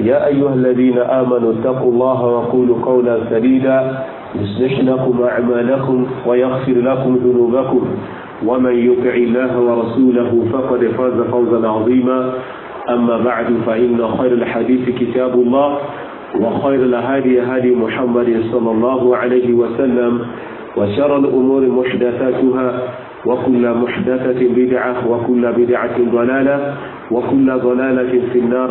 يا أيها الذين آمنوا اتقوا الله وقولوا قولا سديدا يصلح لكم أعمالكم ويغفر لكم ذنوبكم ومن يطع الله ورسوله فقد فاز فوزا عظيما أما بعد فإن خير الحديث كتاب الله وخير الهادي هادي محمد صلى الله عليه وسلم وشر الأمور محدثاتها وكل محدثة بدعة وكل بدعة ضلالة وكل ضلالة في النار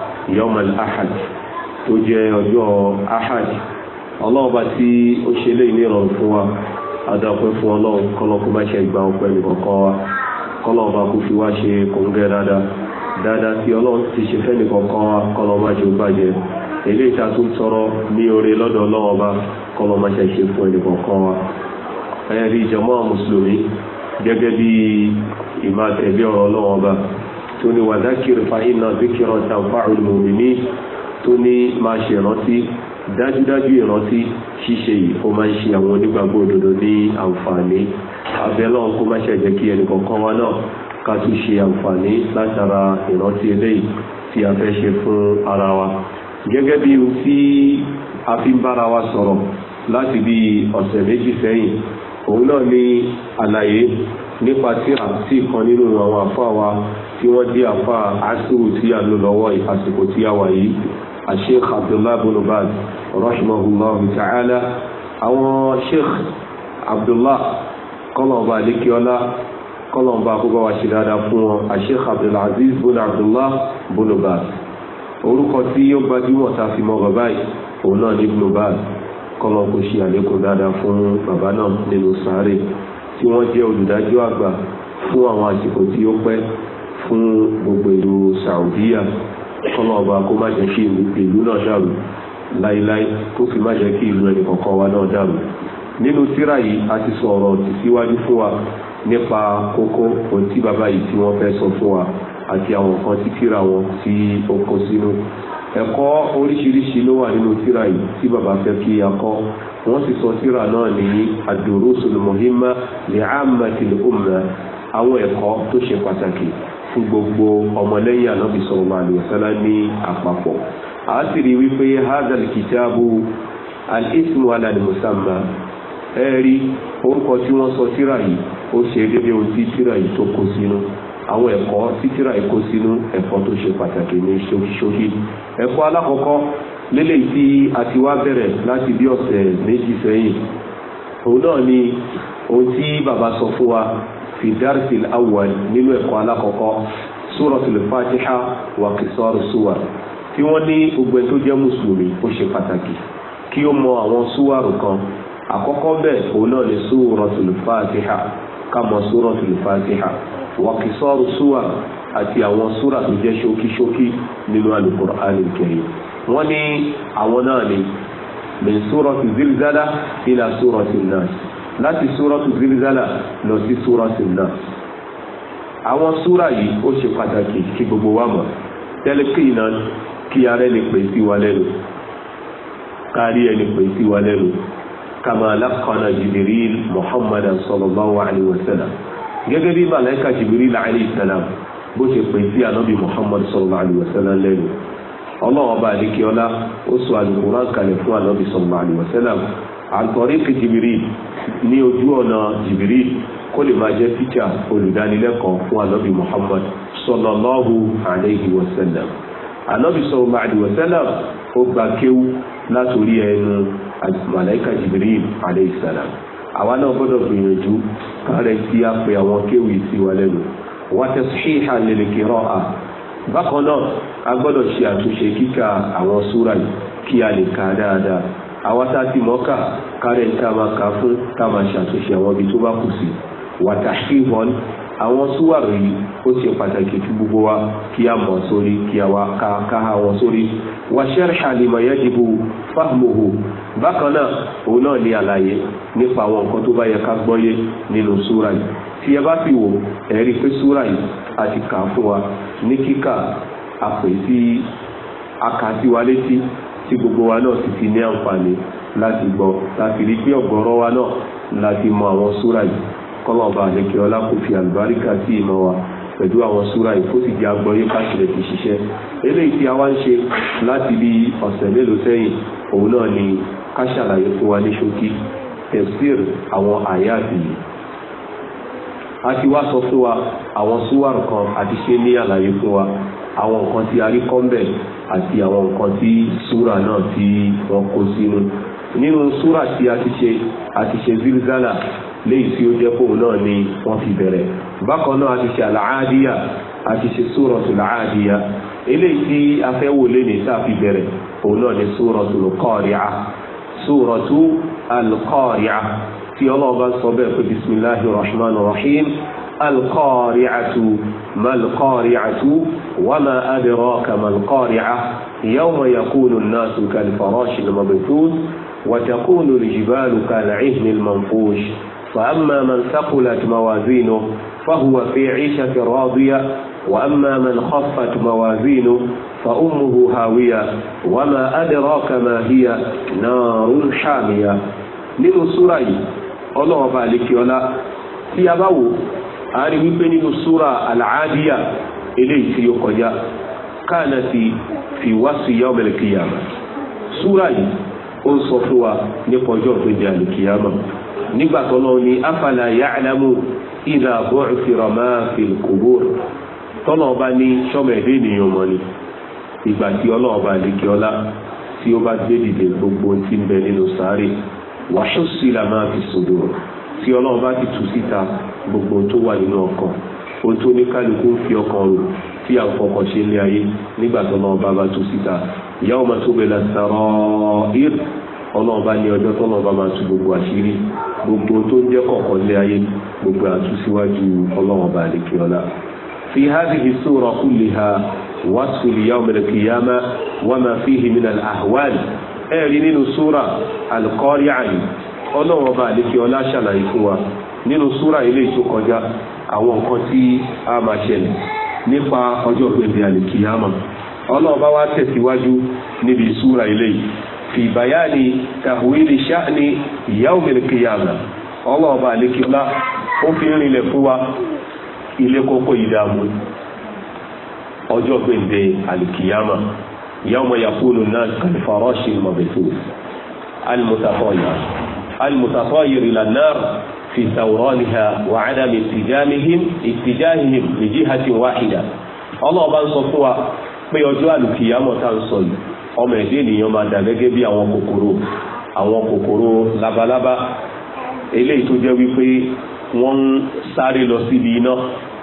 yọmal ahad tó jẹ́ ọjọ́ ahad ọlọ́ọ̀bá tí ó ṣe lé ní ìrọ̀rùn fún wa adápẹ́ fún ọlọ́run kọ́lọ́kú bá ṣe ìgbà ọpẹ́ nìkọ̀kọ́ wa kọ́lọ́ọ̀bá kú fi wá ṣe kòǹgẹ́ dáadáa dáadáa tí ọlọ́run ti ṣe fẹ́ nìkọ̀kọ́ wa kọ́lọ́ọ̀bá ṣe ó bàjẹ́ ilé ìta tún tọrọ ní oore lọ́dọ̀ tó ní wàzákìrì fa iná zikirọ̀ tàǹfà olùmọ̀mìnì tó ní máa ṣe ìrántí dájúdájú ìrántí ṣíṣe yìí ó máa ń ṣe àwọn onígbàgbọ́ òdodo ní àǹfààní abẹ́lọ́ kó má ṣe jẹ́ kí ẹnì kọ̀ọ̀kan wa náà ká tún ṣe àǹfààní látara ìrántí eléyìí tí a fẹ́ ṣe fún ara wa gẹ́gẹ́ bí o tí a fi ń bára wa sọ̀rọ̀ láti bí ọ̀sẹ̀ méjì sẹ́yìn òun náà ní àlàyé nípa tíra tí kan nínú àwọn àfa wa tí wọ́n jẹ́ àfa asiru tí a lò lọ́wọ́ àsìkò tí a wà yìí asheikh abdullahi bin baz rahimahullahu ta'ala àwọn sheikh abdullahi kọlọmba adékíọlá kọlọmba akókò wa ṣe dáadáa fún wọn asheikh abdulaziz bin abdullahi bin baz orúkọ tí ó gbajúmọ̀ tá a fi mọ bàbá yìí òun náà ní bin kọlọmba kò ṣe àlékún dáadáa fún bàbá náà nínú sáré tí wọ́n jẹ́ olùdájọ́ àgbà fún àwọn àsìkò tí ó pẹ́ fún gbogbo ìlú Saudiya kọ́nà ọba kó má jẹ́ kí ìlú náà dàrú láíláí kó fi má jẹ́ kí ìlú ẹnì kọ̀ọ̀kan wa náà dàrú nínú tírà yìí a ti sọ̀rọ̀ ti síwájú fún wa nípa kókó ohun tí bàbá yìí tí wọ́n fẹ́ sọ fún wa àti àwọn kan tí tírà wọn tí ó kó sínú ẹ̀kọ́ oríṣiríṣi ló wà nínú tírà yìí tí bàbá fẹ́ kí a kọ́ wọ́n sì sọ síra náà ní ad-durusul muhimma li ammatil àwọn ẹ̀kọ́ tó ṣe pàtàkì fún gbogbo ọmọlẹ́yìn ànábì sallallahu alaihi ní àpapọ̀ a sì rí wípé hazal kitabu al-ismu ala orúkọ tí wọ́n sọ síra yìí ó ṣe déédéé ohun tí síra yìí tó kó sínú àwọn ẹ̀kọ́ tí síra yìí kó sínú ẹ̀kọ́ tó ṣe pàtàkì ní ẹ̀kọ́ alákọ̀ọ́kọ́ lélẹ̀ tí a ti wá bẹ̀rẹ̀ láti bí ọ̀sẹ̀ méjì sẹ́yìn òun náà ni ohun tí bàbá sọ fún wa fi dárìsìl awwal nínú ẹ̀kọ́ alákọ̀ọ́kọ́ súratul fatiha wà kìsọ́rù súwà tí wọ́n ní gbogbo ẹni tó jẹ́ mùsùlùmí ó ṣe pàtàkì kí ó mọ àwọn súwàrù kan àkọ́kọ́ bẹ́ẹ̀ òun náà ni súratul fatiha ká mọ súratul fatiha wà kìsọ́rù súwà àti àwọn súrà tó jẹ́ ṣókíṣókí nínú al-Qur'an al wọ́n ní àwọn náà ni min súrọ̀tù zilzala ila súrọ̀tù náà láti súrọ̀tù zilzala lọ sí súrọ̀tù náà àwọn súra yìí ó ṣe pàtàkì kí gbogbo wa mọ̀ tẹ́lẹ̀ kí iná kí ara ẹni pè sí wa lẹ́nu kárí ẹni pè sí wa lẹ́nu kama alákanà jìbìrìl muhammadan sallallahu alayhi wa sallam gẹ́gẹ́ bí màláìka jìbìrìl alayhi salam bó ṣe pè sí anábì muhammad sallallahu alayhi wa sallam lẹ́nu ọlọ́wọ́ bá àdékè ọlá ó sọ àlùkùrán kalẹ̀ fún ànábì sọ̀rọ̀ àlùwọ̀sẹ́là àtọ̀rí fi jìbìrì ní ojú ọ̀nà jìbìrì kó lè máa jẹ́ tíjà olùdánilẹ́kọ̀ọ́ fún ànábì Muhammad sallallahu alayhi wa sallam ànábì sọ̀rọ̀ àlùwọ̀sẹ́là ó gba kéwú látòrí ẹnu màláìka jìbìrì alayhi salam àwa náà gbọ́dọ̀ gbìyànjú kárẹ̀ tí a pè àwọn kéwì sí wa lẹ́nu wọ́n tẹ̀síhà lè lè kérọ́ bákan náà a gbọ́dọ̀ ṣe àtúnṣe kíka àwọn súra yìí kí a lè ka dáadáa àwa tá a ti mọ̀ ká kárẹ̀ tá a máa kà fún tá a máa ṣàtúnṣe àwọn ibi tó bá kù sí wàtàkì hàn àwọn súra yìí ó ṣe pàtàkì fún gbogbo wa kí a mọ̀ sórí kí a wá ká ká àwọn sórí wa sharha lima yajibu fahmuhu bákan náà òun náà ní àlàyé nípa àwọn nǹkan tó bá yẹ ká gbọ́yé nínú súra yìí tí ẹ bá sì wò ẹ̀rí pé súrà yìí a ti kà á fún wa ní kíkà àpè sí akásíwa létí tí gbogbo wa náà sì ti ní àǹfààní láti gbọ́ láti rí pé ọ̀gọ̀rọ̀ wa náà láti mọ àwọn súrà yìí kọ́lọ̀ ọba àlekè ọlá kò fi àlùbáríkà sí ìmọ̀ wa pẹ̀lú àwọn súrà yìí kó sì di agbọ́yé káṣílẹ̀ ti ṣiṣẹ́ eléyìí tí a wá ń ṣe láti bí ọ̀sẹ̀ mélòó sẹ́yìn òun náà ni ká ṣàlàyé fún wa ní ṣókí tẹ̀síìr àwọn àyà àti a ti wá sọ fún wa àwọn súwárù kan àti ṣe ní àlàyé fún wa àwọn nǹkan tí a rí kọ́ńbẹ̀ àti àwọn nǹkan tí súra náà tí wọ́n kó sínú nínú súra tí a ti ṣe a ti ṣe zilzala léyìí tí ó jẹ́ fóun náà ni wọ́n fi bẹ̀rẹ̀ bákan náà a ti ṣe àlàáhádìyà a ti ṣe súratul àádìyà eléyìí tí a fẹ́ wò léni tá a fi bẹ̀rẹ̀ òun náà ni súratul qari'ah súratul qari'ah. يلا بالصبر بسم الله الرحمن الرحيم القارعة ما القارعة وما أدراك ما القارعة يوم يكون الناس كالفراش المبثوث وتكون الجبال كالعهن المنفوش فأما من ثقلت موازينه فهو في عيشة راضية وأما من خفت موازينه فأمه هاوية وما أدراك ما هي نار حامية للسرعي ọlọ́ọ̀ba àlekíọ́lá tí a bá wò á rí wípé nínú súra àlàádìyà eléyìí fi wá sí yá ọmọ ẹlẹkìyàmà súra yìí ó ń sọ fún wa nípa ọjọ́ tó di nígbà afala ya'lamu ìdá bu'thira fi fil qubur ọba ní sọ́mọ̀ ẹ̀dẹ́ ènìyàn mọ́ ni ìgbà tí ọlọ́ọ̀ba àlekíọ́lá tí ó bá dìde gbogbo ń bẹ nínú wàhùsìlà máa fi sòdò tí ọlọ́run bá ti tú síta gbogbo tó wà nínú ọkàn ohun tó ní kálukú ń fi ọkàn rò tí a fọkàn ṣe ní ayé nígbà tó ọlọ́run bá bá tú síta ìyáwó máa tó bẹ̀rẹ̀ sàrọ̀ ir ọlọ́run bá ní ọjọ́ tó ọlọ́run bá máa tú gbogbo àṣírí gbogbo tó ń jẹ́ kọ̀ọ̀kan lé ayé gbogbo àtúnṣíwájú ọlọ́run bá lè kí ọlá. في هذه السورة كلها وصف ليوم القيامة وما فيه من الأهوال ẹ̀rí nínú súrà Al-Qari'ah ọlọ́run ọba àlékè ọlá ṣàlàyé fún wa nínú súrà ilé tó kọjá àwọn nǹkan tí a máa ṣẹlẹ̀ nípa ọjọ́ gbẹ̀gbẹ̀ àlèkìyàmà ọlọ́run bá wá tẹ̀síwájú níbi súrà ilé fi bayani tahwili sha'ni yawmil qiyamah ọlọ́run ọba àlékè ọlá ó fi ń rinlẹ̀ fún wa ilé kókó ìdààmú ọjọ́ gbẹ̀gbẹ̀ yawma yakunu an-nas kal-farashi al-mabthus al-mutatayir al-mutatayir ila an-nar fi sawraniha wa 'adami ittijamihim ittijahihim li jihatin wahida ọlọ́ọ̀bá ń sọ fún wa pé ọjọ́ àlùkìyàmọ̀ tá à ń sọ yìí ọmọ ẹ̀dẹ́ ènìyàn máa dà gẹ́gẹ́ bí àwọn kòkòrò àwọn kòkòrò labalábá eléyìí tó jẹ́ wípé wọ́n ń sáré lọ síbi iná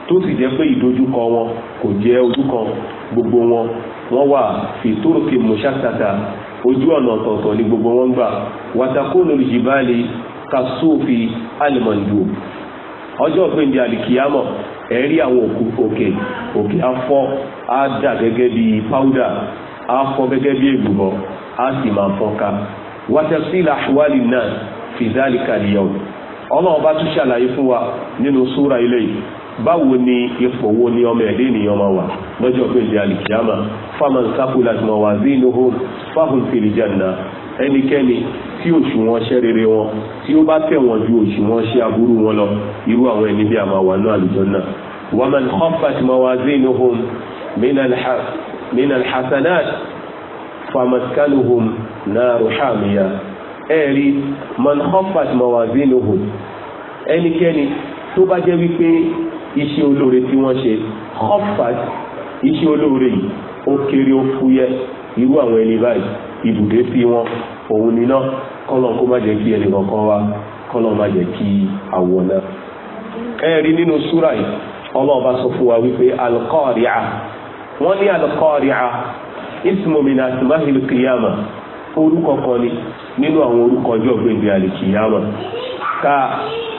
tó sì jẹ́ pé ìdojúkọ wọn kò jẹ́ ojú kan gbogbo wọn wọ́n wà fi turuki mushattata ojú ọ̀nà ọ̀tọ̀ọ̀tọ̀ ní gbogbo wọn gbà watakunu jibali kasufi alimandu ọjọ́ pé ní alìkìyàmọ̀ ẹ̀rí àwọn òkè òkè afọ́ á dà gẹ́gẹ́ bí páúdà á fọ́ gẹ́gẹ́ bí ègbùbọ̀ á sì máa fọ́n ká wàtẹ́sílà wàlì náà fi dhalika ọlọ́run bá tún ṣàlàyé fún wa nínú súra ilé yìí báwo ni ipò wo ni ọmọ ẹ̀dẹ́ ènìyàn máa wà lọ́jọ́ pé ìdí alìkíyàmà faman saqulat mawazinuhu fahum fil janna ẹnikẹ́ni tí òṣùwọ̀n ṣẹ́ rere wọn tí ó bá tẹ̀ wọ́n ju òṣùwọ̀n ṣe aburú wọn lọ irú àwọn ẹni bí a máa wà ní àlùjánnà náà ẹ̀rí man khaffat mawazinuhu ẹnikẹ́ni tó bá jẹ́ wípé iṣẹ́ olóore tí wọ́n ṣe khaffat iṣẹ́ olóore yìí ó kéré ó fúyẹ́ irú àwọn ẹni báyìí ibùdó sí wọn òun níná kọ́lọ̀ kó má jẹ́ kí ẹnì kankan wá kọ́lọ̀ má jẹ́ kí àwọn náà. ẹ̀rí nínú súrà yìí ọlọ́ọ̀bá sọ fún wa wípé wọ́n ní orúkọ kan ni nínú àwọn orúkọ ọjọ́ gbèndé alìkìyàmọ̀ ka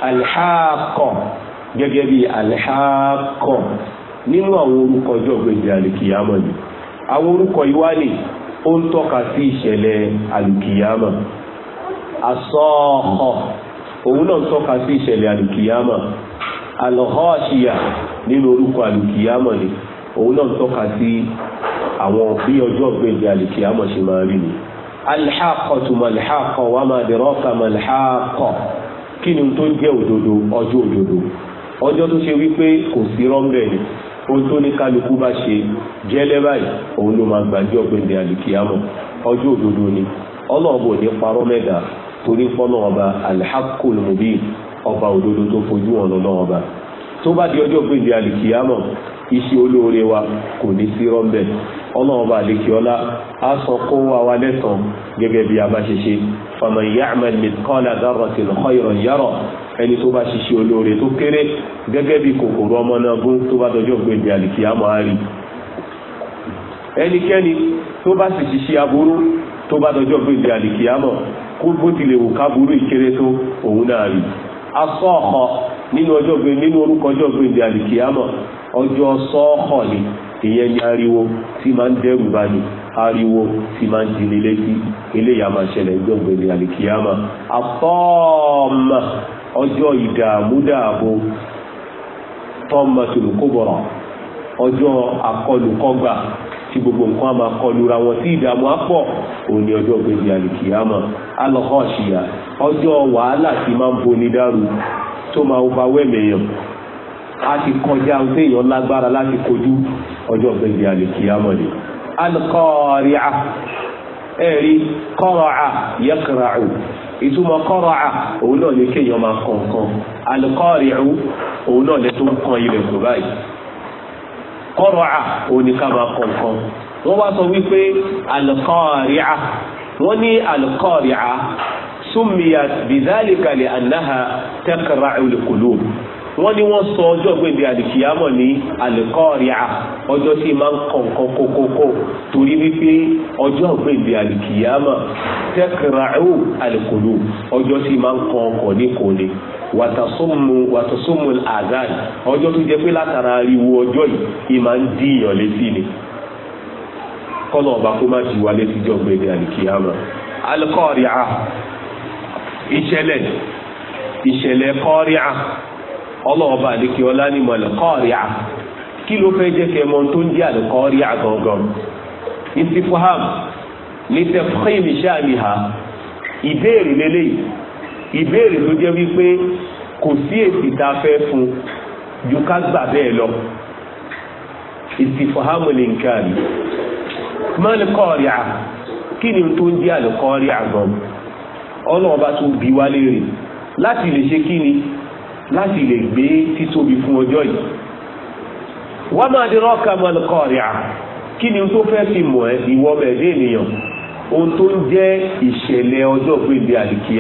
alihakọ̀ gẹ́gẹ́ bí alihakọ̀ nínú àwọn orúkọ ọjọ́ gbèndé alìkìyàmọ̀ ni àwọn orúkọ ìwá ni ó ń tọ́ka sí ìṣẹ̀lẹ̀ alìkìyàmọ̀ asọ́ọ̀họ̀ òun náà ń tọ́ka sí ìṣẹ̀lẹ̀ alìkìyàmọ̀ alọ́họ́ọ̀ṣìyà nínú orúkọ alìkìyàmọ̀ ni òun náà ń tọ́ka sí àwọn bí ọjọ́ gbèndé alìkìyàmọ̀ ṣe máa rí ni alḥaqatu malḥaqo wa ma adraka malḥaqo kí ni tó jẹ́ òdodo ọjọ́ òdodo ọjọ́ tó ṣe wípé kò sí rọ́ńbẹ̀ ni ohun tó ní kálukú bá ṣe jẹ́lẹ́ báyìí òun ló máa gbàjọ́ gbèndé àlùkìyàmọ̀ ọjọ́ òdodo ni ọlọ́ọ̀bù ní parọ́ mẹ́ta torí fọ́nà ọba alḥaqul mubin ọba òdodo tó fojú ọ̀nà náà tó bá di ọjọ́ gbèdé àlìkìyàmọ̀ iṣẹ́ olóore wa kò ní sí rọ́mbẹ̀ ọlọ́run bá àlìkìọ́lá á sọ kó wa wa lẹ́tàn gẹ́gẹ́ bí a bá ṣe ṣe faman ya'mal mithqala dharratin khayran yara ẹni tó bá ṣiṣẹ́ olóore tó kéré gẹ́gẹ́ bí kòkòrò ọmọ náà gún tó bá dọjọ́ gbèdé àlìkìyàmọ̀ á rí ẹnikẹ́ni tó bá sì ṣiṣẹ́ aburú tó bá dọjọ́ gbèdé àlìkìyàmọ̀ kó bó tilẹ̀ wù ká burú ìkéré tó òun náà rí asọ́ọ̀kọ́ nínú ọjọ́ gbé nínú orúkọ ọjọ́ gbé ìdí àlìkìyàmọ̀ ọjọ́ sọ́ọ̀kọ̀ ni ìyẹn ni ariwo tí máa ń dẹ́rù bani ariwo tí máa ń dìní létí eléyà máa ṣẹlẹ̀ ọjọ́ gbé ìdí àlìkìyàmọ̀ àtọ́ọ̀mà ọjọ́ ìdààmúdààbò tọ́ọ̀mà tòlùkóbọ̀rọ̀ ọjọ́ akọlùkọgbà tí gbogbo nǹkan a máa kọlura wọn tí ìdààmú á pọ̀ òun ni ọjọ́ gbèdé àlìkìyàmọ̀ alọ́kọ̀ọ́ṣìyà ọjọ́ wàhálà tí máa ń boni dárú tó máa overwhelm èèyàn a ti kọjá ohun téèyàn lágbára láti kojú ọjọ́ gbẹ̀gbẹ̀ àlèkìyàmọ̀ ni alkọ́ọ̀rìà ẹ̀rí kọ́rọ̀à yẹ́kìràù ìtumọ̀ kọ́rọ̀à òun náà ní kéèyàn máa kọ̀ọ̀kan alkọ́ọ̀rìà òun náà lẹ́tọ́ ń kan ilẹ̀ kù báyìí kọ́rọ̀à òun ní ká máa kọ̀ọ̀kan wọ́n wá sọ wípé alkọ́ọ̀rìà wọ́n ní alkọ́ọ̀rìà sumiyat bizalika li annaha taqra'ul qulub wọ́n ní wọ́n sọ ọjọ́ gbèdé àdìkìyámọ̀ ní àlìkọ́ọ̀rìà ọjọ́ tí máa ń kàn kàn kókókó torí wípé ọjọ́ gbèdé àdìkìyámọ̀ tẹ́kìràù àlìkòlù ọjọ́ tí máa ń kàn ọkọ̀ ní kòlè wàtàsómù wàtàsómù àgàn tó jẹ́ pé látara ariwo ọjọ́ yìí ìmá ń dí létí ni kọ́nà ọba kó má ti wá létí jọ gbèdé àdìkìyámọ̀ àlìkọ́ọ̀rìà ìṣẹ̀lẹ̀ ìṣẹ̀lẹ̀ kọ́ríà ọlọ́ọ̀bá àdìkí ọlá ní mọ̀lẹ̀ kọ́ríà kí ló fẹ́ jẹ́ kẹ́ tó ń jẹ́ àlè kọ́ríà gangan istifham ní tefkhim shaniha ìbéèrè lélẹ́yìí ìbéèrè ló jẹ́ wípé kò sí èsì tá a fẹ́ fún ju ká gbà bẹ́ẹ̀ lọ mọ̀lẹ̀ kọ́ríà kí ni tó ń kọ́ríà ọlọ́run bá tún bí wálé láti lè ṣe kí ni láti lè gbé títóbi fún ọjọ́ yìí wọ́n máa di rọ́ọ̀kà mọ́lùkọ́ rẹ̀ à kí ni tó fẹ́ fi mọ̀ ẹ́ ènìyàn ohun tó ń jẹ́ ìṣẹ̀lẹ̀ ọjọ́ ni tó fẹ́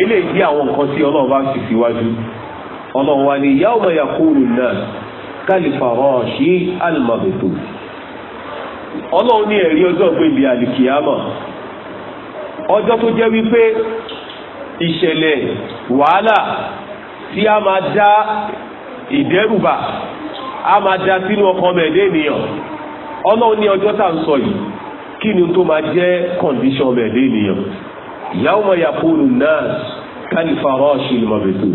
eléyìí jẹ́ àwọn nǹkan tí ọlọ́run bá sì síwájú ọlọ́run wa ni yawma yakulu nas kalifarashi al-mabthus ọlọ́run ní ẹ̀rí ọjọ́ gbèlè àlìkìyàmọ̀ ọjọ́ tó jẹ́ wípé ìṣẹ̀lẹ̀ wàhálà tí a máa dá ìdẹ́rùbà a máa dá sínú ọkọ mẹ́ẹ̀dẹ́ ènìyàn ọlọ́run ní ọjọ́ tá à ń sọ yìí kí ni tó máa jẹ́ kọ̀ǹdíṣọ̀n mẹ́ẹ̀dẹ́ ènìyàn yawma yakunu nas kálífàrọ́ọ̀ṣì lọ́mọ̀bẹ̀tò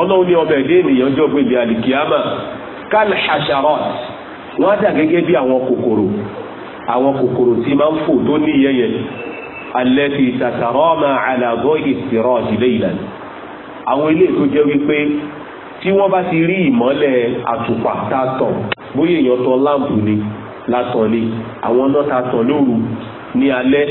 ọlọ́run ní ọbẹ̀ dé ènìyàn jọ pé bíi alikiyama kálíhàṣàrọ́t wọ́n á dà gẹ́gẹ́ bí àwọn kòkòrò àwọn kòkòrò tí máa ń fò tó ní yẹyẹ alẹ́ ti tàtàrọ́ọ̀mà àlàgọ́ ni alẹ́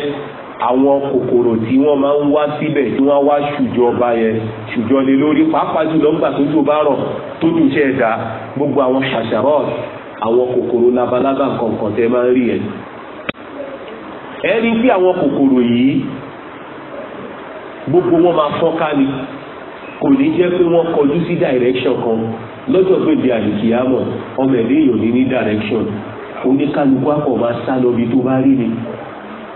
àwọn kòkòrò tí wọ́n máa ń wá síbẹ̀ tí wọ́n wá ṣùjọ ọba yẹn ṣùjọ lé lórí pàápàá jùlọ ńgbà tó tó bá rọ̀ tó dùn iṣẹ́ ẹ̀dá gbogbo àwọn ṣàṣàrọ̀ àwọn kòkòrò labalábá kọ̀ọ̀kan tẹ́ máa ń rí ẹ̀. ẹ rí bí àwọn kòkòrò yìí gbogbo wọn máa fọ́nká ni kò ní jẹ́ pé wọ́n kọjú sí direction kan lọ́jọ́ pé di àdìkìyàmọ̀ ọmọ ẹ̀dẹ́ èèyàn ní ní direction oníkálukú àpọ̀ máa sá lọ bí tó bá rí ni.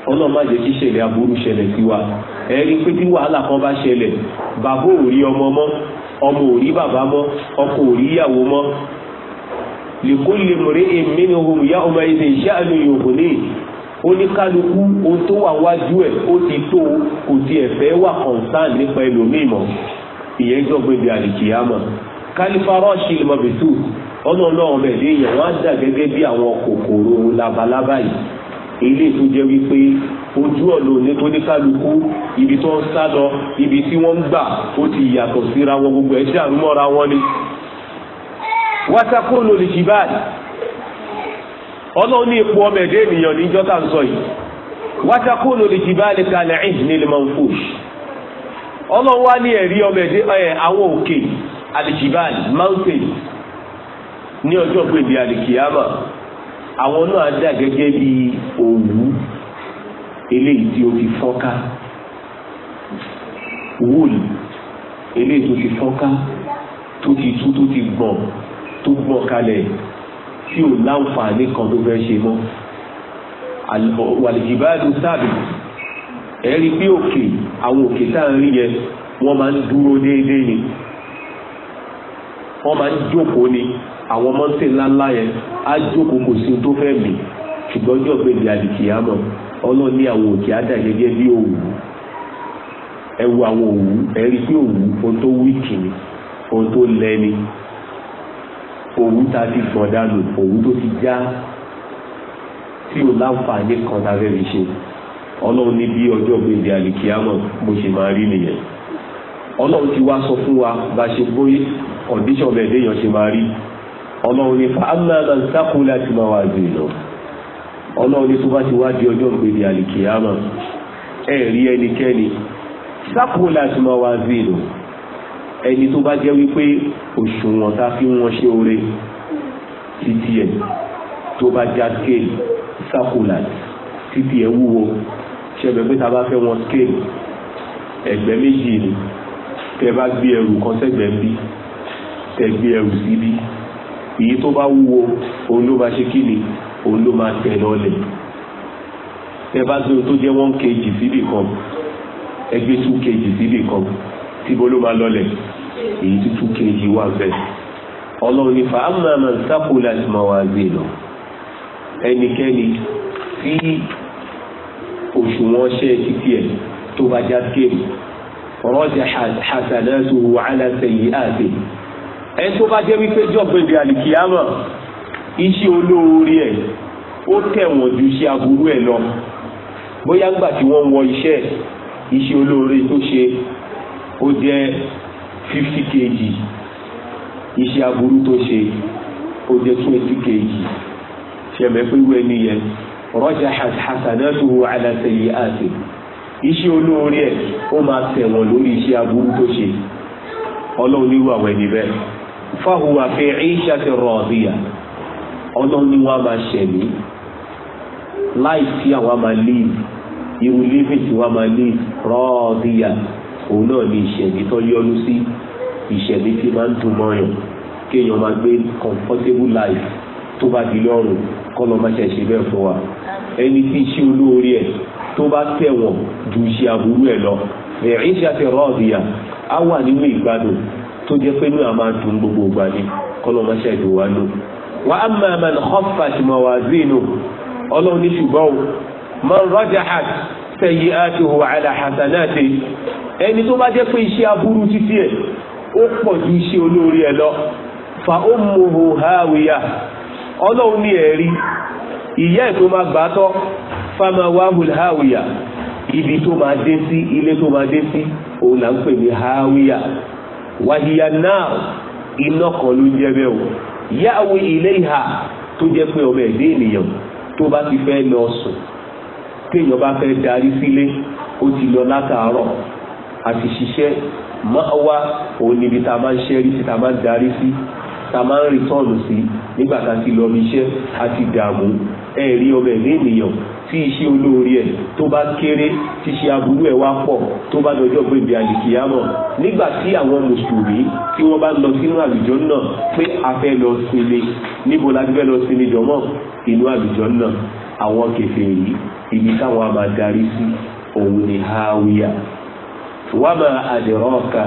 ọlọ́run má jẹ́ kí ṣẹlẹ̀ aburú ṣẹlẹ̀ sí wa ẹ̀rí pé tí wàhálà kan bá ṣẹlẹ̀ bàbá ò rí ọmọ mọ́ ọmọ ò rí bàbá mọ́ ọkọ ò rí ìyàwó mọ́ lèkólè mọ̀rẹ́ èmi ni ohun ìyá ọmọ ẹni ìṣe àánú yòókù ní oníkálukú ohun tó wà wájú ẹ̀ ó ti tó kò tiẹ̀ fẹ́ wà concern nípa ẹlòmíì mọ́ ìyẹn jọ́gbìn bí àlìkìyàmọ̀ kálífàrọ̀ ṣì lè mọ̀ bẹ̀tù ọlọ́ọ̀lọ́ ọmọ ẹ̀dẹ́ wọ́n á dà gẹ́gẹ́ bí àwọn kòkòrò labalábá yìí ilé tó jẹ́ wípé ojú ọ̀nà ní ibi tó ń sá ibi tí wọ́n ń gbà ó ti yàtọ̀ síra wọn gbogbo ẹ̀ dàrú wọn ni. wátákó ló lè ọlọ́run ní ipò ọmọ ẹ̀dẹ́ ènìyàn ń sọ yìí wátákó kalẹ̀ ẹ̀ máa ń fò ọlọ́run wá ní ẹ̀rí ọmọ àwọn náà dà gẹ́gẹ́ bí òwú eléyìí tí ó ti fọ́ká wúlì eléyìí tó ti fọ́ká tó ti tú tó ti gbọ̀n tó gbọ̀n kalẹ̀ tí ò láǹfààní kan tó fẹ́ ṣe mọ́ wàlìjìbáàdù sábì ẹ̀rí pé òkè àwọn òkè tá à ń rí yẹn wọ́n máa ń dúró déédéé ni wọ́n máa ń jókòó ni àwọn mọ́tì ńláńlá yẹn á jókòó kò sí tó fẹ́ mì ṣùgbọ́n jọ pé di àdìkìyàmọ̀ ọlọ́run ní àwọn òkè á dà gẹ́gẹ́ bí òwú ẹ wo àwọn òwú ẹ rí pé òwú ohun tó wíìkì ni ohun tó lẹ́ni òwú tá a ti gbọ̀n dànù òwú tó ti já tí o láǹfààní kan tá a fẹ́ fi ṣe ọlọ́run ní bí ọjọ́ pé di àdìkìyàmọ̀ bó ṣe máa rí nìyẹn ọlọ́run ti wá sọ fún wa bá ṣe bóyé ọ̀díṣọ̀ bẹ̀ẹ́dẹ́yàn ọlọ́run ní fa amáàmà ń sákò láti máa wá ju ìlọ ọlọ́run ní tó bá ti wá di ọjọ́ ìgbèdè àlìkìyàmà ẹ̀ rí ẹnikẹ́ni sákò láti máa wá ju ìlọ ẹni tó bá jẹ́ wípé òṣùwọ̀n tá a fi wọ́n ṣe oore títí ẹ̀ tó bá já scale sákò láti títí ẹ̀ wúwo ṣẹ̀bẹ̀ pé tá a bá fẹ́ wọn scale ẹ̀gbẹ́ méjì ni tẹ bá gbé ẹrù kan sẹ́gbẹ̀ẹ́ bí tẹ gbé ẹrù síbí. Si èyí tó bá wúwo òun ló máa ṣe kí ni òun ló máa tẹ̀ lọ́lẹ̀ ẹ bá gbé tó jẹ́ one kg síbì kan ẹ gbé two kg síbì kan tíbo ló máa lọ́lẹ̀ èyí tí two kg wà bẹ́ẹ̀ ọlọ́run ní fa amma man saqulat mawazinu ẹnikẹ́ni tí òṣùwọ̀n ṣe títí ẹ̀ tó bá já kéèmù rajahat hasanatuhu ẹni tó bá jẹ́ wípé jọ̀gbẹ̀dẹ̀ àlìkìyàmọ̀ iṣẹ́ olóore ẹ̀ ó tẹ̀wọ̀n ju iṣẹ́ aburú ẹ̀ lọ bóyá ńgbà tí wọ́n ń wọ iṣẹ́ iṣẹ́ olóore tó ṣe ó jẹ́ fifty kg iṣẹ́ aburú tó ṣe ó jẹ́ twenty kg ṣẹ̀mẹ̀ pé wẹ́ẹ́ nìyẹn rọ́jà hasanatuhu ala sayyi'ati iṣẹ́ olóore ẹ̀ ó máa tẹ̀wọ̀n lórí iṣẹ́ aburú tó ṣe ọlọ́run nírú àwọn ẹni bẹ́ẹ̀ fáwọn àfẹ́ ìṣe àti rọ̀ọ̀dìyà ọlọ́run ni wọ́n á máa ṣẹ̀mí láì sí àwọn máa leave irú living tí wọ́n máa leave rọ̀ọ̀dìyà òun náà ni ìṣẹ̀mí tó yọnu sí ìṣẹ̀mí tí máa ń dùn mọ́yàn kéèyàn máa gbé comfortable life tó bá di lọ́rùn kọ́ lọ́ máa ṣẹ̀ṣẹ̀ bẹ́ẹ̀ fún wa ẹni tí iṣẹ́ olóore ẹ̀ tó bá tẹ̀wọ̀n ju iṣẹ́ aburú ẹ̀ lọ ẹ̀ríṣẹ́ àti rọ̀ọ̀dìyà á wà nínú ìgbádùn tó jẹ́ pé inú àmà dùn gbogbo ìgbà ni kọ́lọ́ máa ṣẹ̀dùn wá wà á máa man khaffat mawazinuhu ọlọ́run ní ṣùgbọ́n o ala hasanatihi ẹni tó bá jẹ́ pé iṣẹ́ aburú títí ẹ̀ ó pọ̀ ju iṣẹ́ ẹ̀ lọ fa ummuhu hawiya ọlọ́run ní ẹ̀rí ìyá ẹ̀ tó máa fama wahul ibi tó máa dé sí ilé tó máa dé wàhíyà náà iná kan ló ń jẹ́ bẹ́ẹ̀ o yáwó ilé ìhà tó jẹ́ pé ọmọ ẹ̀dẹ́ ènìyàn tó bá ti fẹ́ lọ sùn téèyàn bá fẹ́ darí sílé ó ti lọ látàárọ̀ àti ṣiṣẹ́ máa wá òun níbi tá a máa ń ṣẹ́rí sí tá a máa ń darí sí ta máa ń rìtọ́ọ̀nù sí nígbà tá a ti lọ bí iṣẹ́ a dààmú ẹ̀rí ọmọ ẹ̀mí ènìyàn tí iṣẹ́ olóore ẹ̀ tó bá kéré tí iṣẹ́ aburú ẹ̀ wá pọ̀ tó bá dọjọ́ pé ibi àlìkìyàmọ̀ nígbà tí àwọn mùsùlùmí tí wọ́n bá lọ sínú àlùjọ náà pé a fẹ́ lọ sinmi níbo la fẹ́ lọ sinmi jọmọ́ inú àlùjọ náà àwọn kẹfẹ́ yìí ibi táwọn a máa darí sí òun ni hawiya wàá máa àdìrọ́ọ̀ka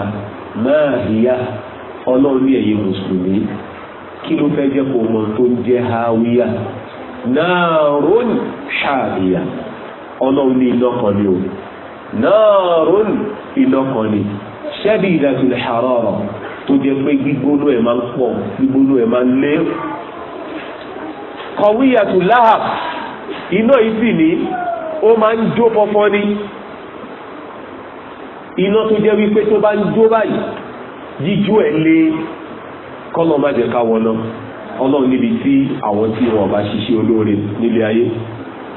máa hìyà ọlọ́run ní mùsùlùmí kí ló fẹ́ jẹ́ kó mọ tó ń jẹ́ hawiya náàrún ṣáàbíyà ọlọ́run ní iná kan ni o náàrún iná kan ni ṣẹ́bí ìdájọ́ ìṣàrọ̀rọ̀ tó jẹ́ pé gbígbóná ẹ̀ máa ń pọ̀ gbígbóná ẹ̀ máa ń lé kọ̀wíyàtù láhà iná yìí sì ní ó máa ń jó fọfọ ní iná tó jẹ́ wípé tó bá ń jó báyìí jíjú ẹ̀ lé kọ́nà má jẹ́ ká wọ̀ náà ọlọ́run níbi tí àwọn tí wọn bá ṣiṣẹ́ olóore nílé ayé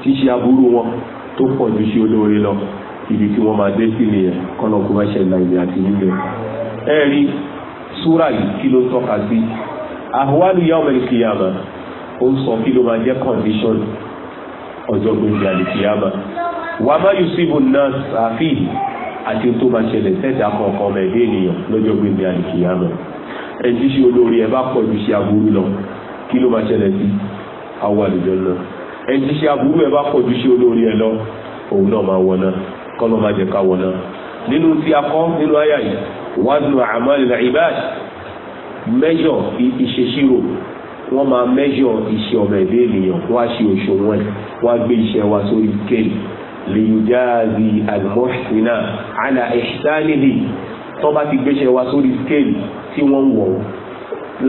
ṣíṣe aburú wọn tó pọ̀ ju ṣe olóore lọ ibi tí wọ́n máa dé sí nìyẹn kọ́nà kó bá ṣẹlẹ̀ ìlú àti nílé ẹ rí súrà yìí kí ló tọ́ka sí àhùwálù yawm al-qiyamah ó sọ kí ló máa jẹ́ condition ọjọ́ gbogbo àlìkìyàmà wà má yusibu náà sàfihì àti tó máa ṣẹlẹ̀ sẹ́dá kọ̀ọ̀kan mẹ́ẹ̀ẹ́dẹ́ ènìyàn lọ́jọ́ gbogbo àlìkìyàmà ẹni tí ṣe olóore ẹ bá pọ̀ ju ṣe aburú lọ kí ló máa ṣẹlẹ̀ sí àwọn àlùjọ náà ẹni tí ṣe aburú ẹ bá pọ̀ ju ṣe olóore ẹ lọ òun náà máa wọná kọ́ ló máa jẹ ká wọná nínú tí a kọ́ nínú àyà yìí waznu amalil ibad measure ìṣèṣirò wọ́n máa measure iṣẹ́ ọmọ ẹ̀dẹ́ ènìyàn wá ṣe òṣùwọ̀n ẹ̀ wá gbé iṣẹ́ wa sórí scale lèyùjáàzì al-muhsina ala ihsanihi tó bá ti gbéṣẹ́ wa sórí scale tí wọ́n ń wọ̀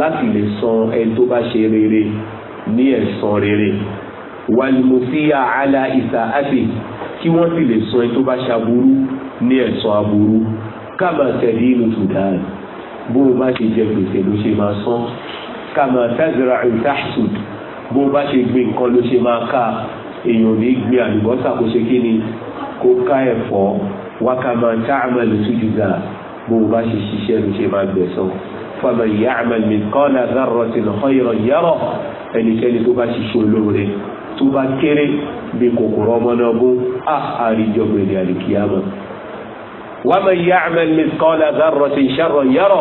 láti lè san ẹni tó bá ṣe rere ní ẹ̀san rere wàlùmọ̀síyà àlà ìsà àti kí wọ́n sì lè san ẹni tó bá ṣaburú ní ẹ̀san aburú káàmà tẹ̀lé ìlú sudan bó o bá ṣe jẹ gbèsè ló ṣe máa san káàmà tẹ́sírà ìtàṣùd bó o bá ṣe gbé nǹkan ló ṣe máa ká èèyàn ní gbé àlùbọ́sà kó ṣe kí ni kó ká ẹ̀fọ́ wákàmà táàmà lè tújú dáa bó o bá ṣe ṣiṣẹ́ ló ṣe máa gbẹ̀san faman ya'mal mithqala dharratin khayran yara ẹnikẹ́ni tó bá ṣiṣẹ́ olóore tó bá kéré bí kòkòrò ọmọ náà bó a àríjọ gbẹ̀dẹ̀ àlìkíyàmọ́ wa man ya'mal mithqala dharratin sharran yara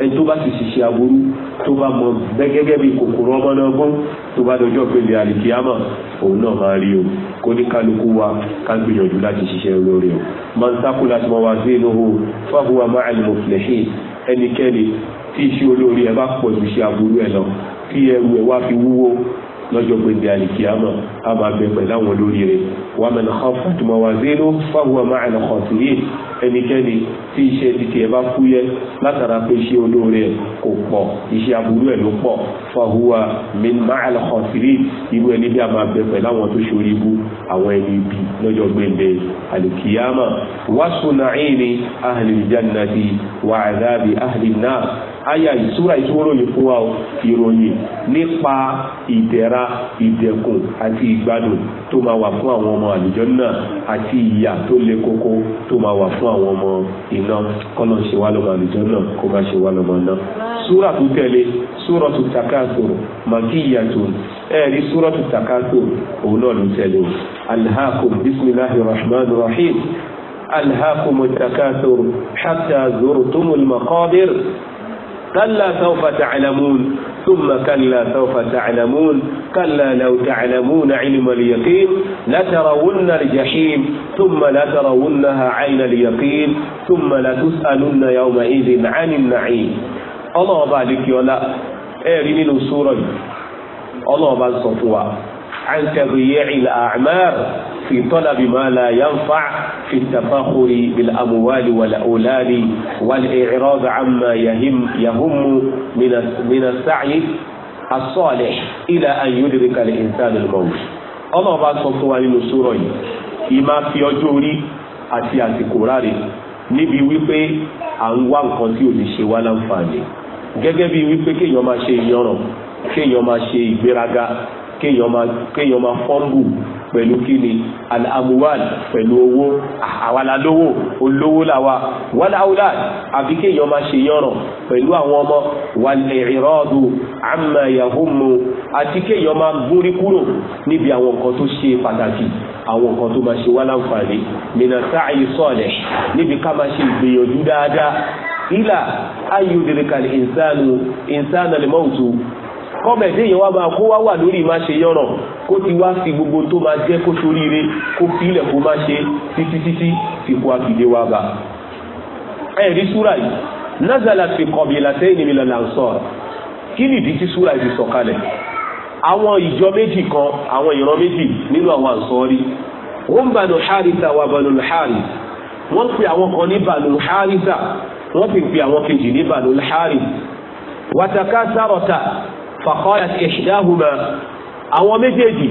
ẹni tó bá sì ṣiṣẹ́ aburú tó bá mọ gẹ́gẹ́ bí kòkòrò ọmọdọ́gbọ́n tó bá dọjọ́ pélé àlìkíyàmọ̀ òun náà máa rí o kó ní kálukú wa ká gbìyànjú láti ṣiṣẹ́ lórí o man saqulat mawazinuhu fahuwa ma'al muflihin ẹnikẹ́ni tí iṣẹ́ olórí ẹ bá pọ̀ ju iṣẹ́ aburú ẹ lọ kí ẹrù ẹ wá fi wúwo lọ́jọ́ gbèndé alikiyama a máa bẹ pẹ̀lú àwọn olórí rẹ̀ wà á mẹ́nà kan fún tùmọ̀ wá zélo fáwọn máa ń kàn sí yìí ẹnikẹ́ni tí iṣẹ́ títí ẹ bá fúyẹ́ látara pé iṣẹ́ olóore kò pọ̀ iṣẹ́ aburú ẹ̀ ló pọ̀ fáwọn máa ń kàn sí yìí irú ẹni bí a pẹ̀lú àwọn tó ṣorí bú àwọn ẹni ibi lọ́jọ́ gbèndé alikiyama wàásù nàìní ahli jannati wà àdábì àyà ìsúra ìsúròyìn fún wa ìròyìn nípa ìdẹ̀ra ìdẹ̀kùn àti ìgbádùn tó máa wà fún àwọn ọmọ àlùjànnà àti ìyà tó le koko tó máa wà fún àwọn ọmọ iná kọ́nà ṣe wá lọ́mọ àlùjànnà kó bá ṣe wá lọ́mọ iná. súra tó tẹ̀lé súra tó takasur màkìyàtò ẹ̀rí súra tó takasur òun náà ló tẹ̀lé alhaakum bismillahir rahmanir rahim alhaakum takasur hatta zurtumul maqabir. كلا سوف تعلمون ثم كلا سوف تعلمون كلا لو تعلمون علم اليقين لترون الجحيم ثم لترونها عين اليقين ثم لتسألن يومئذ عن النعيم الله بالك ولا ẹ̀rí من súrọ̀ الله ọlọ́ọ̀bá sọ عن تضييع الأعمار fi talabi ma la yanfa fi tafakhuri bil amuwali wal auladi wal i'rad amma yahim yahumu min as-sa'i as-salih ila an yudrika al-insanu al-mawt ọlọ́ọ̀bá sọ fún wa nínú sùúrọ̀ yìí ìmá fi ọjọ́ orí àti àsìkò ráre níbi wípé à ń wá nǹkan tí ò lè ṣe wá láǹfààní gẹ́gẹ́ bí wípé kéèyàn máa ṣe ìyanràn kéèyàn máa ṣe ìgbéraga kéèyàn máa fọ́nbù pẹ̀lú kíni al-amwal pẹ̀lú owó àwàlálówó olówó làwà wàláwùlá àbí kéèyàn máa ṣe yànràn pẹ̀lú àwọn ọmọ wal-i'radu amma yahummu àti kéèyàn máa gúnrí kúrò níbi àwọn nǹkan tó ṣe pàtàkì àwọn nǹkan tó máa ṣe wá láǹfààní mina sa'i salih níbi ká máa ṣe ìgbìyànjú dáadáa ilà ayùdìrìkàlì ìnsánù ìnsánù al-mawtu kọ́mọ̀ ẹ̀dẹ́ yẹn wá máa kó wá wà lórí máa ṣe yọ̀rọ̀ kó ti wá sí gbogbo tó máa jẹ́ kó soríire kó filẹ̀ kó máa ṣe títí títí fi kó àkìdé wá bá. ẹ̀rí súra yìí nazala fi kọ̀bí látẹ́yìn mi lọ́la ń sọ kí nìdí tí súra yìí sọ̀kalẹ̀ àwọn ìjọ méjì kan àwọn ìran méjì nínú àwọn àǹsọ́rí wọ́n banu harisa wa banu haris wọ́n pe àwọn kan ní banu harisa wọ́n sì pe àwọn kejì ní banu haris wàtàkà sárọ̀tà fàkọ́lá ti ìṣìdáhùmá àwọn méjèèjì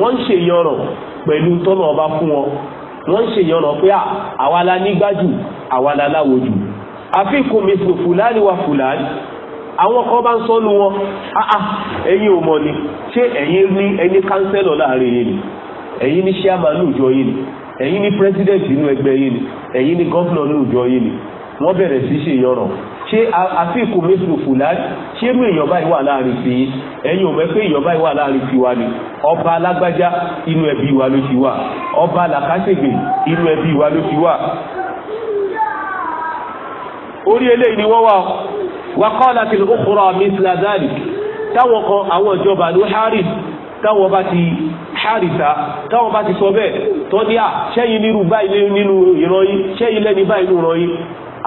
wọ́n ń ṣe ìyanràn pẹ̀lú tọ́nà ọba fún wọn wọ́n ń ṣe ìyanràn pé àwa la nígbájú àwa la láwòjù àfikún mẹsùn fúlàní wa fúlàní àwọn kan bá ń sọ́nu wọn àà ẹ̀yin ò mọ̀ ni ṣé ẹ̀yin ní ẹni kánsẹ́lọ̀ láàrin yìí ni ẹ̀yin ní ṣíàmà ní ìjọ yìí ni ẹ̀yin ní pírẹ́sídẹ̀ntì nínú ẹgbẹ́ yìí ni ẹ̀yin ní gọ́fúnà ní ìjọ yìí ni wọ́n bẹ̀rẹ̀ sí ṣe ìyọ̀rọ̀ ṣé àfikún mẹ́sùn fúlàní ṣé mú èèyàn báyìí wà láàrin sí i ẹ̀yin ò mẹ́fẹ́ wà láàrin sí ọba alágbájá inú ẹbí wa ló ti wà ọba làkàṣègbè inú ẹbí wa ló wà orí eléyìí ni wọ́n wà ó tí ó kúrọ̀ táwọn kan àwọn ìjọba ló hárì táwọn bá ti táwọn bá ti sọ ní à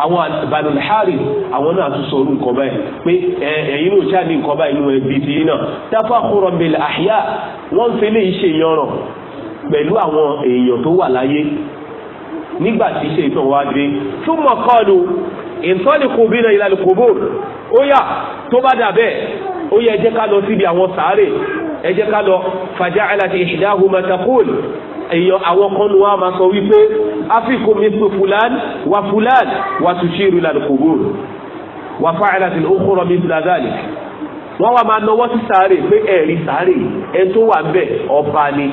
àwọn àbànúhárì àwọn náà tún sọ orú nǹkan báyìí pé ẹ̀yin náà ṣáà ní nǹkan báyìí nínú ẹbí ti yín náà tafakhura bil ahya wọ́n ń fi lè ṣe yanràn pẹ̀lú àwọn èèyàn tó wà láyé nígbà tí ṣe ìtàn wá dé túmọ̀ kọ́ọ̀lù ìtọ́nìkù bínú ìlànà kòbó ó yà tó bá dà bẹ́ẹ̀ ó yẹ ẹ ká lọ síbi àwọn sàárè ẹ ká lọ fàjà àlàtì ìdáhùn mẹ́tàkùn èèyàn àwọn kan ní wọn máa sọ wípé áfíríkò mithlu fulan wa fulan wa tushiru ila al-qubur wa fa'alat al-ukhra mithla dhalik wọ́n wá máa nọwọ́ sí sáré pé ẹ̀rí sáré ẹni tó wà bẹ́ẹ̀ ọba ni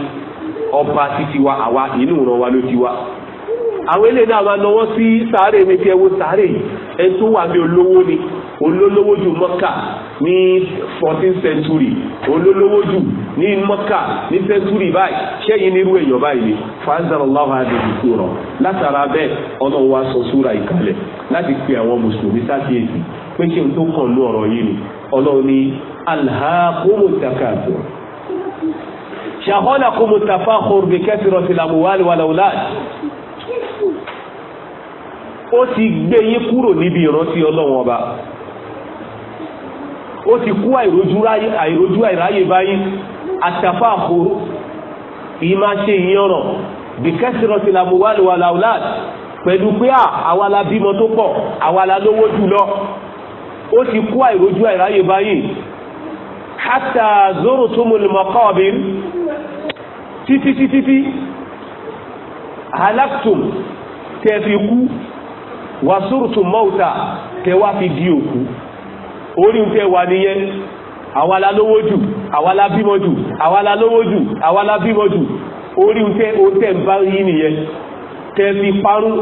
ọba títí wa àwa inú ìran wa ló ti wá àwọn eléyìí náà máa nọwọ́ sí sáré mi fi ẹwọ́ sáré ẹni tó wà bẹ́ẹ̀ olówó ni olólówó jù mọ́kà ní fourteen century olólówó jù ní mọ́kà ní sẹ́ńtúrì báyìí ṣẹ́yìn nírú èèyàn báyìí ni fanzalallahu adébi sura látara bẹ́ẹ̀ ọlọ́run wa sọ súra ìkàlẹ̀ láti pe àwọn mùsùlùmí sákìyèsí pé ṣé n tó kàn ló ọ̀rọ̀ yìí ni ọlọ́run ní alhaakumu takaso ṣàkọ́nàkumu tafakhur bi kasrati al-amwali wal awlad ó ti gbé yín kúrò níbi ìrántí ọlọ́run ọba ó ti kú àìrójú àìráyè báyìí àtàfà àkóró yìí máa ṣe ìyanràn bí kẹsìrọ̀ sí làmúwálì wà láwùláàd pẹ̀lú pé àwa la bímọ tó pọ̀ àwa la lówó jùlọ ó ti kú àìrójú àìráyè báyìí hátà zoro tó mo lè mọ kọ́ọ̀bì títí títí tí halaktum fi kú wàsúrùtù mọ́ta wá fi di òkú orí ń tẹ́ wà nìyẹn àwa la lówó jù àwa la bímọ jù àwa la lówó jù àwa la bímọ jù orí ń tẹ́ o tẹ́ ń bá yí nìyẹn tẹ́ fi parun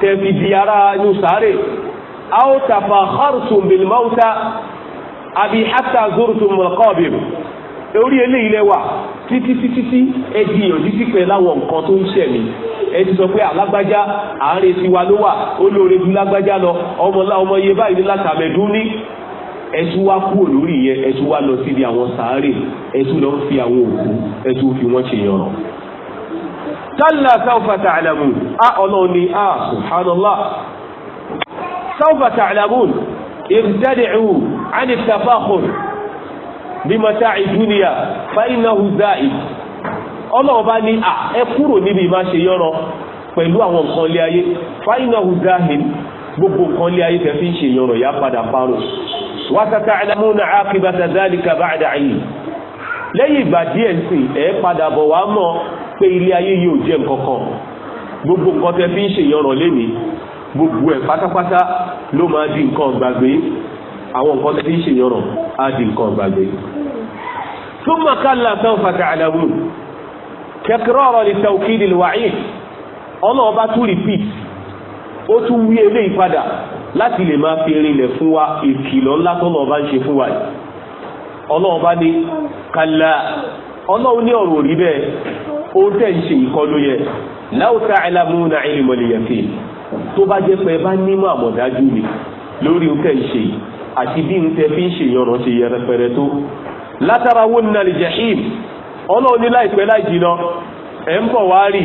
tẹ́ fi di ara inú sáré a ó tàfà khartum bil mauta àbí hatta zurtum al-qabir orí eléyìí lẹ́wà títí títí tí ẹ di ìyànjú sí láwọn nǹkan tó ń ṣẹ̀mí ẹ ti sọ pé alágbájá àárẹ̀ tiwa ló wà ó lóore ju lágbájá lọ ọmọ ọmọ iye báyìí ní ẹtú wá kúrò lórí ìyẹn ẹtú wá lọ síbi àwọn sàárè ẹtú lọ fi àwọn òkú ẹtú fi wọ́n ṣe yọrọ. kálá sáwùfà tààlàmù á ọlọ́run ni á subhanallah sáwùfà tààlàmù ìrìtẹ́dẹ̀ẹ́wù ánìtàfàkùn bímọ́tà ìdúnìyà fáìnáhù záì ọlọ́run bá ní à ẹ kúrò níbi ìmáṣe yọrọ pẹ̀lú àwọn nǹkan ilé ayé fáìnáhù záì gbogbo nǹkan lé ayé tẹ́ fi ń ṣe ìyànrọ yá padà parun wa sata'lamuna aqibata dhalika ba'da 'ayn lẹ́yìn ìgbà díẹ̀ sí ẹ̀ padà bọ̀ wá mọ̀ pé ilé ayé yóò jẹ́ nǹkan kan gbogbo nǹkan tẹ́ fi ń ṣe ìyànrọ lénìí gbogbo ẹ̀ pátápátá ló máa di nǹkan gbàgbé àwọn nǹkan tẹ́ ń ṣe ìyànrọ á di nǹkan gbàgbé. thumma kalla sawfa ta'lamun takrara li tawkidil wa'id ọlọ́ọ̀bá tún repeat ó tún wí eléyìí lati láti lè máa fi rinlẹ̀ fún wa ìkìlọ̀ ńlá tọ́lọ̀ ọba ń ṣe fún wa ọlọ́run bá ní kàlà ọlọ́run ní ọ̀rọ̀ rí bẹ́ẹ̀ ó tẹ̀ ń ṣe ìkọlù yẹ ya ta'lamuna ilmal yaqin tó bá jẹ́ pé bá nímọ̀ àmọ̀dájú mi lórí ń tẹ̀ ń ṣe àti bí ń tẹ́ fi ń ṣe ìyọ̀nà ṣe yẹrẹpẹrẹ tó látara wó ọlọ́run ní láìpẹ́ láì ẹ̀ ń bọ̀ wá rí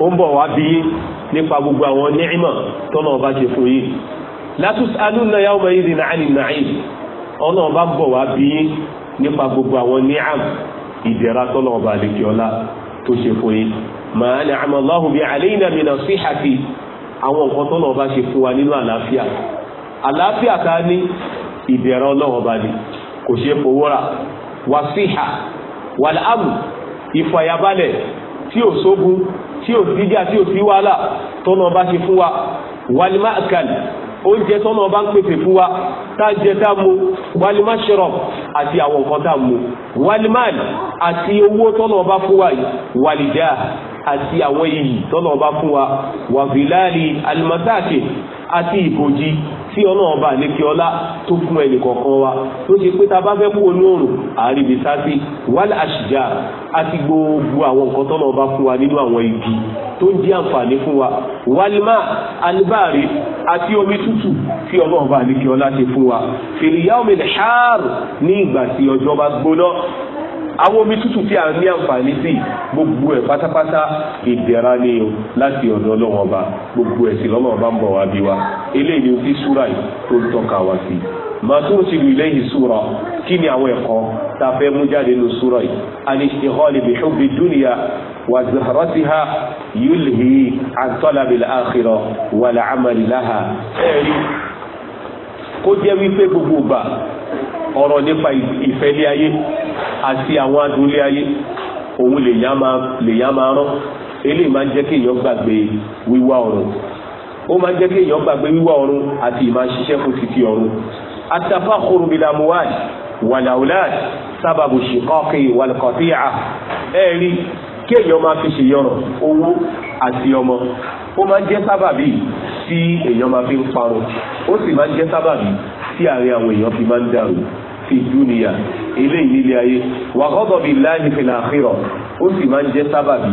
ó ń bọ̀ wá bí nípa gbogbo àwọn nírìmọ̀ tọ́nà ọba ṣe fún yìí látúnṣe alúnà yàwó mẹ́rin ní nàá ní ọ̀nà ọba bọ̀ wá bí nípa gbogbo àwọn níràm ìdẹ̀ra tọ́nà ọba àlejò ọlá tó ṣe fún yìí màá ní àmàláhù bíi àléyìn àmì sí àti àwọn nǹkan tọ́nà ọba ṣe fún wa nínú àlàáfíà àlàáfíà ní ìdẹ̀ra tí ò sí jà tí ò sí wàhálà tọ́nà ọba ṣe fún wa wàlímáàkàlì oúnjẹ tọ́nà ọba ń pèsè fún wa tá a jẹ tá a mu wàlímáṣẹrọ àti àwọn nǹkan tá a mu wàlímáàlì àti owó tọ́nà ọba fún wa yìí wàlìjà àti àwọn iyì tọ́nà ọba fún wa wàvíláàlì alimasáàkì àti ìbòjì tí ọlọ́run bá ní kí ọlá tó fún ẹnì kọ̀ọ̀kan wa tó ṣe pé ta bá fẹ́ kú onú òrùn àríbi sáfì wàhálà àṣìjà àti gbogbo àwọn nǹkan tọ́lọ́run bá fún wa nínú àwọn igi tó ń jẹ́ àǹfààní fún wa wàlímà alibáàrí àti omi tútù tí ọlọ́run bá ní kí ọlá ṣe fún wa fèrè yá omi lè ní ìgbà tí ọjọ́ bá gbóná àwọn omi tútù tí a ní àǹfààní sí gbogbo ẹ̀ pátápátá ìdẹ̀ra ni o láti ọ̀dọ̀ ọlọ́wọ́n ọba gbogbo ẹ̀ sí lọ́wọ́ ọba ń bọ̀ wá bí wa eléyìí ni o ti súra yìí tó ń tọ́ka wá sí màá tó ti lu ilé yìí súra kí ni àwọn ẹ̀kọ́ tá a fẹ́ mú jáde nínú súra yìí al-ishtighal bi hubbi dunya wa zahratiha yulhi an talab al-akhirah wal amali laha ẹ̀rí kó jẹ́ wípé gbogbo gbà ọ̀rọ̀ nípa ìfẹ́lé ayé àti àwọn adúlé ayé òun lèyàn máa rán eléyìí máa ń jẹ́ kí èèyàn gbàgbé wíwá ọ̀run ó máa ń jẹ́ kí èèyàn gbàgbé wíwá ọ̀run àti ìmá ṣiṣẹ́ fún títí ọ̀run atafakhuru bilamuwad walaulad sábàbù shiqaqi walqati'a ẹ̀rí kí èèyàn máa fi ṣèyọrọ̀ owó àti ọmọ ó máa ń jẹ́ sábàbí tí èèyàn máa fi ń parun ó sì máa jẹ́ sábàbí tí àárín àwọn èèyàn fi máa ń dàrú fi dúnìyà eléyìí nílé ayé wà gọ́dọ̀ bíi láàyè fìlà àfihàn ó sì máa ń jẹ́ sábàbí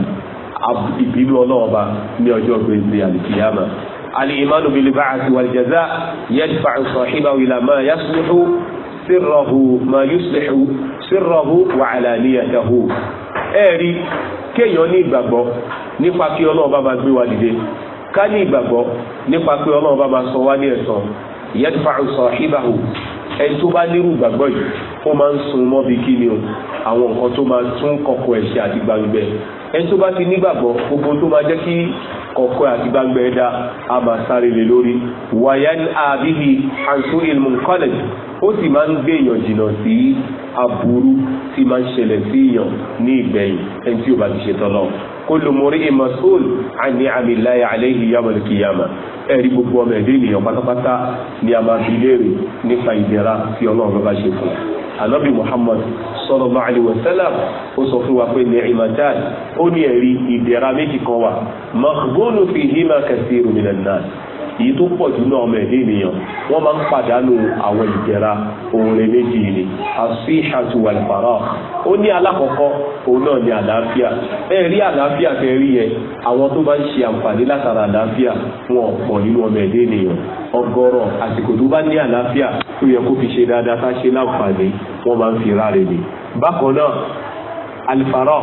ìbínú ọlọ́ọ̀ba ní ọjọ́ gbèsè àlìkìyàmà alìmánu bíi libá àti wàlìjẹ́zá yẹ́dìfà sọ̀hìnà ìlà máa yásùlùhù sírọ̀hù máa yúsùlùhù sírọ̀hù wàhálà níyàtàhù. ẹ̀rí kéèyàn ní ìgbàgbọ́ nípa kí ọlọ́ọ̀ba máa gbé wa dìde ká ní ìgbàgbọ́ nípa pé ọlọ́ọ̀ba máa sọ wá ní ẹ̀san yadfa'u sahibahu ẹni tó bá nírú gbàgbọ́ yìí ó máa ń sun mọ́ bí kíni o àwọn nǹkan tó máa tún kọ̀kọ̀ ẹ̀ ṣe àti gbangbe ẹni tó bá ti nígbàgbọ́ gbogbo tó máa jẹ́ kí kọ̀kọ̀ àti gbangbe ẹ̀dá a máa sáré lé lórí wàyán àbíbi àǹsó ilmùnkọ́lẹ̀ ó sì máa ń gbé èèyàn jìnnà sí aburú tí máa ń ṣẹlẹ̀ sí èèyàn ní ìgbẹ̀yìn ẹni tí ó bá ti ṣe tọ́lọ́ kullu muri'in mas'ul an ni'amillahi alayhi yawmal qiyamah ẹ̀rí gbogbo ọmọ ẹ̀dẹ́ ènìyàn pátápátá ni a máa fi léèrè nípa ìdẹ̀ra tí ọlọ́run bá ṣe fún anabi muhammad sallallahu alaihi wasallam ó sọ fún wa pé ní imadan ó ní ẹ̀rí ìdẹ̀ra méjì kan wà maghbunu fihima kathiru minan nas èyí tó pọ̀ jù náà ọmọ ẹ̀dẹ́ ènìyàn wọ́n máa ń pàdánù àwọn ìjẹra oore méjì ni asíhàtù wàlfàrà ó ní alákọ̀ọ́kọ́ òun náà ní àlàáfíà ẹ rí àlàáfíà tẹ rí yẹ àwọn tó bá ń ṣe àǹfààní látara àlàáfíà wọn ọ̀pọ̀ nínú ọmọ ẹ̀dẹ́ ènìyàn ọgọ́rọ̀ àsìkò tó bá ní àlàáfíà tó yẹ kó fi ṣe dáadáa ká ṣe láǹfààní wọ́n máa ń fi ráre ni bákan náà alifara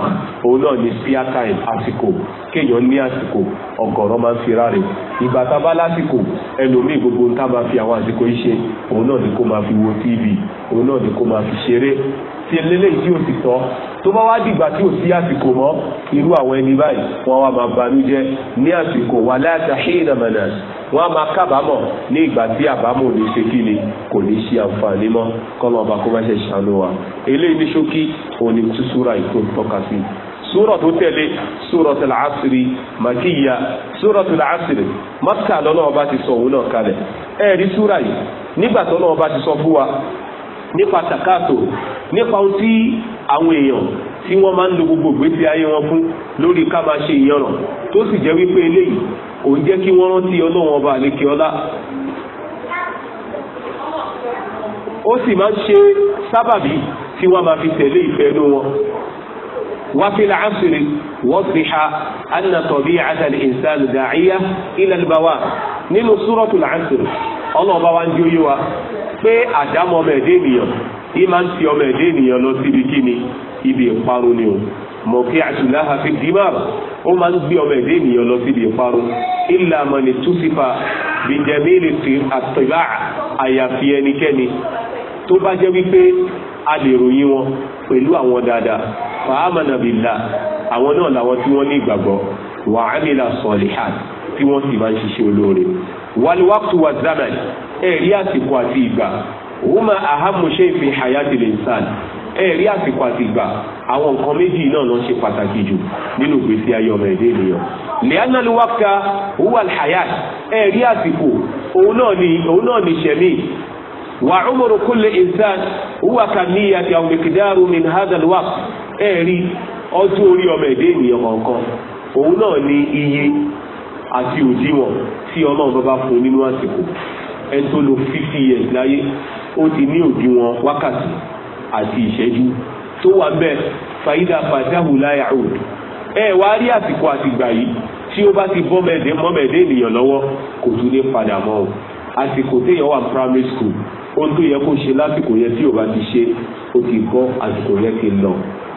òun náà ní spare time àsìkò kéèyàn ní àsìkò ọ̀gọ̀rọ̀ máa ń fira rẹ̀ ìgbà tá a bá lásìkò ẹlòmíì gbogbo ń tá máa fi àwọn àsìkò yìí ṣe òun náà ní kó máa fi wo tv òun náà ní kó máa fi ṣeré ṣe lélẹ̀ tí ò sì tọ́ tó bá wá dìgbà tí ò sí àsìkò mọ́ irú àwọn ẹni báyìí wọ́n wá máa banújẹ́ ní àsìkò wà láàtà ṣéèdàmọ̀nà wọ́n á máa kábàámọ̀ ní ìgbà tí àbámọ̀ ò ní ṣe kí ni kò ní ṣe àǹfààní mọ́ kọ́lọ́ ọba kó má ṣe ṣàánú wa eléyìí ní ṣókí òní túṣúra ìkó tọ́ka sí súrọ̀tù tẹ̀lé súrọ̀tù làásìrì màkìyà súrọ̀tù làásìrì mọ́kà lọ́nà ọba ti sọ òun náà kalẹ̀ ẹ̀ẹ́dì súra yìí nígbà tọ́nà ọba ti sọ fún wa nípa takato nípa ohun tí àwọn èèyàn tí wọ́n máa ń lo gbogbo ìgbésí ayé wọn fún lórí ká máa ṣe ìyànràn tó sì jẹ́ wípé eléyìí kò ń jẹ́ kí wọ́n rántí ọlọ́run ọba àlekè ọlá ó sì máa ń ṣe sábàbí tí wọ́n máa fi tẹ̀lé ìfẹ́ inú wọn وفي العصر وضح أن طبيعة الإنسان داعية إلى البواء nínú súrọ́tù làásù ọlọ́ọ̀bá wa ń jó yé wa pé àdámọ́ ọmọ ẹ̀dẹ́ ènìyàn yìí máa ń fi ọmọ ẹ̀dẹ́ ènìyàn lọ síbi kíni ibi ìparun ni o mọ̀kí àṣùláha fi dìímàrà ó máa ń gbé ọmọ ẹ̀dẹ́ ènìyàn lọ síbi ìparun ilà àmọ̀ni túsífà bìjẹ̀mílì sí àtìbá àyàfi ẹnikẹ́ni tó bá jẹ́ wípé a lè ròyìn wọn pẹ̀lú àwọn dáadáa fàámànà billah àwọn náà làwọn tí wọ́n ní ìgbàgbọ́ wa amila salihat tí wọ́n sì máa ń ṣiṣẹ́ olóore wal waqtu wa zaman ẹ̀rí àsìkò àti ìgbà huma ahamu shay fi hayati l'insan ẹ̀rí àsìkò àti ìgbà àwọn nǹkan méjì náà ló ṣe pàtàkì jù nínú ìgbésí ayé ọmọ ẹ̀dá ènìyàn li'anna al-waqta huwa ẹ̀rí àsìkò òun náà ni ìṣẹ̀mí wa umru kulli insan huwa kamiyati aw miqdaru min hadha alwaqt ẹ̀rí ọjọ́ orí ọmọ èdè ènìyàn kọ̀ọ̀kan òun náà ni iye àti òdiwọ̀n tí ọlọ́run bá fún nínú àsìkò ẹni tó lo fifty years láyé ó ti ní òdiwọ̀n wákàtí àti ìṣẹ́jú tó wà ń bẹ fàyídà fàdáhù láyà òd ẹ wá rí àsìkò àtìgbà yìí tí ó bá ti bọ́ mẹ́ẹ̀dẹ́ mọ́mẹ́ẹ̀dẹ́ ènìyàn lọ́wọ́ kò tún lè padà mọ́ o àsìkò téèyàn primary school ohun tó yẹ kó ṣe lásìkò yẹ tí ò bá ti ṣe ó ti bọ́ àsìkò yẹ ti lọ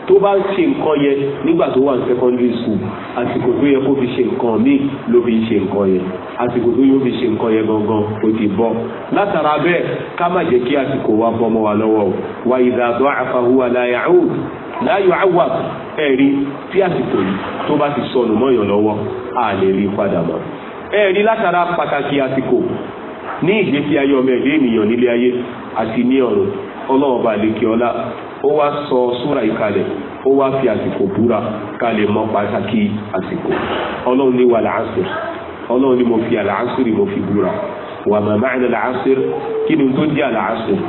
tó bá ṣe nǹkan yẹn nígbà tó wà ní secondary school àsìkò tó yẹ kó fi ṣe nǹkan míì ló fi ṣe nǹkan yẹn àsìkò tó yóò fi ṣe nǹkan yẹn gangan ó ti bọ́ látara bẹ́ẹ̀ ká má jẹ́ kí àsìkò wa bọ́ mọ́ wa lọ́wọ́ o wa idha da'afa huwa la ya'ud la yu'awwad ẹ̀rí tí àsìkò yìí tó bá ti sọnù mọ́yàn lọ́wọ́ a lè rí padà mọ́ ẹ̀rí látara pàtàkì àsìkò ní ìṣesí ayé ọmọ ènìyàn nílé ayé àti ní ọ̀run ọlọ́run bá ọlá ó wá sọ súra ìkalẹ̀ ó wá fi àsìkò búra kalẹ̀ mọ́ pàtàkì àsìkò ọlọ́run ní wà láásìrì ọlọ́run ní mo fi àlàásìrì mo fi búra wà màmá àná làásìrì kí ni tó jẹ́ àlàásìrì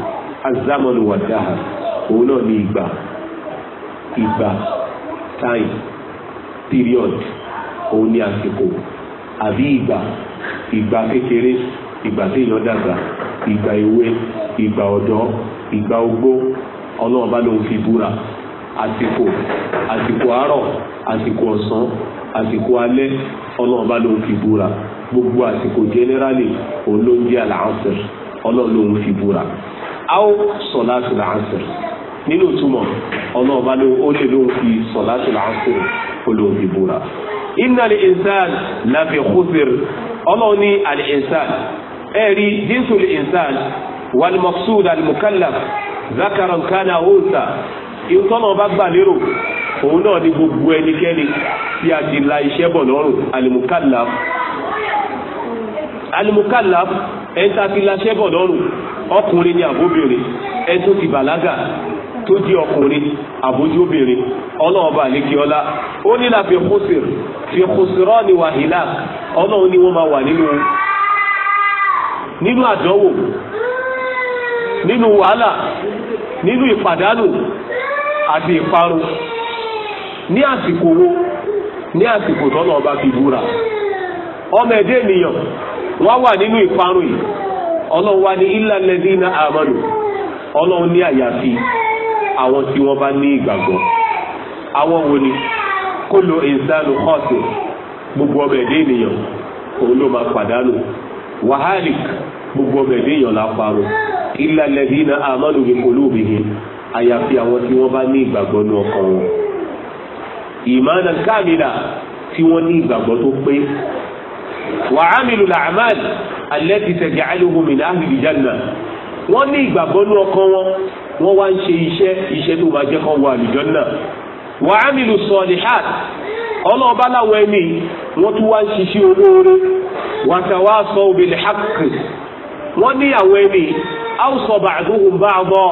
azámọ́nù wà dáhà òun náà ní ìgbà ìgbà time period òun ní àsìkò àbí ìgbà ìgbà kékeré ìgbà téèyàn dàgbà ìgbà èwe ìgbà ọ̀dọ́ ìgbà ogbó ọlọ́run bá lóun fi búra àsìkò àsìkò àárọ̀ àsìkò ọ̀sán àsìkò alẹ́ ọlọ́run bá lóun fi búra gbogbo àsìkò jẹ́nẹ́rálì òun ló ń jẹ́ àlàáfẹ́ ọlọ́run lóun fi búra áó sọ̀láṣì làásì nínú ìtumọ̀ ọlọ́run bá lóun ó lè lóun fi sọ̀láṣì làásì ó lóun fi búra. inna al-insan la fi khusr ọlọ́run ní al-insan ẹ̀rí jinsul insan walmaqsud almukallaf zakaran kana unsa ìtọ́nà bá gbà lérò òun náà ni gbogbo ẹnikẹ́ni tí a ti la iṣẹ́ bọ̀ lọ́rùn alimukallaf alimukallaf ẹni tá a ti la iṣẹ́ bọ̀ lọ́rùn ọkùnrin ni àbóbìnrin ẹni tó ti bàlágà tó di ọkùnrin àbójóbìnrin ọlọ́ọ̀bà àlékiọ́lá ó ní láfi kúsìr fi kúsìrọ́ọ̀nì wàhílà ọlọ́run ni wọ́n máa wà nínú nínú àjọwò nínú wàhálà nínú ìpàdánù àti ìparun ní àsìkò wo ní àsìkò tọ́nà ọba fi búra ọmọ ẹ̀dẹ́ ènìyàn wọ́n wà nínú ìparun yìí ọlọ́run wá ní ilà àmọ́nù ọlọ́run ní àyàfi àwọn tí wọ́n bá ní ìgbàgbọ́ àwọn wo gbogbo ọmọ ẹ̀dẹ́ ènìyàn òun ló máa gbogbo ọmọ ẹ̀dẹ́ èèyàn láparò illa alladhina amanu bi qulubihim àyàfi àwọn tí wọ́n bá ní ìgbàgbọ́ ní ọkàn wọn. ìmánà kámìlà tí wọ́n ní ìgbàgbọ́ tó pé wa amilul a'mal allati taj'aluhum min ahlil janna wọ́n ní ìgbàgbọ́ ní ọkàn wọn wọ́n wá ń ṣe iṣẹ́ iṣẹ́ tó máa jẹ́ kán wọ àlùjánnà wa amilus salihat ọlọ́ọ̀bá láwọn ẹni wọ́n tún wá ń ṣiṣẹ́ olóore wa tawasaw bil wọ́n ní àwọn ẹni awùsọ bàdúhùn bá a bọ́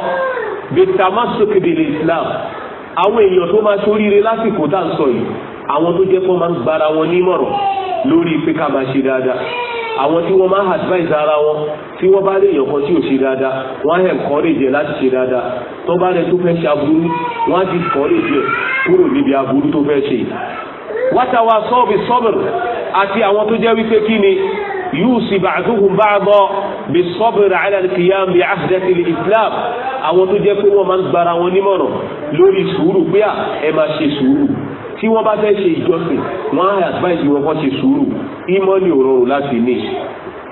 bìtàmásókè dèlè islam àwọn èèyàn tó máa ṣoríire lásìkò tá à ń sọ yìí àwọn tó jẹ́ pọ́n máa ń gbára wọn nímọ̀ràn lórí pé ká máa ṣe dáadáa àwọn tí wọ́n máa advise ara wọn tí wọ́n bá lè èèyàn kan tí ò ṣe dáadáa wọ́n á encourage láti ṣe dáadáa tó bá rẹ tó fẹ́ ṣe aburú wọ́n á discourage kúrò níbi aburú tó fẹ́ ṣe wátàwá sọ́ọ̀bì sọ́bìr àti àwọn tó jẹ́ wípé kí ni yusi ba'duhum ba'da bí sọ́bìr ala al-qiyam bí ahdati al-islam àwọn tó jẹ́ pé wọ́n máa ń gbara wọn nímọ̀ràn lórí sùúrù pé à ẹ máa ṣe sùúrù tí wọ́n bá fẹ́ ṣe ìjọsìn wọ́n á advice wọn kọ́ ṣe sùúrù ìmọ̀ni ò rọrùn láti ní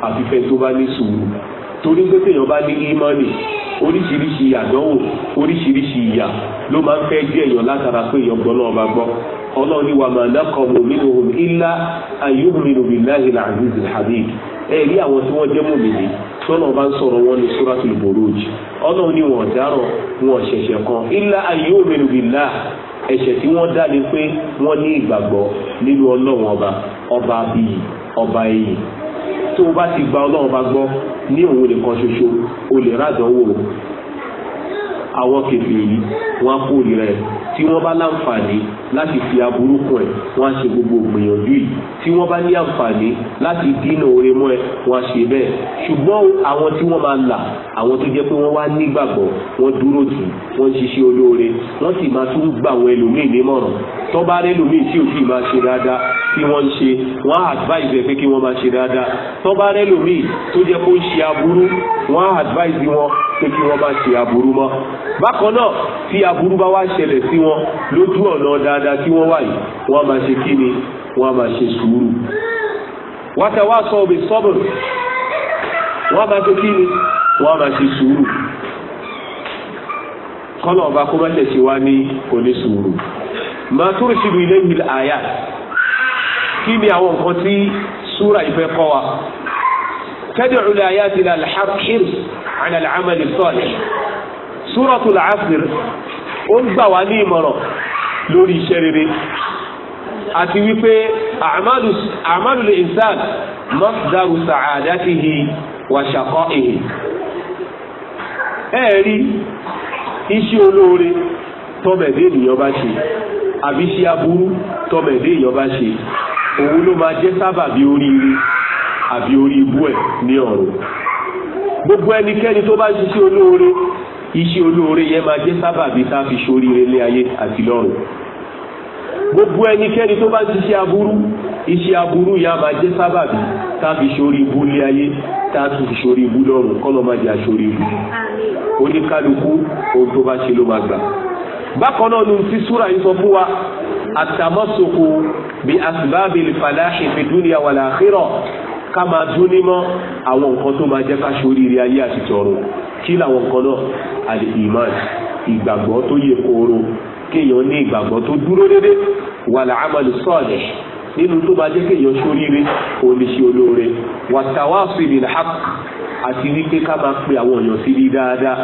àfifẹ́ tó bá ní sùúrù torí pé téèyàn bá ní ìmọ̀ni oríṣiríṣi àdánwò oríṣiríṣi ìyà ló máa ń fẹ́ jẹ́ èèyàn látara pé èèyàn gbọ́ náà bá gbọ́ ọlọ́run ni wà máa dákọ̀ọ̀mù nínú ohun ilá ayúhùnmínú billahi al-aziz al-hamid ẹ̀rí àwọn tí wọ́n jẹ́ mòmìnì tọ́nà bá ń sọ̀rọ̀ wọn ní suratul buruj ọlọ́run ni wọ́n dáràn wọn ṣẹ̀ṣẹ̀ kan ilá ayúhùnmínú billahi ẹ̀ṣẹ̀ tí wọ́n dá ni pé wọ́n ní ìgbàgbọ́ nínú ọlọ́run ọba ọba bíi ọba èyí tó o bá ti gba ọlọ́run bá gbọ́ ní òun nìkan ṣoṣo o lè rádánwò àwọn kèfèrí wọn kó rí tí wọ́n bá láǹfààní láti fi aburú kún ẹ wọ́n á ṣe gbogbo gbìyànjú yìí tí wọ́n bá ní àǹfààní láti dínà oore mọ́ ẹ wọ́n á ṣe bẹ́ẹ̀ ṣùgbọ́n àwọn tí wọ́n máa là àwọn tó jẹ́ pé wọ́n wá nígbàgbọ́ wọ́n dúró tì wọ́n ṣiṣẹ́ olóore wọ́n sì máa tún gbà àwọn ẹlòmíì nímọ̀ràn tó bá rí ẹlòmíì tí ò sì máa ṣe dáadáa tí wọ́n ṣe wọ́n á advise ẹ pé kí wọ́n máa ṣe dáadáa tó bá rí ẹlòmíì tó jẹ́ pé ń ṣe aburú wọ́n á advise wọn pé kí wọ́n máa ṣe aburú mọ́ bákan náà tí aburú bá wá ṣẹlẹ̀ sí wọn lójú ọ̀nà dáadáa tí wọ́n wà yìí wọ́n á máa ṣe kí ni wọ́n á máa ṣe sùúrù. wátawá sọ òbí sọ́bùn wọ́n á máa ṣe kí ni wọ́n á máa ṣe sùúrù. kọ́nà ọba kó má tẹ̀sí wá ní onísùúrù. màtúrù síbi ilé ìlú àyà kí ni àwọn nǹkan tí súrà ìfẹ́ kọ́ wa. تدعو الآيات إلى الحرص على العمل الصالح سورة العصر ó ń gbà wá ní ìmọ̀ràn lórí iṣẹ́ rere àti wípé àmàlù lè ìsàn mọ́sídàrú sàádàtìhì wà ṣàkọ́ èyí ẹ rí iṣẹ́ olóore tọ́mẹ̀dé ènìyàn bá ṣe àbí iṣẹ́ aburú tọ́mẹ̀dé ènìyàn bá ṣe òun ló máa jẹ́ oríire àbí orí ibú ẹ̀ ní ọ̀run gbogbo ẹnikẹ́ni tó bá ṣiṣẹ́ olóore iṣẹ́ olóore yẹn máa jẹ́ sábàbí tá a fi ṣoríire lé ayé àti lọ́run gbogbo ẹnikẹ́ni tó bá ti ṣe aburú iṣẹ́ aburú yẹn máa jẹ́ sábàbí tá a fi ṣorí ibú lé ayé tá a tún fi ṣorí ibú lọ́run kọ́ ló máa jẹ́ àṣorí ibú oníkálukú ohun tó bá ṣe ló máa gbà bákan náà ní ti súra yìí sọ fún wa àtàmọ́soko bí asibáàbí fàdáhì fi dúnìá wà láàkírọ̀ ká máa dún nímọ́ àwọn nǹkan tó máa jẹ́ ká ṣoríire ayé àti tọ̀run kí làwọn nǹkan náà àlè iman ìgbàgbọ́ tó yẹ kóró kéèyàn ní ìgbàgbọ́ tó dúró dédé wàlà amalu salih nínú tó bá jẹ́ kéèyàn sóríire oníṣẹ́ olóore wàtàwáàsì bil haqq àti wípé ká máa pe àwọn èèyàn síbi dáadáa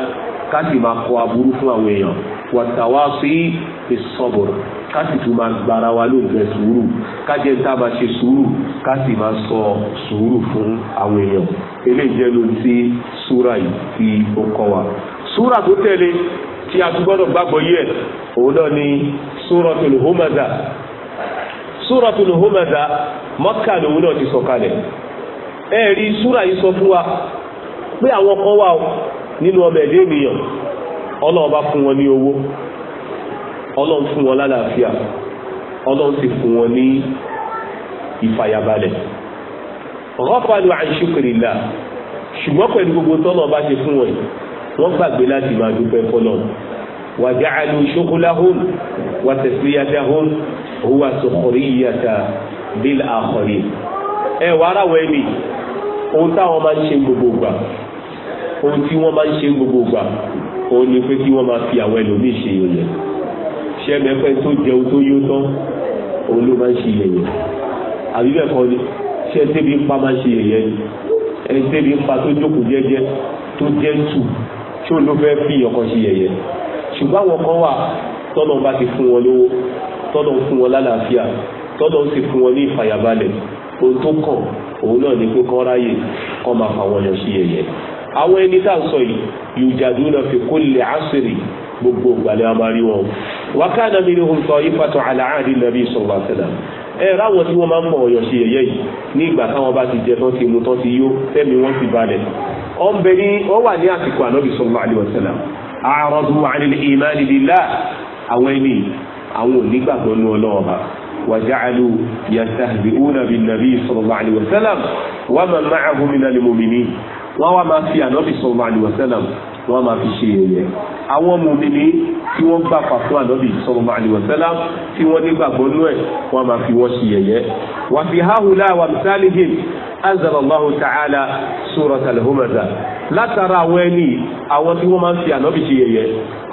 ká sì máa kọ aburú fún àwọn èèyàn wàtàwáàsì bis sabr ká sì tún máa gbára wa lóògbé sùúrù ká jẹ́ tá a máa ṣe sùúrù ká sì máa sọ sùúrù fún àwọn èèyàn eléyìí jẹ́ ló ti súra yìí tí ó kọ́ wa. súra tó tẹ̀lé tí a tún gbọ́dọ̀ gbàgbọ́ yẹ òun náà ni súratul Humaza súratul Humaza Mọ́kà lòun náà ti sọ̀kalẹ̀ ẹ rí súra yìí sọ fún wa pé àwọn kan wà nínú ọmọ ẹ̀dẹ́ ènìyàn ọlọ́ọ̀bá fún wọn ní owó ọlọ́run fún wọn lálàáfíà ọlọ́run sì fún wọn ní ìfàyàbalẹ̀ rọ́pàlù àìṣùkìrìlà ṣùgbọ́n pẹ̀lú gbogbo tọ́nà bá ṣe fún wọn wọ́n gbàgbé láti máa dúpẹ́ fọlọ́run wàjáàlú ṣókúláhùn wàtẹ̀síyádáhùn òwà sọ̀kọ̀rí yíyàtà bíl àkọ̀rí ẹ wà ara wẹ̀ mi ohun táwọn máa ń ṣe gbogbo gbà ohun tí wọ́n máa ń ṣe gbogbo gbà òun ni pé kí wọ́n máa fi àwọn ẹlòmíì ṣe yòlẹ̀ ṣiṣẹ́ mẹ́fẹ́ tó jẹun tó yó tán òun ló máa ń ṣe yẹ̀yẹ̀ àbí bẹ́ẹ̀ kọ́ ni ṣé ẹsẹ́bi ń pa máa ń ṣe yẹ̀yẹ̀ ni ẹsẹ́bi ń pa tó jókòó jẹ́jẹ́ tó jẹ́ tù tí òun ló fẹ́ fi ọkàn ṣe yẹ̀yẹ̀ ṣùgbọ́n àwọn kan wà tọ́nà bá ti fún wọn lówó tọ́nà fún wọn lálàáfíà tọ́nà sì fún wọn ní ìfàyàbalẹ̀ ohun tó kàn òun náà ní pé kán ráyè kán máa fà wọn lọ sí yẹ̀yẹ̀ àwọn ẹni tá à sọ yìí yùjàdúnà fi kulli asri gbogbo ìgbàlẹ̀ ọmọ rí wọn wákàtí mi ni òun sọ ìfàtọ̀ àlàáàdì nàbí sọ̀rọ̀ àtẹ̀là ẹ ráwọn tí wọ́n máa ń mọ̀ ọ̀yọ̀ ṣe yẹ̀yẹ́ yìí ní ìgbà táwọn bá ti jẹ tán ti mu tán ti yó tẹ́mi wọ́n ti balẹ̀ ọ ń bẹ ní ọ wà ní àsìkò ànábì sọ̀rọ̀ àlẹ́ ọ̀sẹ̀là àròdù àlẹ́ ìmáàlì lílá àwọn ẹni àwọn onígbàgbọ́ nú ọlọ́ọ̀ba wàjáàlú yastahzi'una bin nabi sallallahu alaihi wasallam wa man ma'ahu minal mu'minin wọ́n wá máa fi ànábì sallallahu alaihi wasallam wọ́n máa fi ṣe yẹ̀yẹ́ àwọn mùmínì tí wọ́n gbà pàtó ànábì sallallahu alaihi wasallam tí wọ́n nígbàgbọ́ nú ẹ̀ wọ́n máa fi wọ́n ṣe yẹ̀yẹ́ wà fi hahula wà misalihim anzalallahu ta'ala suratal humaza látara àwọn ẹni àwọn tí wọ́n máa ń fi ànábì ṣe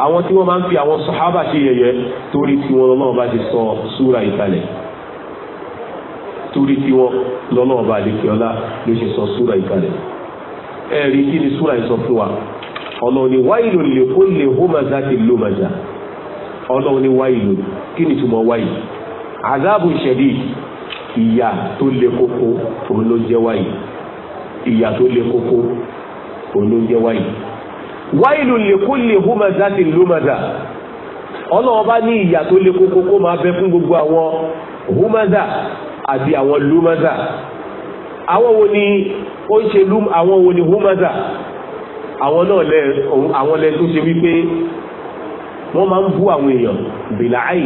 àwọn tí wọ́n máa ń fi àwọn sọ̀hábà ṣe yẹ̀yẹ́ torí tí ti sọ ọlọ́run ni wáìlù lè kó lè hómazá ti lómazá ọlọ́run ni wáìlù kí ni túmọ̀ wáìlù azabu ṣẹ̀dí ìyà tó le koko òun ló jẹ́ wáìlù ìyà tó le koko òun ló jẹ́ wáìlù wáìlù lè kó lè hómazá ti lómazá ọlọ́run bá ní ìyà tó le koko kó máa bẹ fún gbogbo àwọn hómazá àti àwọn lómazá àwọn wo ni ó ń ṣe àwọn wo ni hómazá àwọn náà lẹ àwọn lẹ tó ṣe wípé wọ́n máa ń bú àwọn èèyàn bìláì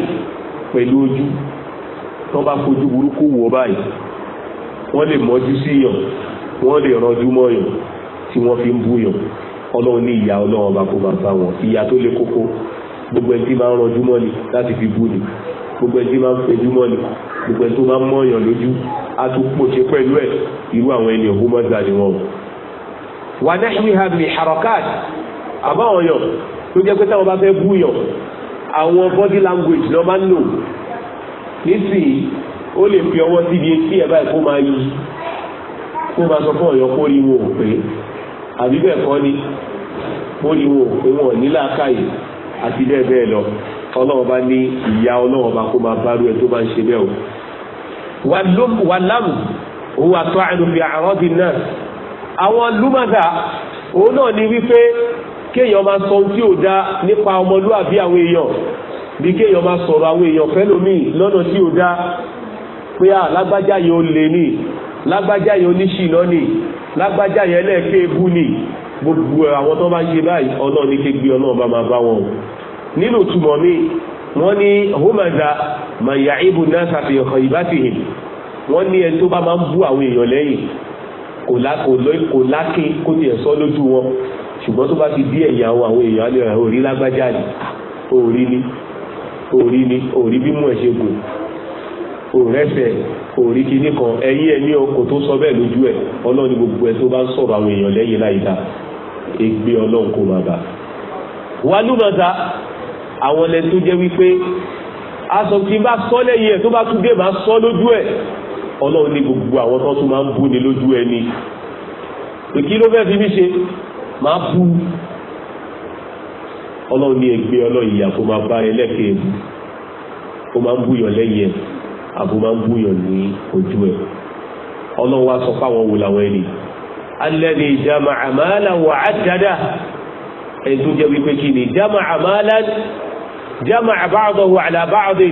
pẹ̀lú ojú tó bá fojú burúkú wò báyìí wọ́n lè mọ́jú sí yàn wọ́n lè ranjú mọ́ yàn tí wọ́n fi ń bú yàn ọlọ́run ní ìyá ọlọ́run bá kó bá bá wọn ìyá tó lè kókó gbogbo ẹni tí máa ń ranjú mọ́ ni láti fi bú ni gbogbo ẹni tí máa ń fẹjú mọ́ ni gbogbo ẹni tó máa ń mọ́ yàn lójú á tún pòṣe pẹ̀lú ẹ̀ irú àwọn ẹni ọ̀gbọ́n mọ́ta ni wọn o wà nahwiha min harakat àbáwọn yàn tó jẹ́ pé táwọn bá fẹ́ bú yàn àwọn body language lọ́ máa ń lò nísìnyí ó lè fi ọwọ́ síbi etí ẹ̀ báyìí kó máa yí kó máa sọ fún ọ̀yọ́ kó rí wọn ò pé àbí bẹ́ẹ̀ kọ́ ni kó rí wọn ò wọn ò ní àti bẹ́ẹ̀ bẹ́ẹ̀ lọ ọlọ́run bá ní ìyá ọlọ́run bá kó máa bárú ẹ tó bá ń ṣe bẹ́ẹ̀ o. wàlámù òun àtọ́ àìlùfẹ́ àrọ́bì náà àwọn lúmọ̀dà òun náà ni wípé kéèyàn máa sọ ohun tí ò dáa nípa ọmọlúàbí àwọn èèyàn bí kéèyàn máa sọ̀rọ̀ àwọn èèyàn fẹ́lòmíì lọ́nà tí ò dáa pé à lágbájá yẹn ò lè ní lágbájá yẹn oníṣìná ní lágbájá yẹn lẹ́ẹ̀kẹ́ ebú ní gbogbo àwọn tó bá ń ṣe báyìí ọ̀nà ní kégbé ọ̀nà ọba máa bá wọn nínú túmọ̀ mi wọ́n ní homaza mayaibu nasa fi hàn ìbátìhìn wọ́n ní ẹni tó bá máa ń bú àwọn èèyàn lẹ́yìn kò láké kó tiẹ̀ sọ lójú wọn ṣùgbọ́n tó bá ti di ẹ̀yìn àwọn àwọn èèyàn alẹ́ rẹ̀ òrí lágbájá ni òrí ah, ni òrí ni òrí bímú ẹ̀ ṣe gùn òrẹ́fẹ̀ òrí kìíní kan ẹ̀yìn ẹ̀ ní ọkọ̀ tó sọ bẹ́ẹ̀ lójú ẹ̀ ọlọ́run gbogbo ẹ̀ tó bá ń sọ̀rọ̀ àwọn èèyàn lẹ́yìn láìda ègbé ọlọ́run kò máa bá wàlúmọ̀ta àwọn ẹlẹ́ tó jẹ́ wípé aṣọ tí bá sọ lẹ́yìn ẹ̀ tó bá tún dé ọlọ́run ní gbogbo àwọn tó tún máa ń bú ni lójú ẹni pé kí ló fẹ́ fi mí ṣe máa bú ọlọ́run ní ẹgbẹ́ ọlọ́run ìyà kó máa bá ẹlẹ́kẹ̀ẹ́ ó máa ń búyàn lẹ́yìn ẹ̀ àbò máa ń búyàn ní ojú ẹ̀ ọlọ́run wá sọ fáwọn wò làwọn ẹni alẹ́ni ìjàmà àmàlà wà á dáadáa ẹ̀ tó jẹ́ wípé kí ni ìjàmà àmàlà jàmà àbáàdọ̀ wà àlàbáàdọ̀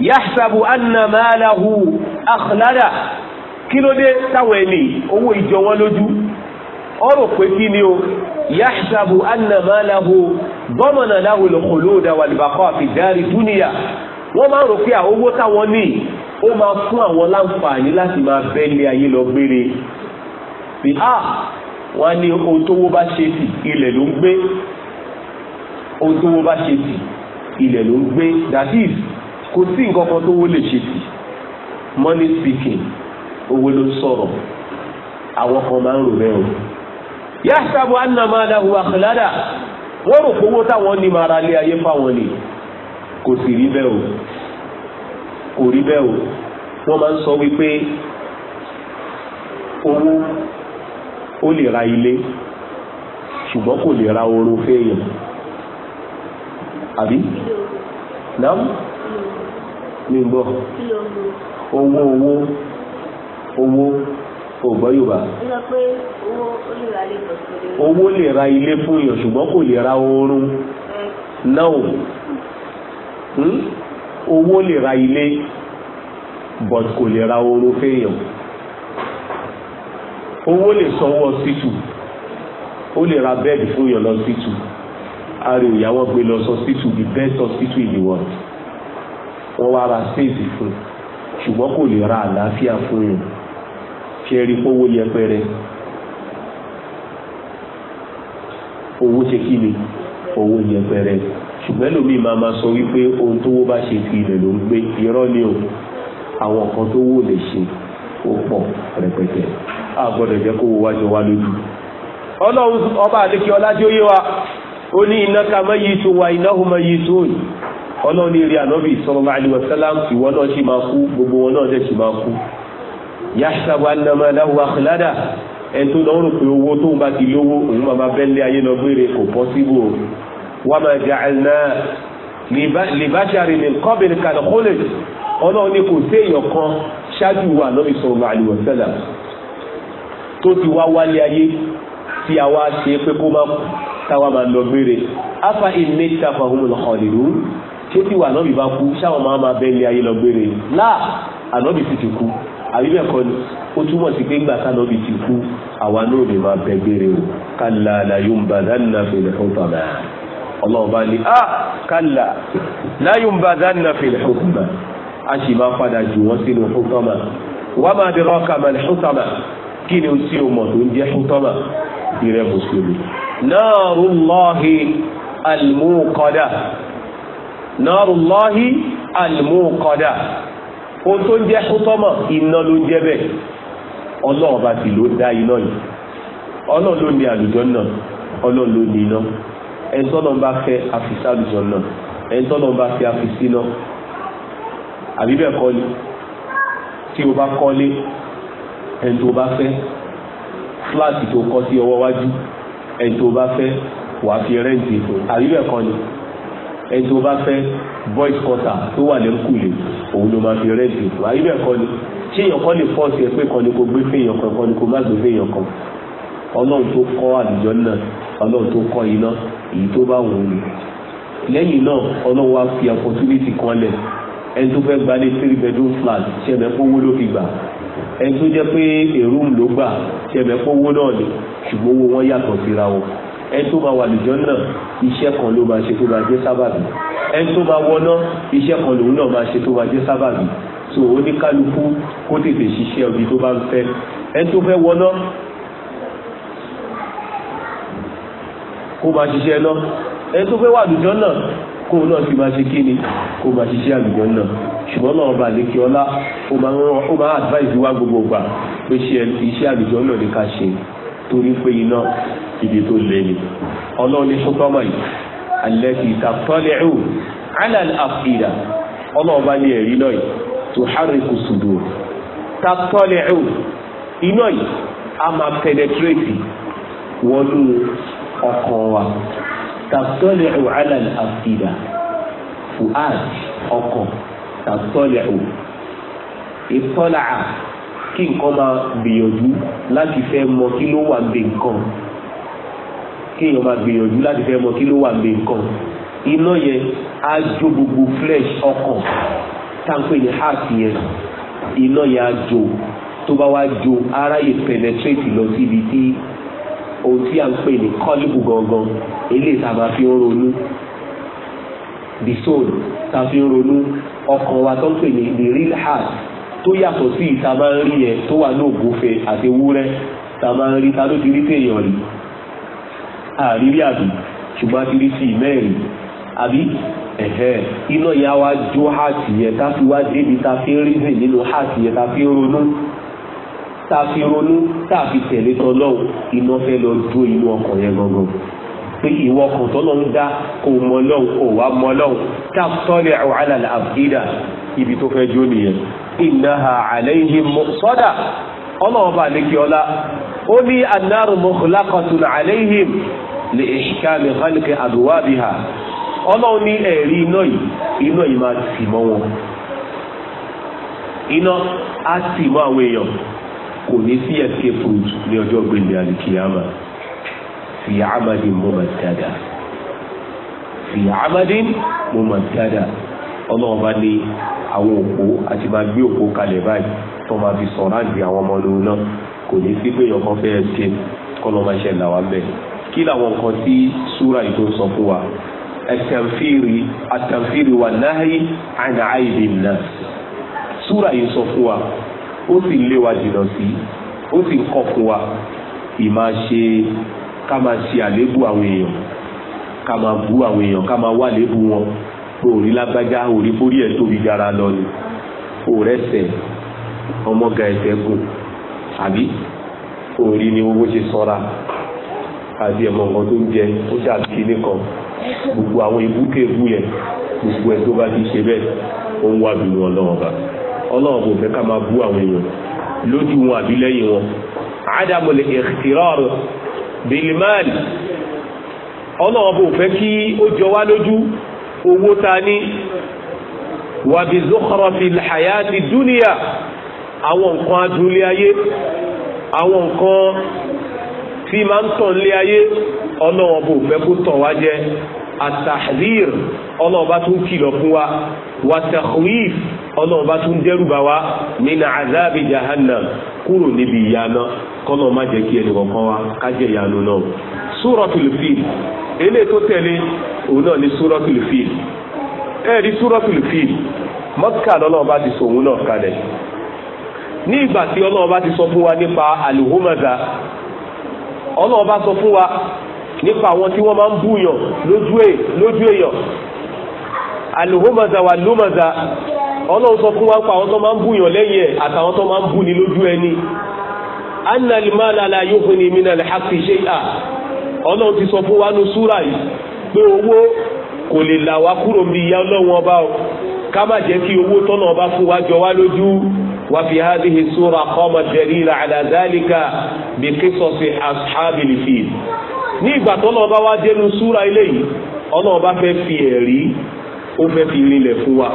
yahsabu anna maalahu akhlada kí ló dé táwọn ẹni owó ìjọ wọn lójú ọ̀rọ̀ pé kí ni o yahsabu anna maalahu dhamana lahu al-khuluda wal-baqa fi dari dúníyà wọ́n máa ń rò pé àwọn owó táwọn ní ó máa fún àwọn láǹfààní láti máa bẹ́ ilé ayé lọ gbére bí a wọ́n ní ohun tówó bá ṣe sí ilẹ̀ ló ń gbé ohun tówó bá ṣe sí ilẹ̀ ló ń gbé that is kò sí nǹkan kan tó wó ṣe sí money speaking owó ló sọ̀rọ̀ àwọn kan máa ń rò bẹ́ẹ̀ o. yahsabu anna malahu akhlada wọ́n rò kówó táwọn ní máa lé ayé fáwọn ni kò sì rí bẹ́ẹ̀ o kò rí bẹ́ẹ̀ o wọ́n máa ń sọ wípé owó ó lè ra ilé ṣùgbọ́n kò lè ra oorun fẹ́yìn àbí? náà ní gbọ́ owó owó owó ògbọ́ yorùbá. owó lè ra ilé fún yàn ṣùgbọ́n kò lè ra oorun náà hmm? owó lè ra ilé but kò lè ra oorun fẹ́yàn owó lè sanwó ọsítù ó lè ra bẹ́ẹ̀dì fún yàn lọ sítù a rí ìyàwó gbé lọ sọ sítù the best hospital in the world wọ́n wá ra space fún ṣùgbọ́n kò lè ra àlàáfíà fún yín ṣe rí fowó yẹpẹrẹ owó ṣe kí ni owó yẹpẹrẹ ṣùgbọ́n lómi máa ma sọ wípé ohun tó wó bá ṣe fi ilẹ̀ ló ń gbé irọ́ ni o àwọn kan tó wó lè ṣe ó pọ̀ rẹpẹtẹ a gbọ́dọ̀ jẹ́ kó wo wájú wa lójú ọlọ́run ọba àdékè ọlájú yé wa ó ní iná ká tó wa iná hùmọ́ tó yìí ọlọ́run ní rí ànábì sallallahu alaihi wasallam ìwọ náà sì máa kú gbogbo wọn náà dẹ̀ sì máa kú yahsabu annama lahu akhlada ẹ̀ tó lọ́wọ́ rò pé owó tóun bá ti lówó òun máa máa bẹ́ńlẹ̀ ayé lọ gbére kò pọ́síbò wa ma ja'alna li basharin min qablika al-khuld ọlọ́run ní kò séèyàn kan ṣáájú wa ànábì sallallahu alaihi máa lọ gbére ṣé tí wà nọ́bì bá kú ṣáwọn máa máa bẹ́ẹ̀ lé ayé lọ gbére láà ànọ́bì sì ti kú àbíbẹ̀ kọ́ ni ó túmọ̀ sí pé ńgbà tánọ́bì ti kú àwa náà lè máa bẹ gbére o kálá láyùnbàdánná fèlè ọ̀tàmà ọlọ́run bá ní ah kálá láyùnbàdánná fèlè ọ̀tàmà a sì máa padà jù wọ́n sínú ọ̀tàmà wà máa dẹ̀rọ kàmà ní ọ̀tàmà kí ni ó sì mọ̀ tó ń jẹ́ ọ̀tàmà narullahi almuqada ohun tó ń jẹ́ hútọ́mọ̀ iná ló ń jẹ́ bẹ́ẹ̀ ọlọ́run bá sì ló dá iná yìí ọlọ́run ló ní àlùjọ náà ọlọ́run ló ní iná ẹ̀ńtọ́nà bá fẹ́ àfisí àlùjọ náà ẹ̀ńtọ́nà bá fẹ́ àfisí náà àbí bẹ́ẹ̀ kọ́ ni tí o bá kọ́lé ẹni tó bá fẹ́ fúláàtì tó kọ́ sí ọwọ́ wájú ẹni bá fẹ́ wàá fi rẹ́ǹtì àbí bẹ́ẹ̀ kọ́ ẹni tó bá fẹ́ boys quarter tó wà lẹ́kùlé òun ló máa fi rẹ́ẹ̀dì wáyé bẹ́ẹ̀ kọ́ ni ṣé èèyàn kan lè fọ́ọ̀sì ẹ pé kan ni kò gbé fèèyàn kan kan ni kò má gbé fèèyàn kan ọlọ́run tó kọ́ àdìjọ náà ọlọ́run tó kọ́ iná èyí tó bá wù ú ni lẹ́yìn náà ọlọ́run wá fi opportunity kan lẹ̀ ẹni tó fẹ́ gba ní three bedroom flat ṣẹ̀mẹ̀ fowó ló fi gbà ẹni tó jẹ́ pé èrú ló gbà ṣẹ̀mẹ̀ fowó náà ni ṣùgbọ́n owó wọn yàtọ̀ síra wọn ẹni tó máa wà lùjọ́ náà iṣẹ́ kan ló máa ṣe tó máa jẹ́ sábàbí ẹni tó máa wọná iṣẹ́ kan lòun náà máa ṣe tó máa jẹ́ sábàbí so oníkálukú kó tètè ṣiṣẹ́ ọbí tó bá ń fẹ́ ẹni tó fẹ́ wọná kó máa ṣiṣẹ́ náà ẹni tó fẹ́ wà lùjọ́ náà kó náà fi máa ṣe kí ni kó máa ṣiṣẹ́ àlùjọ́ náà ṣùgbọ́n náà ọba àlékè ọlá ó máa advice wá gbogbo gbà pé iṣẹ́ àlùjọ́ náà ni ká ṣe torí pé iná ibi tó lé ni ọlọ́run ní sọ́tọ́mọ̀ yìí alẹ́kì tàtọ́lẹ́rù alal afida ọlọ́run bá ní ẹ̀rí náà yìí tó hárìkù sùdù tàtọ́lẹ́rù iná yìí a máa pẹnẹtírètì wọnú ọkàn wa tàtọ́lẹ́rù alal afida fuad ọkàn tàtọ́lẹ́rù ìtọ́làá kí nǹkan máa gbìyànjú láti fẹ́ mọ kí ló wà gbé nǹkan kí èèyàn máa gbìyànjú láti fẹ́ mọ kí ló wà gbé nǹkan iná yẹn á jó gbogbo flesh ọkàn táǹpé ní heart yẹn iná yẹn á jó tó bá wá jó aráyè penetrate lọ síbi tí ohun tí a ń pè ní kọ́líbù gangan eléyìí tá a máa fi ń ronú the soul tá a fi ń ronú ọkàn wa tó ń pè ní the real heart tó yàtọ̀ sí ìta máa ń rí yẹn tó wà ní ògúnfe àti ewúrẹ́ ta máa ń rí ta ló ti rí téèyàn rí àrírí àbí ṣùgbọ́n ti rí sí ìmẹ́rin àbí ẹ̀hẹ́ iná yẹn wá jó háàtì yẹn ta fi wá débi ta fi ń rízìn nínú háàtì yẹn ta fi ń ronú ta fi ronú ta fi tẹ̀lé tọ́lọ́hùn iná fẹ́ lọ jó inú ọkàn yẹn gangan pé ìwọ kan tọ́lọ́hùn dá kò mọ́ lọ́hùn kò wá mọ́ lọ́hùn tá tọ́lẹ̀ àwọn àlàlà àbídà ibi tó fẹ́ jó nìyẹn ìnáhà àlẹ́yìn sọ́dà ọlọ́wọ́ bá lè kí ọlá ó ní anáàrù mọ̀kùlákọ̀tún àlẹ́yìn lè ṣìkàmì kálíkì àdúwà bí ha ọlọ́wọ́ ní ẹ̀rí iná yìí iná yìí máa tì mọ́ wọn iná á tì mọ́ àwọn èèyàn kò ní sí escape route ní ọjọ́ gbẹ̀lẹ̀ àlìkìyàmà fi àmàdín mọ́mọ́ dáadáa fi àmàdín mọ́mọ́ dáadáa ọlọ́run bá lé àwọn òpó àti máa gbé òpó kalẹ̀ báyìí tó máa fi sọ̀rọ̀ àgbẹ̀ àwọn ọmọ lòun náà kò ní sí pé ọkàn fẹ́ ṣe kọ́nà máa ṣe làwọn bẹ́ẹ̀ kí làwọn nǹkan tí súra yìí tó sọ fún wa ẹ̀tẹ̀mfìrì àtẹ̀mfìrì wà náhì àná àìbì náà súra yìí sọ fún wa ó sì lé wa jìnnà sí ó sì kọ́ fún wa ìmáa ṣe ká máa ṣe àlébù àwọn èèyàn ká máa bú àwọn èèyàn ká máa wá àlébù wọn òrí lágbájá òrí forí ẹ̀ tóbi gara lọ ni òrẹ́sẹ̀ ọmọga ẹ̀sẹ̀ gùn àbí òrí ni owó ṣe sọ́ra àbí ẹ̀mọ nǹkan tó ń jẹ ó dàbí kíní kan gbogbo àwọn ìbúkẹ́bù yẹn gbogbo ẹ̀ tó bá ti ṣe bẹ́ẹ̀ ó ń wá bínú ọlọ́run ọba ọlọ́run kò fẹ́ ká máa bú àwọn èèyàn lójú wọn àbí lẹ́yìn wọn àdàmọ̀lẹ̀ ìrìtìrọ̀rù bìlìmáàlì ọlọ́run kò fẹ́ kí ó jọ wá lójú owó ta ní wàbí zokorofi hayati dúníà àwọn nǹkan adúlé ayé àwọn nǹkan tí máa ń tàn lé ayé ọlọ́wọ́n bò fẹ́ kó tàn wá jẹ àtàhír bá tún kìlọ̀ fún wa bá tún wa nínú àzáàbì jahannam kúrò níbi ìyáná kọ́nà má jẹ́ kí ẹnì wa kájẹ́ ìyanu náà súrọ̀tùlù fíìl eléyìí tó tẹ̀lé òun náà ní súrọ̀tùlù fíìl ẹ̀rí bá ti sọ òun náà kalẹ̀ ní ọlọ́run bá sọ fún wa nípa àwọn tí wọ́n máa ń búyàn lójú èèyàn alùhómọ̀zà wà lómọ̀zà ọlọ́run sọ fún wa pa àwọn tó máa ń búyàn lẹ́yìn àtàwọn tó máa ń bú ni lójú ẹni annalimalala yóò ní mina alhaki ṣe à ọlọ́run ti sọ fún wa ní súra yìí pé owó kò lè là wá kúrò bí ìyá ọlọ́run ọba o ká má jẹ́ kí owó tọ́nà ọba fún wa jọ wá lójú wa fi hadhihi sura qama dalila ala dhalika bi qisasi ashabil fil ní ìgbà tọ́nà ọba wá dénú súra eléyìí ọ̀nà ọba fẹ́ fi ẹ̀rí ó fẹ́ fi rinlẹ̀ fún wa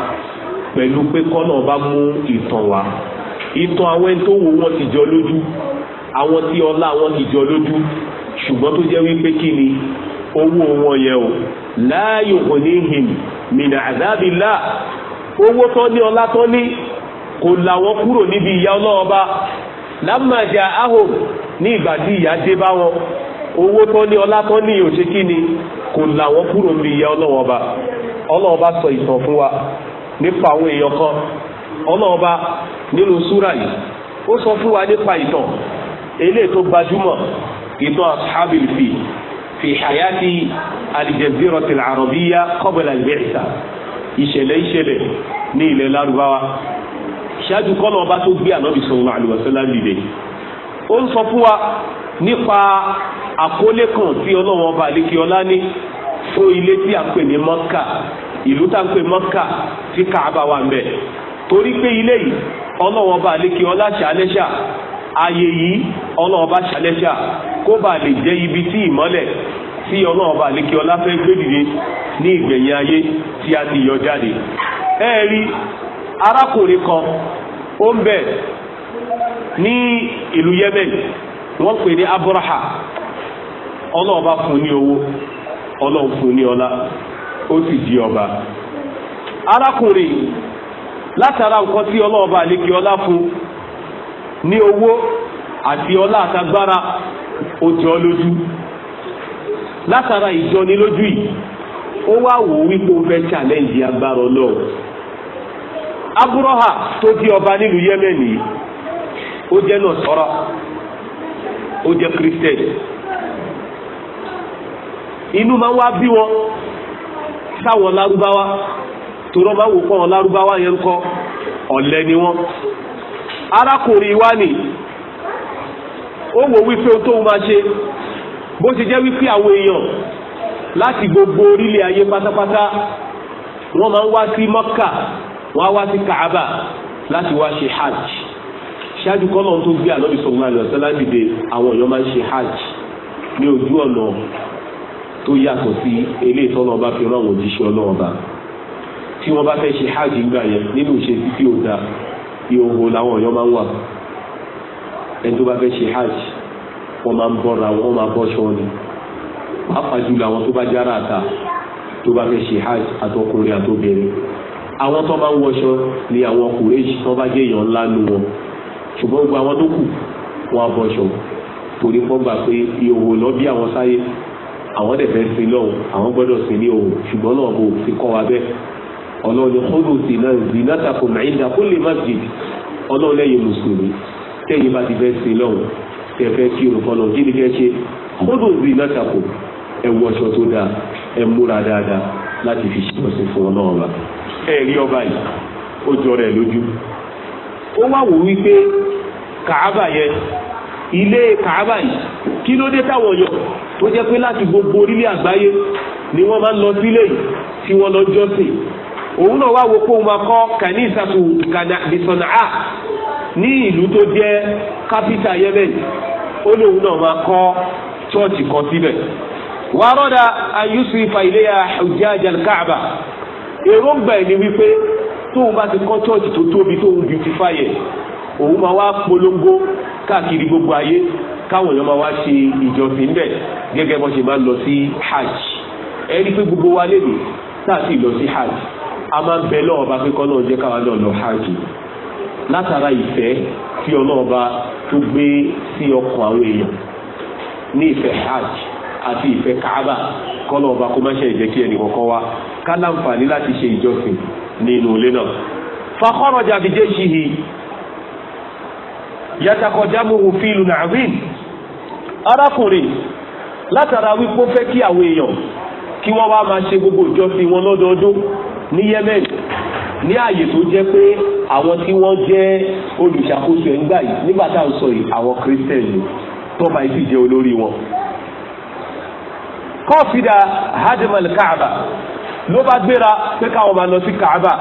pẹ̀lú pé kọ́nà ọba mú ìtàn wa ìtàn àwọn ẹni tó wo wọn ti jọ lójú àwọn tí ọlá wọn ti jọ lójú ṣùgbọ́n tó jẹ́ wípé kí ni owó wọn yẹn o la yughunihim min azabillah owó tán ní ọlá tán ní kò là wọ́n kúrò níbi ìyà ọlọ́wọ́ bá lámàjà ahom ní ìgbà tí ìyà dé bá wọn owó ní ọlá ni kò kúrò níbi sọ ìtàn fún wa nípa àwọn èèyàn kan ọlọ́wọ́ nínú súrà yìí ó sọ fún wa nípa ìtàn eléyìí tó gbajúmọ̀ ìtàn fi fi hayati aljazeera al-arabiya qabla ìṣẹ̀lẹ̀ ìṣẹ̀lẹ̀ ní ilẹ̀ lárúbáwá ṣáájú kọ́nà ọba tó gbé ànábì sallallahu alaihi wasallam ó ń sọ fún wa nípa àkólé kan tí ọlọ́wọ́n ọba àlékiọlá ní fún ilé tí a ń pè ní mọ́kà ìlú tá ń pè mọ́kà tí káàbà wà ń bẹ̀ torí pé ilé yìí ọlọ́wọ́n ọba àlékiọlá ṣàlẹ́ṣà ààyè yìí ọlọ́wọ́n ọba ṣàlẹ́ṣà kó bàa lè jẹ́ ibi tí ìmọ́lẹ̀ tí ọlọ́ọ̀bà lékè ọlá fẹ́ gbé dìde ní ìgbẹ̀yìn ayé tí a ti yọ jáde ẹ rí arákùnrin kan ó ń bẹ ní ìlú Yemen wọ́n pè ní Abraha ọlọ́ọ̀bà fún ní owó ọlọ́ọ̀ fún ní ọlá di ọba arákùnrin látara nǹkan tí ọlá fún ní owó àti ọlá àtagbára látara ìjọni lójú yìí ó wá wò wípé ó fẹ́ challenge agbára ọlọ́run tó di ọba nílùú yemen yìí ó jẹ́ náà sọ́rọ́ ó jẹ́ christian inú máa ń wá bí wọn sáwọn lárúbáwá torọ máa wò fún àwọn lárúbáwá yẹn kọ ọ̀lẹ ni wọn arákùnrin wa ni ó wò wípé tóun máa ṣe bó ṣe jẹ́ wípé àwọn èèyàn láti gbogbo orílẹ̀ ayé pátápátá wọ́n máa ń wá sí mọ́kà wọ́n á wá sí kaaba láti wá ṣe hajj ṣáájú kọ́ lọ́n tó gbé ànábì sọ̀rọ̀ àlọ́ ọ̀sán ládìde àwọn èèyàn máa ń ṣe hajj ní ojú ọ̀nà tó yàtọ̀ sí eléyìí tọ́nà ọba fi rán àwọn òjíṣẹ́ ọlọ́run bá tí wọ́n bá fẹ́ ṣe hajj ńgbà yẹn nínú ìṣe títí ò dáa ìhòòhò làwọn èèyàn máa ń wà ẹni tó bá fẹ́ ṣe hajj wọ́n máa ń bọ́ra wọ́n máa bọ́ ṣọ́ ni pàápàá jùlọ àwọn tó bá jára àta tó bá fẹ́ ṣe hajj àtọkùnrin àtobìnrin àwọn tó bá ń wọṣọ ni àwọn kùrẹ́jì tó bá jẹ́ èèyàn ńlá nu wọn ṣùgbọ́n gbogbo àwọn tó kù wọ́n á bọ́ṣọ torí fọ́n gbà pé ìhòòhò lọ bí àwọn sáyé àwọn dẹ̀ fẹ́ sin lọ́hùn àwọn gbọ́dọ̀ sin ní òhùn ṣùgbọ́n náà bò ti kọ́ wa bẹ́ẹ̀ ọlọ́ọ̀ni kódò sí náà zinata kò náà kó lè má jì ọlọ́ọ̀lẹ́yìn mùsùlùmí tẹ́yìn bá ti fẹ́ sin lọ́hùn tẹ fẹ́ kí olùkọ́nà kí ni kẹ́ ṣe kódò sí látàkù ẹ wọ aṣọ tó dáa ẹ múra dáadáa láti fi ṣèwọ́sìn fún ọlọ́run wa ẹ rí ọba yìí ó jọ rẹ̀ lójú ó wá wò wípé kàábà yẹn ilé kàábà yìí kí ló dé táwọn yọ tó jẹ́ pé láti gbogbo orílẹ̀ àgbáyé ni wọ́n máa ń lọ sílé yìí tí wọ́n lọ jọ́sìn òun náà wá wo pé òun máa kọ́ kanisatu kana bisana'a ní ìlú tó jẹ́ kápítà yemen ó lóun náà máa kọ́ chọ́ọ̀chì kan síbẹ̀ wàrọ́dà ayusu ifa iléyà hujjaj alkaaba èròǹgbà ẹ̀ ni wípé tóun bá ti kọ́ chọ́ọ̀chì tó tóbi tóun beautify ẹ̀ òun máa wá polongo káàkiri gbogbo ayé káwọn èèyàn máa wá ṣe ìjọsìn bẹ́ẹ̀ gẹ́gẹ́ bó ṣe máa lọ sí hajj ẹni pé gbogbo wa lè lò tá a sì lọ sí hajj a máa ń bẹ lọ́wọ́ bá kíkọ́ náà jẹ́ káwa náà lọ hajj látara ìfẹ́ tí ọlọ́ọ̀ba tó gbé sí ọkàn àwọn èèyàn ní ìfẹ́ hajj àti ìfẹ́ kaaba kọ́nà ọba kó má ṣe ìjẹ́ kí ẹnì kọ̀ọ̀kan wá ká láǹfààní láti ṣe ìjọsìn nínú ilé náà. fakharaja bi jayshihi yataqaddamuhu filun azim arákùnrin látara wípé ó fẹ́ kí àwọn èèyàn kí wọ́n wá máa ṣe gbogbo ìjọsìn wọn lọ́dọọdún ní Yemen ní ààyè tó jẹ́ pé àwọn tí wọ́n jẹ́ olùṣàkóso ẹ̀ yìí nígbà tá à ń sọ yìí àwọn Christian ni tọ́ba yìí sì jẹ́ olórí wọn. kọ́fìdà hadimal kaaba ló bá gbéra pé káwọn máa lọ sí kaaba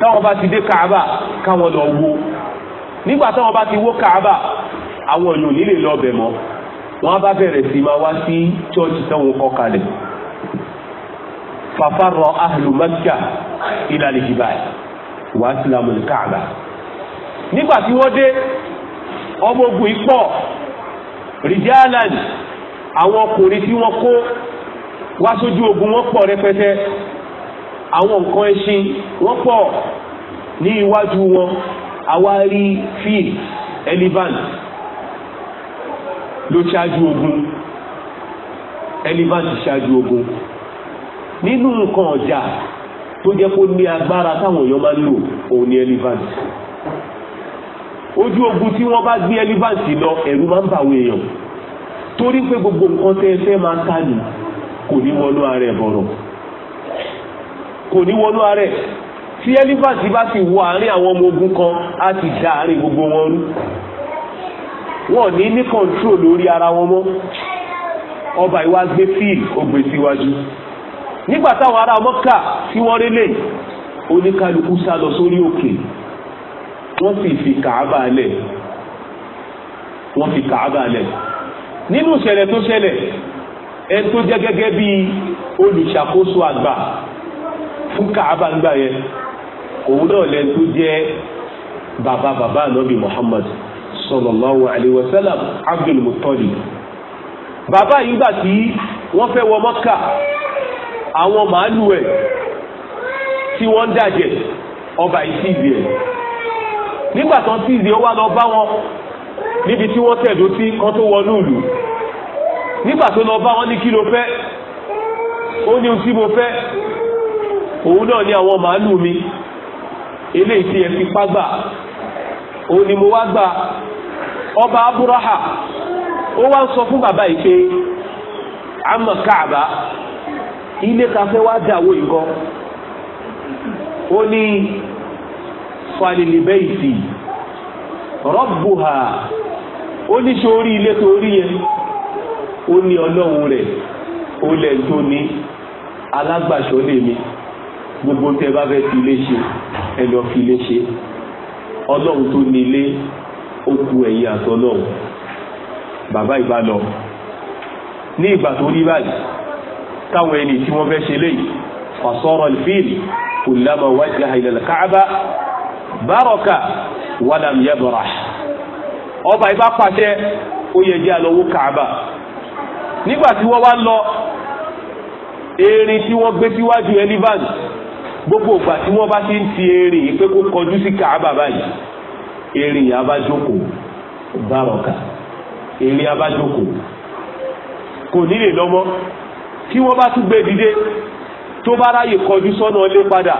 táwọn bá ti dé kaaba káwọn lọ wo nígbà táwọn bá ti wó kaaba àwọn èèyàn nílé lọ́ọ̀bẹ̀ mọ́ wọ́n bá bẹ̀rẹ̀ sí máa wá sí chọ́ọ̀chì táwọn kọ́ kalẹ̀ fafarọ ahlu Makkah ilal jibal wa asilamu kaaba nígbà tí wọ́n dé ọmọ ogun ipọ̀ rìjálàn àwọn ọkùnrin tí wọ́n kó wá sójú ogun wọ́n pọ̀ rẹpẹtẹ àwọn nǹkan ẹṣin wọ́n pọ̀ ní iwájú wọn àwárí fíl elivan ló ṣáájú ogun elivan ti ṣáájú ogun nínú nǹkan ọjà tó jẹ́ kó ní agbára táwọn èèyàn máa ń lò òun ni elephant ojú ogun tí wọ́n bá gbé elephant lọ ẹ̀rù máa ń bà àwọn èèyàn torí pé gbogbo nǹkan tẹ́ ẹ fẹ́ máa ta nì kò ní wọnú ara ẹ̀ bọ̀rọ̀ kò ní wọnú ara ẹ̀ tí elephant bá ti wọ àárín àwọn ọmọ ogun kan á ti da àárín gbogbo wọn rú wọn ní ní control lórí ara wọn mọ́ ọba ìwà gbé fíìl ó gbé síwájú nígbà táwọn ará mọ́kà tí wọ́n rélé oníkálukú sá lọ sórí òkè wọ́n sì fi kàábà lẹ̀ wọ́n fi kàábà lẹ̀ nínú ìṣẹ̀lẹ̀ tó ṣẹlẹ̀ ẹni tó jẹ́ gẹ́gẹ́ bí olùṣàkóso àgbà fún kàábà ńgbà yẹn òun náà lẹ́ni tó jẹ́ bàbá bàbá ànábì Muhammad sallallahu alayhi wa sallam Abdul Muttalib bàbá yìí gbà tí wọ́n fẹ́ wọ Mọ́kà àwọn màálù ẹ̀ tí wọ́n ń ọba ìsìzì ẹ̀ nígbà tán ó wá lọ bá wọn níbi tí wọ́n tẹ̀dó sí kan tó wọnú ìlú nígbà lọ bá wọn ní kí ló fẹ́ ó ní tí mo fẹ́ òun náà àwọn mi eléyìí tí ẹ fi pá gbà òun ọba abúráhà ó wá fún bàbá ilé kafẹ́ wá dàwó nǹkan ó ní falilibẹ́ ìsì rọ́bùhà ó ní ṣe orí ilé tó rí yẹn ó ní ọlọ́run rẹ̀ ó lẹ̀ tó ní alágbàṣọ́ lè mi gbogbo tẹ bá fẹ́ fi ilé ṣe ẹ lọ fi ilé ṣe ọlọ́run tó ní ilé ó ku ẹ̀yìn àtọ́lọ́run bàbá ìbá ní ìgbà tó rí báyìí káwọn ẹni tí wọ́n fẹ́ ṣe léyìí fasọ́rọ̀ fíìlì kullama wajjaha ila al-Ka'ba baraka walam yabrah ọba ibà pàṣẹ ó yẹ jẹ́ àlọ́wọ́ káàbà nígbà tí wọ́n wá lọ erin tí wọ́n gbé síwájú elivan gbogbo ìgbà tí wọ́n bá ti ń ti erin pé kó kọjú sí káàbà báyìí erin yìí abájókòó baraka erin abájókòó kò nílè lọ́mọ́ tí wọ́n bá tún gbé dìde tó bá ráyè kọjú sọ́nà ilé padà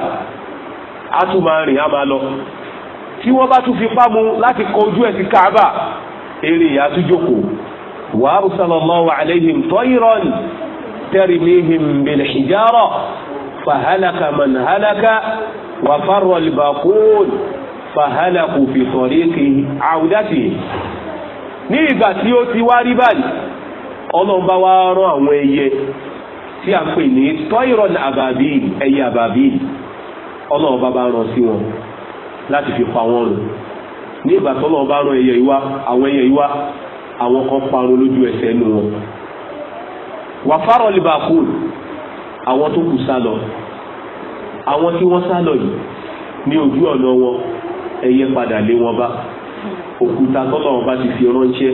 á tún máa rìn á máa lọ tí wọ́n bá tún fi pámu láti kọjú ẹ̀ sí káàbà eré ìyá tún jókòó wa arsalallahu alayhim tayran tarmihim bil hijara fahalaka man halaka wa farra al-baqun fàhálàkù fi tariqi àwùdátì ní ìgbà tí ó ti wá rí báyìí ọlọ́run bá wá rán àwọn ẹyẹ tí a ń pè ní tọ́ìrọ̀n àbàbíìn ẹyẹ àbàbíìn ọlọ́run bá bá rán sí wọn láti fi pa wọn rùn ní ìgbà tọ́lọ́run bá rán ẹyẹ ìwá àwọn ẹyẹ ìwá àwọn kan parun lójú ẹsẹ̀ inú wọn wàfárọ̀ liverpool àwọn tó kù sá lọ àwọn tí wọ́n sá lọ yìí ní ojú ọ̀nà wọn ẹyẹ padà lé wọn bá òkúta tọ́lọ́run bá ti fi ránṣẹ́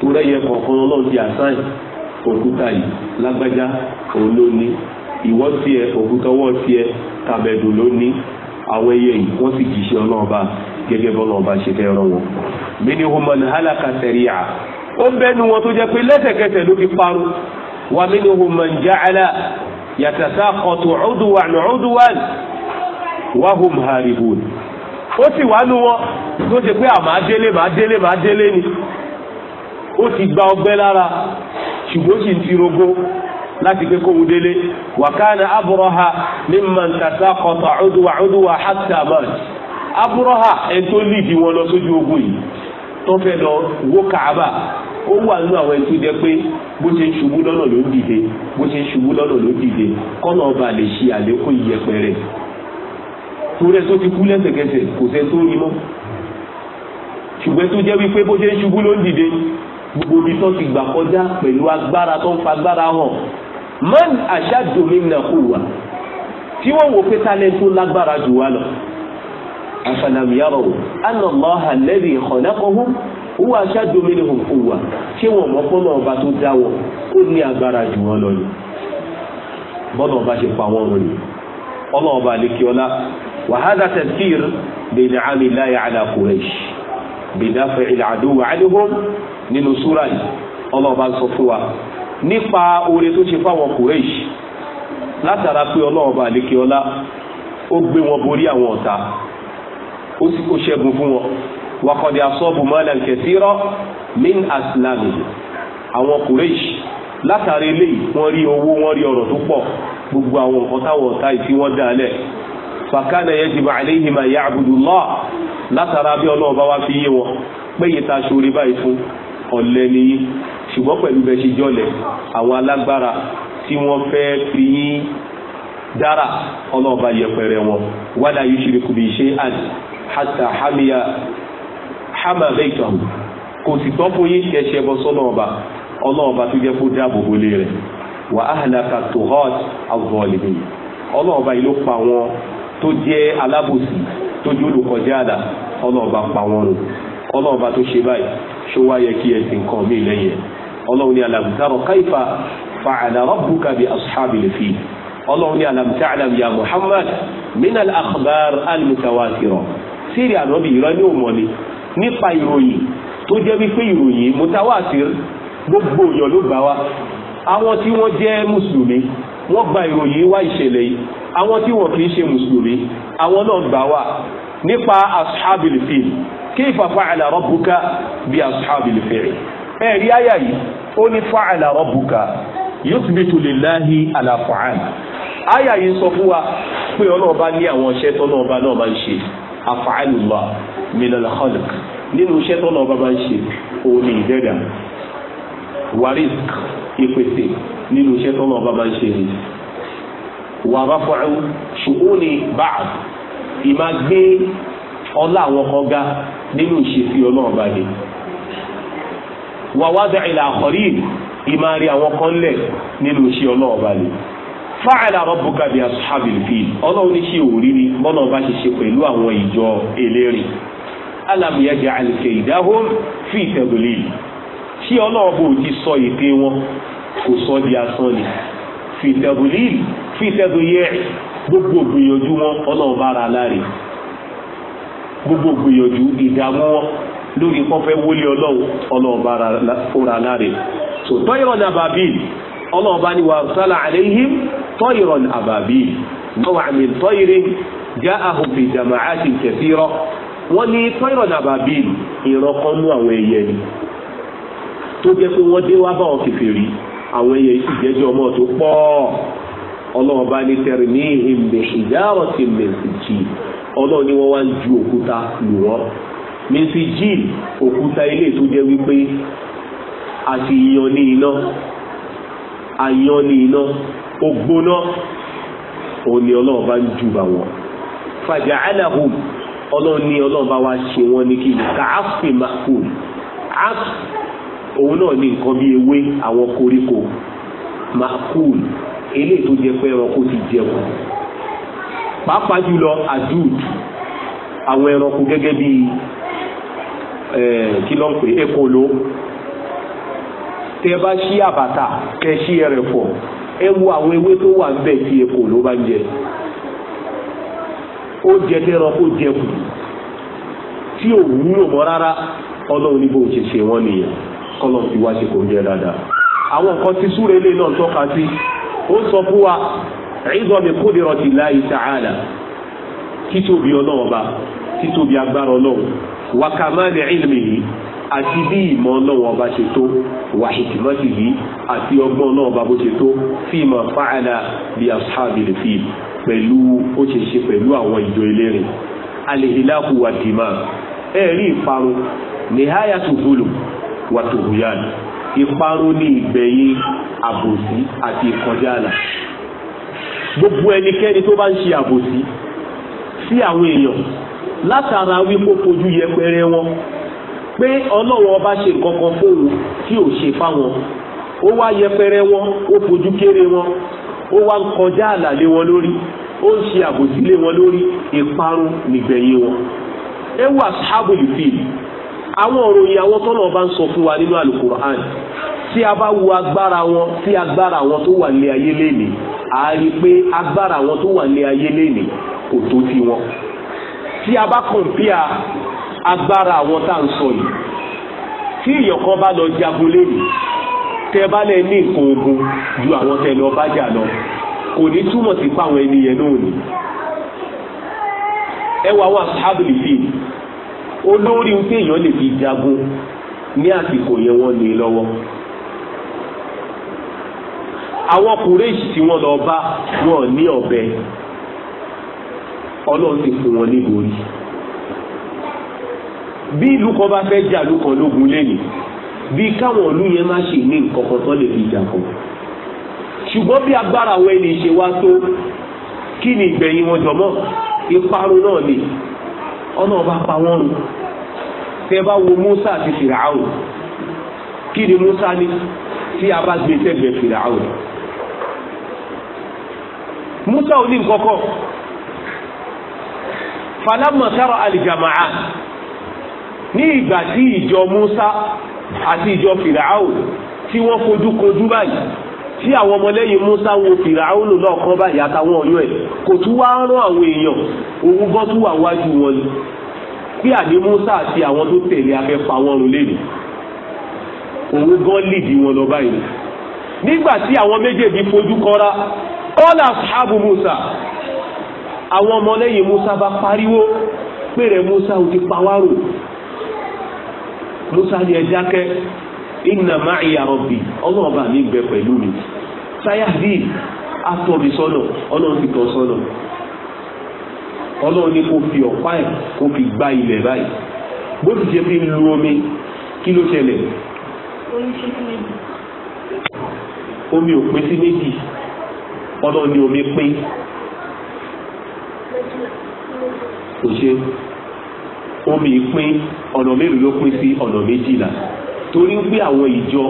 tó rẹ́yẹ kọ̀ọ̀kan ọlọ́run ti àsáyìn òkúta yìí lágbájá òun ló ní ìwọ tiẹ̀ òkúta ọwọ́ tiẹ̀ tàbẹ̀dù ló ní àwọn ẹyẹ yìí wọ́n sì jìṣẹ́ ọlọ́ọ̀ba gẹ́gẹ́ bọ́ ọlọ́ọ̀ba ṣe fẹ́ rọ wọn. minhum man halaka sari'a ó ń bẹ́nu wọn tó jẹ́ pé lẹ́sẹ̀kẹsẹ̀ ló fi parun wa minhum man ja'ala yatasaqatu udwan udwan wa hum haribun ó sì wá nu wọn tó ṣe pé àmàdélé màdélé màdélé ni ó ti gba ọgbẹ́ lára ṣùgbọ́n ó sì ti rogó láti pé kóhun délé wàkánà abúrọ́hà mimman tasaqata udwa udwa hatta mat abúrọ́hà ẹni tó lìdí wọn lọ sójú ogun yìí tó fẹ́ lọ wó kàábà ó wà nínú àwọn ẹni tó jẹ pé bó ṣe ṣubú lọ́nà ló dìde bó ṣe ṣubú lọ́nà ló dìde gbogbo ibi tó ti gbà kọjá pẹ̀lú agbára tó ń fa agbára hàn man ashaddu minna quwwa tí wọ́n wò pé tálẹ́ńtò lágbára jù wá lọ. afalam yaraw anna Allaha alladhi khalaqahum huwa ashaddu minhum quwwa ṣé wọn mọ̀ pọ́nà ọba tó dá wọn ó ní agbára jù wọn lọ ni bọ́nà ọba ṣe pa wọn rìn ọlọ́ọ̀ba àlekíọ́lá wàhálà tẹ̀síìr bẹ̀rẹ̀ àmì láyà àlàkùrẹ́ṣì nínú súrà yìí ọlọ́ọ̀bá sọ fún wa nípa oore tó ṣe fáwọn látara pé ọlọ́ọ̀bá àlékè ọlá ó wọn borí àwọn ọ̀tá ó sì kó ṣẹ́gun fún wọn wakọ̀dẹ̀ asọ́bù mọ́lẹ̀ min àwọn látara eléyìí wọ́n rí owó wọ́n rí ọ̀rọ̀ tó gbogbo àwọn nǹkan táwọn ọ̀tá yìí tí wọ́n dá lẹ̀ fàkànà látara ọ̀lẹ ni yín ṣùgbọ́n pẹ̀lú bẹ́ẹ̀ ṣe jọlẹ̀ àwọn alágbára tí wọ́n fẹ́ fi yín dára ọlọ́ọ̀bá yẹpẹrẹ wọn wala yushriku bi shay'an hatta hamiya hama baytahu kò sì tọ́ wa ahlaka tuhot azọlimi ọlọ́ọ̀bá yìí ló pa wọn tó jẹ́ alábòsí tó jẹ́ olùkọjá àdá ọlọ́ọ̀bá tó ṣe báyìí ṣó wá yẹ kí ẹsìn kan mí lẹ́yìn ẹ̀ ọlọ́run ní alam tara kaifa fa'ala rabbuka bi ashabil fil ọlọ́run ní alam ta'lam ya muhammad min al akhbar al mutawatira sírí ànábì ìrọ ní òmọ ni nípa ìròyìn tó jẹ́ wípé ìròyìn mutawatir gbogbo èèyàn ló gbà wá àwọn tí wọ́n jẹ́ mùsùlùmí wọ́n gba ìròyìn wá ìṣẹ̀lẹ̀ yìí àwọn tí wọ́n kì í ṣe mùsùlùmí àwọn náà gbà wá nípa ashabil kéèfà fa'ala rabbuka bí ashabil fil ẹ̀rí àyà yìí ó ní fa'ala rabbuka yuthbitu lillahi ala fa'al àyà yìí sọ fún wa pé ọlọ́ọ̀bá ní àwọn iṣẹ́ tọ́lọ́ọ̀bá náà máa ń ṣe af'alullah min al-khalq nínú iṣẹ́ tọ́lọ́ọ̀bá máa ń ṣe òun ni ìdẹ́dà warisk ìpèsè nínú iṣẹ́ tọ́lọ́ọ̀bá máa ń ṣe ni wà bá fọ́ọ̀rù ṣùgbọ́n ní báà ìmá gbé ọlá àwọn kan ga nínú ìṣesí ọlọ́run bá dé wàwádà ilà àkọ́rí ìmáàrí àwọn kan lẹ̀ nínú iṣẹ́ ọlọ́run bá dé fáàlà rọ́bùkà bíi asuhabil fi ọlọ́run ní ṣe òrí ni bọ́nà bá ṣe ṣe pẹ̀lú àwọn ìjọ eléré alamuyẹjẹ alìkẹ ìdáhùn fi ìtẹ̀dọ̀lẹ́ yìí ṣé ọlọ́run bò ti sọ ète wọn kò sọ di asán ni fi ìtẹ̀dọ̀lẹ́ fi ìtẹ̀dọ̀yẹ gbogbo gbìyànjú wọn ọlọ́run bá ra láre gbogbo gbìyànjú ìdààmú wọn lórí kọfẹ́ wọlé ọlọ́run ọlọ́ọ̀bá fúnra láre so tọ́yìrọ̀n ababil ọlọ́ọ̀bá ni wà sálà àléhìm tọ́yìrọ̀n ababil lọ́wọ́ àmì tọ́yìrì já àhùfì jàmáà ti kẹsírọ́ wọ́n ní tọ́yìrọ̀n ababil ìrọ̀kọ́nú àwọn ẹyẹ ni tó jẹ́ pé wọ́n dé wá bá wọn kèfèrí àwọn ẹyẹ yìí ọmọ tó pọ̀ ọlọ́ọ̀bá ni tẹ̀rì ní ìhìn ọlọ́run ni wọ́n wá ń ju òkúta lù wọ́n mísí jíìl òkúta ilé tó jẹ́ wípé àti ìyan ní iná àyan ní iná ó gbóná òun ni ọlọ́run bá ń ju bà wọ́n fàjà aláhùn ọlọ́run ní ọlọ́run bá wá ṣe wọ́n ní kí káàfin makul áp òun náà ní nǹkan bí ewé àwọn koríko makul ilé tó jẹ́ pé ẹranko ti jẹun pàápàá jùlọ azud àwọn ẹranko gẹ́gẹ́ bí kí ló ń pè ekolo tẹ bá ṣí àbàtà kẹ ṣí ẹrẹ̀fọ̀ ẹ wo àwọn ewé tó wà ń bẹ tí ekolo bá ń jẹ ó jẹ tẹran kó jẹ kù tí ò wúlò mọ́ rárá ọlọ́run níbo nìyẹn fi wá ṣe kò ń sọ fún ìzọmi kúdìrọ̀tì láì sàálà títóbi ọlọ́run ba títóbi agbára ọlọ́run wàkàmánì ìlmi yìí àti bí ìmọ̀ ọlọ́run ọba ṣe tó wà hìkìmọ́tì yìí àti ọgbọ́n ọlọ́run ọba bó ṣe tó fíìmọ̀ fáàlà bí asábìlì fíìmù pẹ̀lú ó ṣe ṣe pẹ̀lú àwọn ìjọ elérin alèhìláhù wàdìmá ẹ̀rí ìparun nìháyà tùbúlù wàtòhùyàn ìparun ní ìgbẹ̀yìn àbòsí àti ìkọjá àlà gbogbo ẹnikẹ́ni tó bá ń ṣe àbòsí sí àwọn èèyàn látara wípé fojú yẹpẹrẹ wọn pé ọlọ́wọ́ ọba ṣe nǹkan kan fóun tí ò ṣe fáwọn ó wá yẹpẹrẹ wọn ó fojú kéré wọn ó wá ń kọjá ààlà lé wọn lórí ó ń ṣe àbòsí lé wọn lórí ìparun nìgbẹ̀yìn wọn ẹ wà sábòlì fìlì àwọn òròyìn àwọn tọ́nà ọba ń sọ fún wa nínú àlùkùránì tí a bá wo agbára wọn tí agbára wọn tó wà lé ayé lénìí a rí i pé agbára wọn tó wà lé ayé lénìí kò tó ti wọn tí a bá kọ̀ǹpìà agbára àwọn tá à ń sọ yìí tí èèyàn kan bá lọ jagun lénìí tẹ́ bá lẹ ní nǹkan ogun ju àwọn tẹ́ lọ jà lọ kò ní túmọ̀ sí páwọn ẹni yẹn náà ni ẹ wà wọn àṣàbìlì yìí olórí ohun èèyàn lè fi jagun ní àsìkò yẹn wọ́n lè lọ́wọ́ àwọn kùrẹ́ẹ̀sì tí wọ́n lọ bá wọn ní ọ̀bẹ ọlọ́run ti fún wọn níborí bí ìlú kan bá fẹ́ jà lókan lógun lẹ́yìn bí káwọn ìlú yẹn má ṣe ní nǹkan tó lè fi jà kan ṣùgbọ́n bí agbára àwọn ẹni ṣe wá tó kí ni ìgbẹ̀yìn wọn jọmọ́ ìparun náà ni ọlọ́run bá pa wọ́n run tẹ́ bá wo Musa àti Firaun kí ni Musa ní tí a bá gbé sẹ́gbẹ̀ẹ́ Firaun musa ò ní nkọkọ falamma tara alìjàmáà ní ìgbà tí ìjọ musa àti ìjọ fìràáwò tí wọ́n fojú kojú báyìí tí àwọn ọmọlẹ́yìn musa wo fìràáwò náà kán báyìí àtàwọn ọ̀yọ́ ẹ̀ kò tún wá rán àwọn èèyàn òun gan tún wà wájú wọn ni pé musa àti àwọn tó tẹ̀lé afẹ́ pa wọn run lẹ́nu òun gan lìdí wọn lọ báyìí nígbà tí àwọn méjèèjì fojú kọ́ra kọ́lá ashabu musa àwọn ọmọlẹ́yìn musa bá pariwo pé rẹ̀ musa ò ti pawárò musa ni ẹ dákẹ́ inna ma'iya rabbi ọlọ́run bá mi gbẹ pẹ̀lú mi sayahdi atọ́bi sọ́nà ọlọ́run ti tọ́ sọ́nà ọlọ́run ní kó fi ọ̀pá ẹ̀ kó fi gbá ilẹ̀ báyìí bó omi kí ló ṣẹlẹ̀ omi ò pín sí méjì ọlọ́run ní omi pín kò ṣe omi pín ọ̀nà mélòó ló pín sí ọ̀nà méjìlá torí pé àwọn ìjọ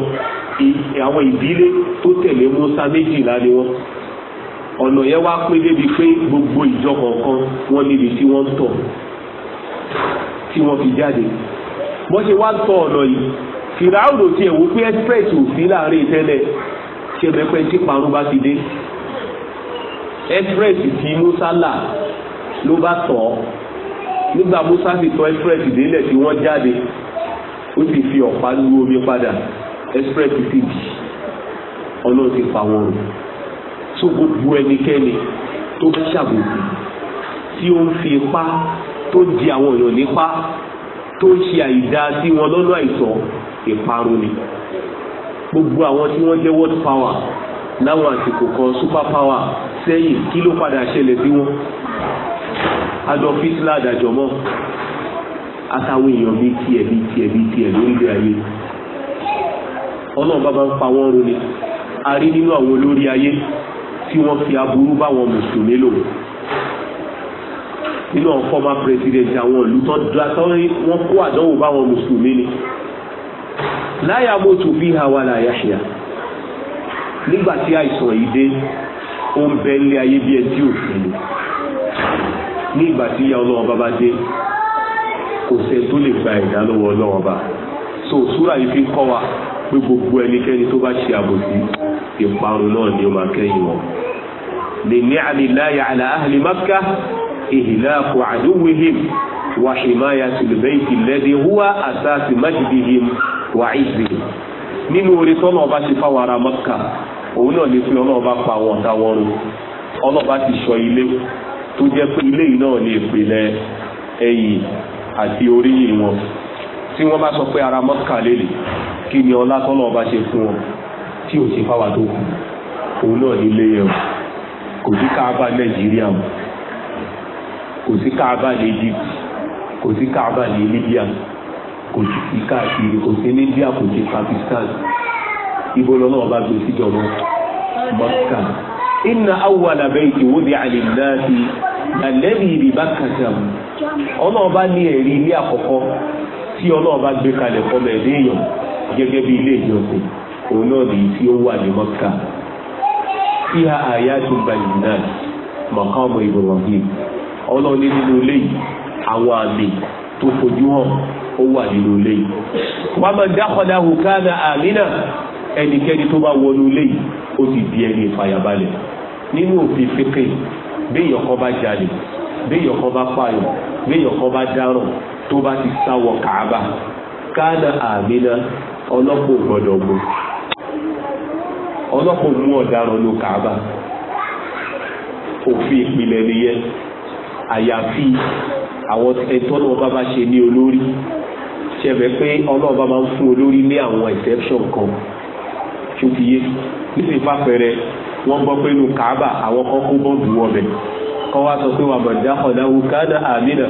àwọn ìdílé tó tẹ̀lé Mùsá méjìlá ni wọ́n ọ̀nà yẹn wá pín débi pé gbogbo ìjọ kọ̀ọ̀kan wọ́n níbi tí wọ́n ń tọ̀ tí wọ́n fi jáde bọ́n ṣe wá ń tọ ọ̀nà yìí fìràwùn ò tiẹ̀ wò pé express ò sí láàrin tẹ́lẹ̀ ṣe mẹ́pẹ́ tí parun bá ti dé express ti musa là ló bá tọ̀ ọ́ nígbà musa sì tọ̀ express délẹ̀ tí wọ́n jáde ó sì fi ọ̀pá lu omi padà express sì jì ọlọ́run ti pa wọn rò tó gbogbo ẹnikẹ́ni tó bá ṣàbòsí tí ó ń fi ipá tó di àwọn èèyàn nípa tó ń ṣe àìdá sí wọn lọ́nà àìsàn ìparun ni gbogbo àwọn tí wọ́n jẹ́ world power láwọn àsìkò kan super power sẹ́yìn kí ló padà ṣẹlẹ̀ sí wọn adolf hitler àdàjọ mọ́ àtàwọn èèyàn bíi tiẹ̀ bíi tiẹ̀ bíi tiẹ̀ lórílẹ̀ ayé ọlọ́run bàbá ń pa wọ́n run ni a rí nínú àwọn olórí ayé tí wọ́n fi aburú báwọn mùsùlùmí lò nínú àwọn former president àwọn ìlú tó dá sọ́rí wọ́n kó àdánwò báwọn mùsùlùmí ni láyà mo tún fi hàwà láyà ṣìyà nígbà tí àìsàn yìí dé ó ń bẹ nílé ayé bí ẹtí òfin ní ìgbà tí ìyà ọlọ́wọ́n bá bá dé kò sẹ́ tó lè gba ẹ̀dá lọ́wọ́ ọlọ́wọ́n bá so súrà yìí fi ń kọ́ wa pé gbogbo ẹnikẹ́ni tó bá ṣe àbòsí ìparun náà ni ó máa kẹ́yìn wọn. lè ní àlìláyà àlà ahli Makkah ihlaku aduwwihim wa himayatu al-bayti alladhi nínú oore sọ́nà ọba ṣe fáwọn ará mọ́kà òun náà ní pé ọlọ́ọ̀bá pa àwọn ọ̀tá wọn run ọlọ́ọ̀bá ti sọ ilé tó jẹ́ pé ilé yìí náà ní ìpìlẹ̀ ẹ̀yìn àti oríyìn wọn tí wọ́n bá sọ pé ará mọ́kà lélẹ̀ kí ni ọlá tọ́lọ̀ ọba ṣe fún wọn tí ò ṣe fáwọn tó kù òun náà nílé yẹn kò sí káàbà nàìjíríà mọ́ kò sí káàbà ní egypt kò sí káàbà ní libya mọ́. kò sí káàkiri kò sí India kò sí Pakistan ibo lọ́nà ọba gbé síjọba Mọ́kà inna awwala bayti wudi'a lin-nasi lẹ́bí ibi bá kàtà mù ọlọ́ọ̀bá ní ẹ̀rí ilé àkọ́kọ́ tí gbé kalẹ̀ fọmọ ẹ̀dẹ́ èèyàn gẹ́gẹ́ bí ilé ìjọsìn òun náà nìyí tí ó wà ní tí a àyà tún balẹ̀ náà mọ̀ká ọmọ yìí ó wà nínú ilé yìí wọ́n máa dákọ̀dá hùkánà àmínà ẹnikẹ́ni tó bá wọnú ilé yìí ó ti di ẹni ìfàyàbalẹ̀ nínú òfin fíkè béèyàn kan bá jalè béèyàn kan bá pààyàn béèyàn kan bá dáràn tó bá ti sáwọ kàába kánà àmínà ọlọ́pọ̀ gbọ́dọ̀ gbò ọlọ́pọ̀ mú ọ̀daràn ló kàába òfin ìpìlẹ̀ nìyẹn àyàfi àwọn ẹ̀tọ́ náà bá bá ṣe ní olórí ṣẹ̀fẹ̀ pé ọlọ́ọ̀bá máa ń fún olórí ní àwọn exception kan ṣùgbìyẹ nísìnyí fàpẹrẹ wọ́n gbọ́ pé inú Kaaba àwọn kan kó bọ́ọ̀dù wọbẹ̀ kọ́ wá sọ pé wà bàjá ọ̀dáwó kánà àmìnà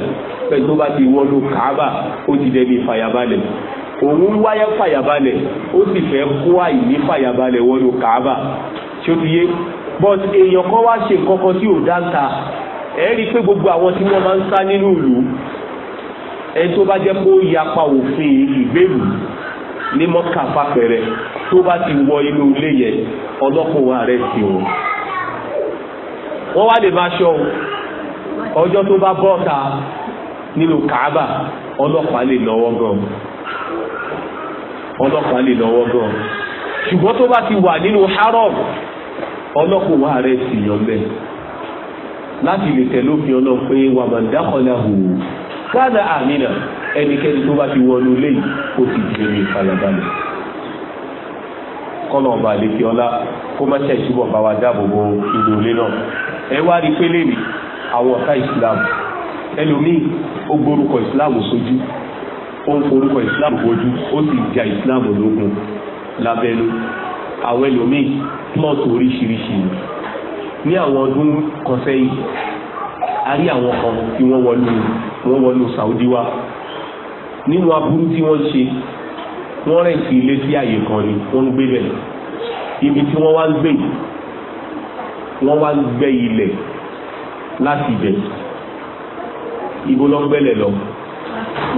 pẹ̀lú tó bá ti wọ́nú Kaaba ó ti dẹni fàyàbalẹ̀ òun wáyé fàyàbalẹ̀ ó sì fẹ́ kó àìní fàyàbalẹ̀ wọ́nú Kaaba ṣùgbìyẹ but èèyàn kan wá ṣe nǹkan kan tí ò dáńtà ẹ̀ẹ́rí pé gbogbo àwọn tí wọ́n máa ń sá nínú ìlú ẹni tó bá jẹ́ pé yapa òfin ìgbèrú ní mọ́kà fàpẹ̀rẹ̀ tó bá ti wọ inú ilé yẹn ọlọ́pàá wa rẹ̀ sí wọn. wọ́n wá lè máa ṣọ́ ọjọ́ tó bá bọ́ ta nínú kàábà ọlọ́pàá lè lọ́wọ́ gan ọlọ́pàá lè lọ́wọ́ gan ṣùgbọ́n ti wà nínú wa rẹ̀ sí bẹ́ẹ̀ láti lè tẹ̀lé òfin kánà àmìnà ẹnikẹ́ni tó bá fi wọnú ilé yìí ó ti di omi ìfalabalẹ̀ kọ́nà ọba àlekí ọlá kó má ṣe ìṣúbọ̀ bá wa dáàbò bo ìlú ilé náà ẹ wá rí pélé mi àwọn ọ̀tá ìsìlámù ẹlòmíì ó gbórúkọ ìsìlámù sójú ó ń forúkọ ìsìlámù bójú ó sì ja ìsìlámù lógun lábẹ́nu àwọn ẹlòmíì plọ̀tù oríṣiríṣi ní àwọn ọdún kan a rí àwọn kan tí wọ́n wọlú wọ́n wọlú Saudi wa nínú aburú tí wọ́n ṣe wọ́n rẹ̀ǹtì ilé sí àyè kan ni wọ́n ń gbé bẹ̀ ibi tí wọ́n wá ń gbé yìí wọ́n wá ń gbẹ́ ilẹ̀ láti ibẹ̀ ibo ló ń gbẹ́lẹ̀ lọ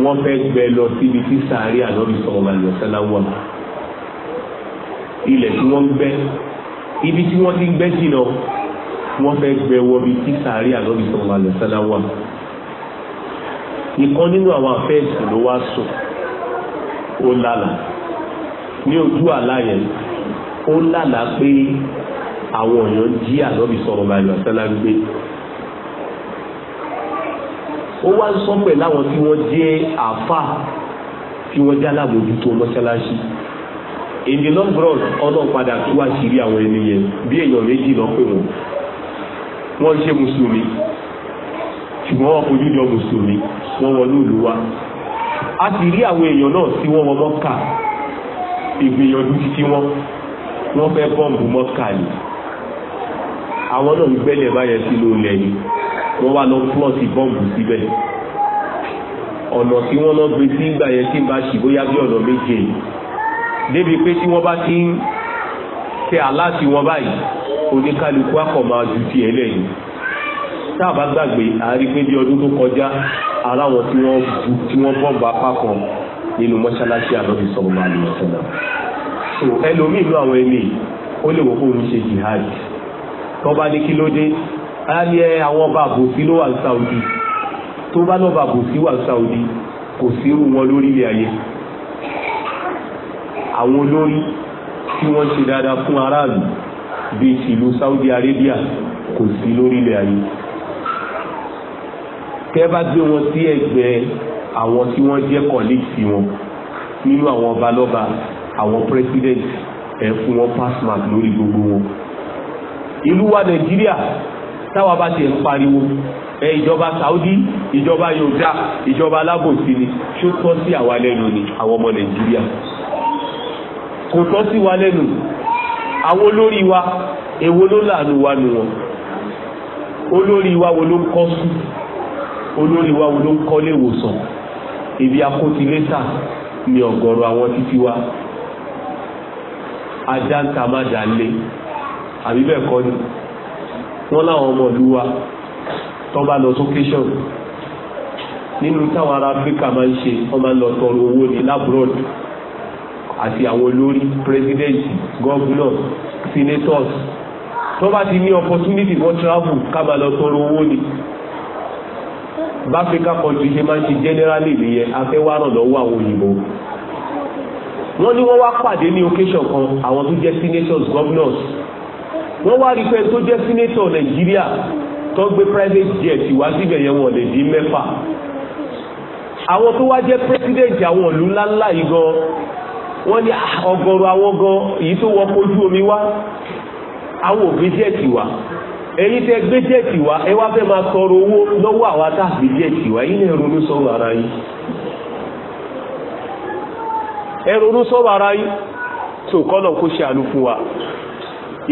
wọ́n fẹ́ gbẹ́ lọ síbi tí sàárì ànábì sọ̀rọ̀ àlùsálà wà ilẹ̀ tí wọ́n ń gbẹ́ ibi tí wọ́n ti ń gbẹ́ jìnnà wọ́n fẹ́ gbẹ wọbi tí sàárì àlọ́bí sọ̀rọ̀ àlẹ́ sálá wà ìkan nínú àwọn afẹ́ẹ̀sì ló wá sùn ó lálà ní ojú àlá yẹn ó lálà pé àwọn èèyàn jí àlọ́bí sọ̀rọ̀ àlẹ́ sálá gbé ó wá ń sọ pẹ̀ láwọn tí wọ́n jẹ́ àáfàá tí wọ́n jẹ́ alábòójútó mọ́ṣáláṣí in the long run ọlọ́run padà tú àṣírí àwọn ẹni bí èèyàn méjì lọ wọn wọ́n ṣe mùsùlùmí ṣùgbọ́n wọn fojú jọ mùsùlùmí wọ́n wọnú ìlú wa a sì rí àwọn èèyàn náà tí wọ́n wọ mọ́kà ìgbìyànjú títí wọn wọ́n fẹ́ bọ́ǹbù mọ́kà ni àwọn náà ń gbẹ́lẹ̀ báyẹn sí ló lẹ̀ ni wọ́n wá lọ plọ́ọ̀tì bọ́ǹbù síbẹ̀ ọ̀nà tí wọ́n lọ gbé sí ìgbà yẹn tí ń bá ṣì bóyá bí ọ̀nà méje débi pé tí wọ́n bá ti ń tẹ aláṣẹ wọn báyìí oníkálukú akọ̀ máa ju tiẹ̀ lẹ́yìn tá a bá gbàgbé àárí pé bí ọdún tó kọjá ara wọn tí wọ́n bu tí wọ́n bọ́ọ̀bù apá nínú mọ́ṣáláṣí àlọ́bí sọ̀rọ̀ máa lè ọ̀sẹ̀ náà so ẹlòmíì ló àwọn ẹni ó lè wọ́pọ̀ òun ṣe jihad tó bá ní kí ló dé àárí àwọn ọba àbòsí ló wà ní Saudi tó bá lọ́ba àbòsí wà ní Saudi kò sí irú wọn lórí ayé àwọn olórí tí wọ́n ṣe dáadáa fún aráàlú bíi tìlú Saudi Arabia kò sí lórílẹ̀ ayé kẹ́ bá gbé wọn sí ẹgbẹ́ àwọn tí wọ́n jẹ́ kọ̀líìsì wọn nínú àwọn ọba àwọn president ẹ̀ fún wọn passmark lórí gbogbo wọn ìlú wa Nàìjíríà táwa bá ti ń pariwo ẹ ìjọba Saudi ìjọba Yorùbá ìjọba alábòsí ni ṣó tọ́ sí àwa lẹ́nu ni àwọn ọmọ Nàìjíríà kò tọ́ sí wa lẹ́nu àwọn olórí wa èwo ló láàánú wa nù wọn olórí wa wo ló ń kọ́ sùn olórí wa wo ló ń kọ́ léwòsàn ibi akótilétà ni ọ̀gọ̀rọ̀ àwọn títí wa ajá ń ta má dà lé àbí bẹ́ẹ̀ kọ́ ni wọ́n láwọn ọmọ ìlú wa tó bá lọ sókéṣọ̀n nínú táwọn ará Áfíríkà máa ń ṣe wọ́n máa ń lọ tọrọ owó ní lábúrọ̀dù àti àwọn olórí president governors senators tó bá ti ní opportunity for travel kábà lọ tọrọ owó ni báfíríkà kọjú ṣe máa ń ṣe generally nìyẹn afẹ́wárọ̀ lọ́wọ́ àwọn òyìnbó wọ́n ní wọ́n wá pàdé ní occasion kan àwọn tó jẹ́ senators governors wọ́n wá rí pé tó jẹ́ senator nàìjíríà tó gbé private jet wá síbẹ̀ yẹn wọ́n lè dín mẹ́fà àwọn tó wá jẹ́ president àwọn ìlú ńláńlá yìí gan wọ́n ní ah, ọgọ́rọ̀ àwọn gan èyí tó wọ ojú omi wá àwọn ògbé jẹ́ẹ̀tì wá èyí tẹ gbé jẹ́ẹ̀tì wá ẹ wá fẹ́ máa tọrọ owó lọ́wọ́ àwa tá a gbé jẹ́ẹ̀tì wá yìí náà ronú sọ̀rọ̀ ara yìí ẹ ronú sọ̀rọ̀ ara yìí tó kọ́nà kó ṣe àánú fún wa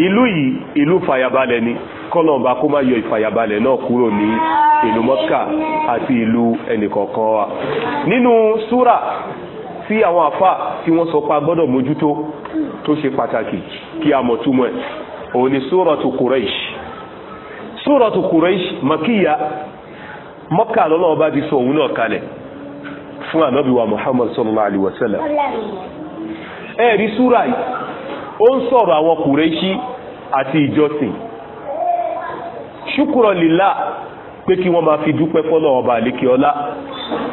ìlú yìí ìlú fàyàbalẹ̀ ni kọ́nà ọba kó má yọ ìfàyàbalẹ̀ náà kúrò ní ìlú mọ́kà àti ìlú ẹnìkọ̀ọ̀kan wa nínú súrà tí àwọn àfà tí wọ́n sọ pa gbọ́dọ̀ mójútó tó ṣe pàtàkì kí a mọ̀ túmọ̀ ẹ̀ òun ni suratu Quraish suratu Quraish makiya mọ́kà lọ́nà ti sọ òun náà kalẹ̀ fún ànábì wa Muhammad sallallahu alaihi wa sallam ẹ̀rí súra yìí ó ń sọ̀rọ̀ àwọn Quraishi àti ìjọsìn ṣúkúrọ̀ lílá pé kí wọ́n máa fi dúpẹ́ fọ́lọ́ ọba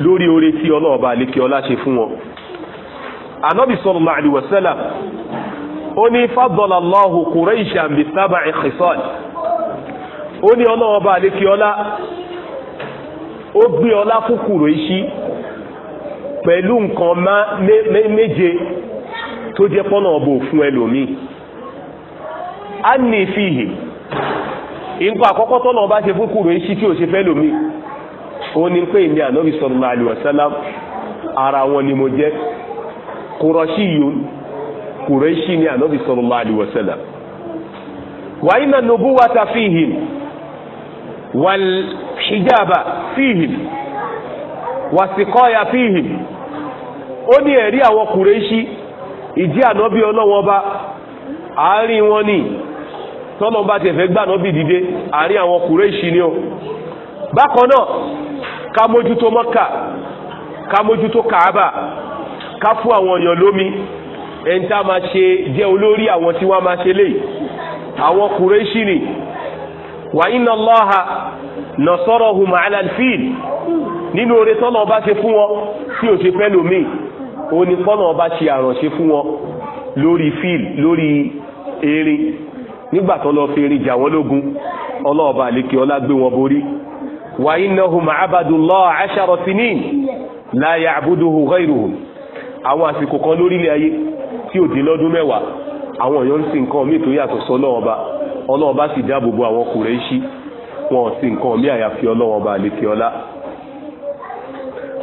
lórí oore tí ọlọ́ọ̀ba àlékè ọlá ṣe fún wọn anabi sallallahu alaihi wasallam ó ní faddala Allahu Quraishan bi sab'i khisal ó ní ọlọ́wọ́ bá lè kí ọlá ó gbé ọlá fún Quraishi pẹ̀lú nǹkan méje tó jẹ́ pọ́nà ọbọ̀ fún ẹlòmí anni fihi nǹkan àkọ́kọ́ tọ́nà bá ṣe fún Quraishi tí ò ṣe fẹ́ lòmí ó ní pé ìní ànábì sallallahu alaihi ara wọn ni mo jẹ́ kùrọ̀ṣí yìí kùrẹ́ṣí ni ànábì sallallahu alaihi wasallam wa inna nubuwata fihim wal hijaba fihim wàsíkọ́ya fihim ó ní ẹ̀rí àwọn kùrẹ́ṣí ìdí ànábì ọlọ́wọ́n bá àárín wọn ni tọ́lọ́ bá tẹ̀fẹ́ gbà ànábì dìde àárín àwọn kùrẹ́ṣí ni ó bákan náà ká mójútó mọ́kà ká mójútó kàábà ká fún àwọn èèyàn lómi ẹni tá a máa ṣe jẹ́ olórí àwọn tí wọ́n máa ṣe lè àwọn kùrẹ́ṣì ni wà iná lọ́ha nọ̀sọ́rọ̀ hùmà alalfil nínú oore tọ́nà ọba ṣe fún wọn tí ò ṣe fẹ́ lómi ó ní tọ́nà ọba ṣe àrànṣe fún wọn lórí fíl lórí erin nígbà tó lọ fi erin jà wọ́n lógun ọlọ́ọ̀ba àlekè ọlá gbé wọn borí wà iná hùmà abadullah asharotinin láyà àbúdóhùn ghayruhum àwọn àsìkò kan lórílẹ̀ ayé tí ò dín lọ́dún mẹ́wàá àwọn èèyàn si nǹkan tó yàtọ̀ sí ọlọ́ọba ọba sì dáàbò bo wọn nǹkan àyàfi ọlọ́ọba àlekè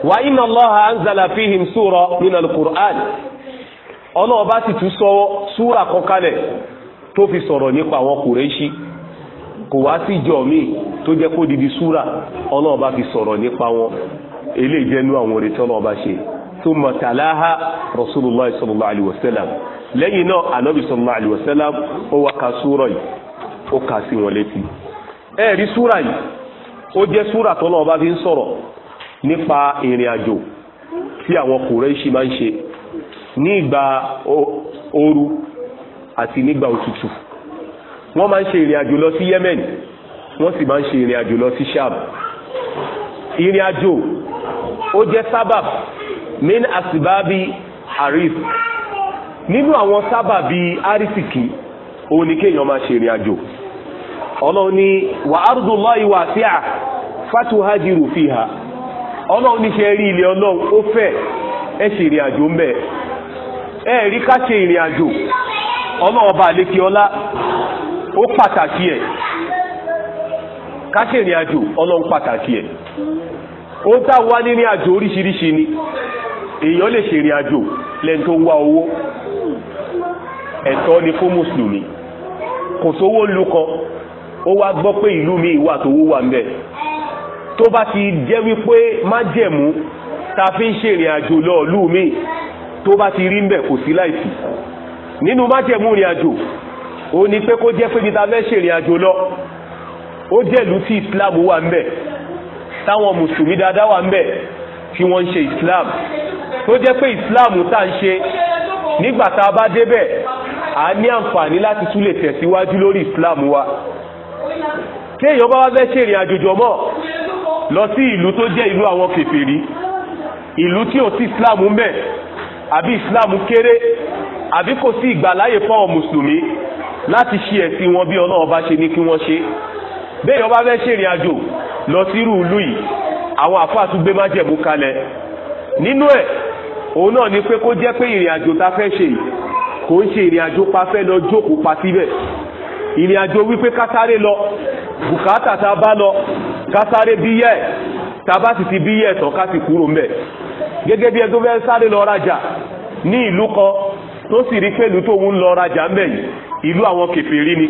wa inna Allaha ha fihim sura al sì tún sọ fi sọ̀rọ̀ nípa àwọn kò wá sí tó jẹ́ kó didi fi sọ̀rọ̀ nípa wọn àwọn thumma talaha rasulillah sallallahu alayhi wa sallam lẹ́yìn náà anabi sallallahu alayhi wa sallam ó ka súra yìí ó kà sí wọn létí ẹ rí súra yìí ó jẹ́ súra tó náà bá fi ń sọ̀rọ̀ nípa ìrìn àjò tí àwọn Kùrẹ́ṣì máa ń ṣe ní ìgbà ooru àti nígbà òtútù wọ́n máa ń ṣe ìrìn lọ sí Yemen wọ́n si ma ń ṣe ìrìn àjò lọ sí Sham ìrìn àjò ó jẹ́ sábàbù min asibabi arif nínú àwọn sábàbí arísìkì òun ni kéèyàn máa ṣe ìrìn àjò ọlọ́run ni wà ardullahi wasi'a fatuhajiru fiha ọlọ́run ní ṣe rí ilẹ̀ ọlọ́run ó fẹ́ ẹ ṣe ìrìn àjò ń bẹ ẹ rí ká ṣe ìrìn àjò ọlọ́run bá lékè ọlá ó pàtàkì ẹ̀ ká ṣe ìrìn àjò ọlọ́run pàtàkì ẹ̀ ó dá wa ní àjò èèyàn lè ṣe ìrìn àjò lẹ́n tó ń wá owó ẹ̀tọ́ ni fún mùsùlùmí kò sówó lu kan ó wá gbọ́ pé ìlú mi ìwà tó wúwà ń bẹ̀ tó bá ti jẹ́ wípé májẹ̀mú ta fi ń ṣe ìrìn àjò lọ ìlú mi tó bá ti rí ń bẹ̀ kò sí láìsí nínú májẹ̀mú ìrìn àjò ó ní pé kó jẹ́ pé bí ta fẹ́ ṣe ìrìn àjò lọ ó jẹ́ ìlú tí Islam wà ń bẹ̀ táwọn mùsùlùmí dáadáa wà ń bẹ̀ tí wọ́n ṣe islam tó jẹ́ pé islam tá ń ṣe nígbà tá a bá débẹ̀ a ní àǹfààní láti tún lè tẹ̀síwájú lórí islam wa tí èèyàn bá wá fẹ́ ṣe ìrìn àjòjò mọ́ lọ sí ìlú tó jẹ́ ìlú àwọn kèfèrí ìlú tí ò sí islam ń bẹ àbí islam kéré àbí kò sí ìgbàláyè fáwọn mùsùlùmí láti ṣe ẹ̀sìn wọn bí ọlọ́run bá ṣe ní kí wọ́n ṣe béèyàn bá fẹ́ ṣèrìn àjò lọ sírú ìlú yìí àwọn àfáà tún gbé májẹ̀mú kalẹ̀ nínú ẹ̀ òun náà ni pé kó jẹ́ pé ìrìn àjò ta fẹ́ ṣe yìí kò ń ṣe ìrìn àjò pa fẹ́ lọ jókòó pa síbẹ̀ ìrìn àjò wípé kátàrè lọ bùkátà tá a bá lọ kátàrè bíyẹ̀ tá a bá sì ti bíyẹ̀ tán ká sì kúrò mbẹ̀ gẹ́gẹ́ bí ẹgbẹ́ fẹ́ sáré lọ rajà ní ìlú kan tó sì rí pẹ̀lú tóun ń lọ rajà mbẹ̀ yìí ìlú àwọn kèfèrí ni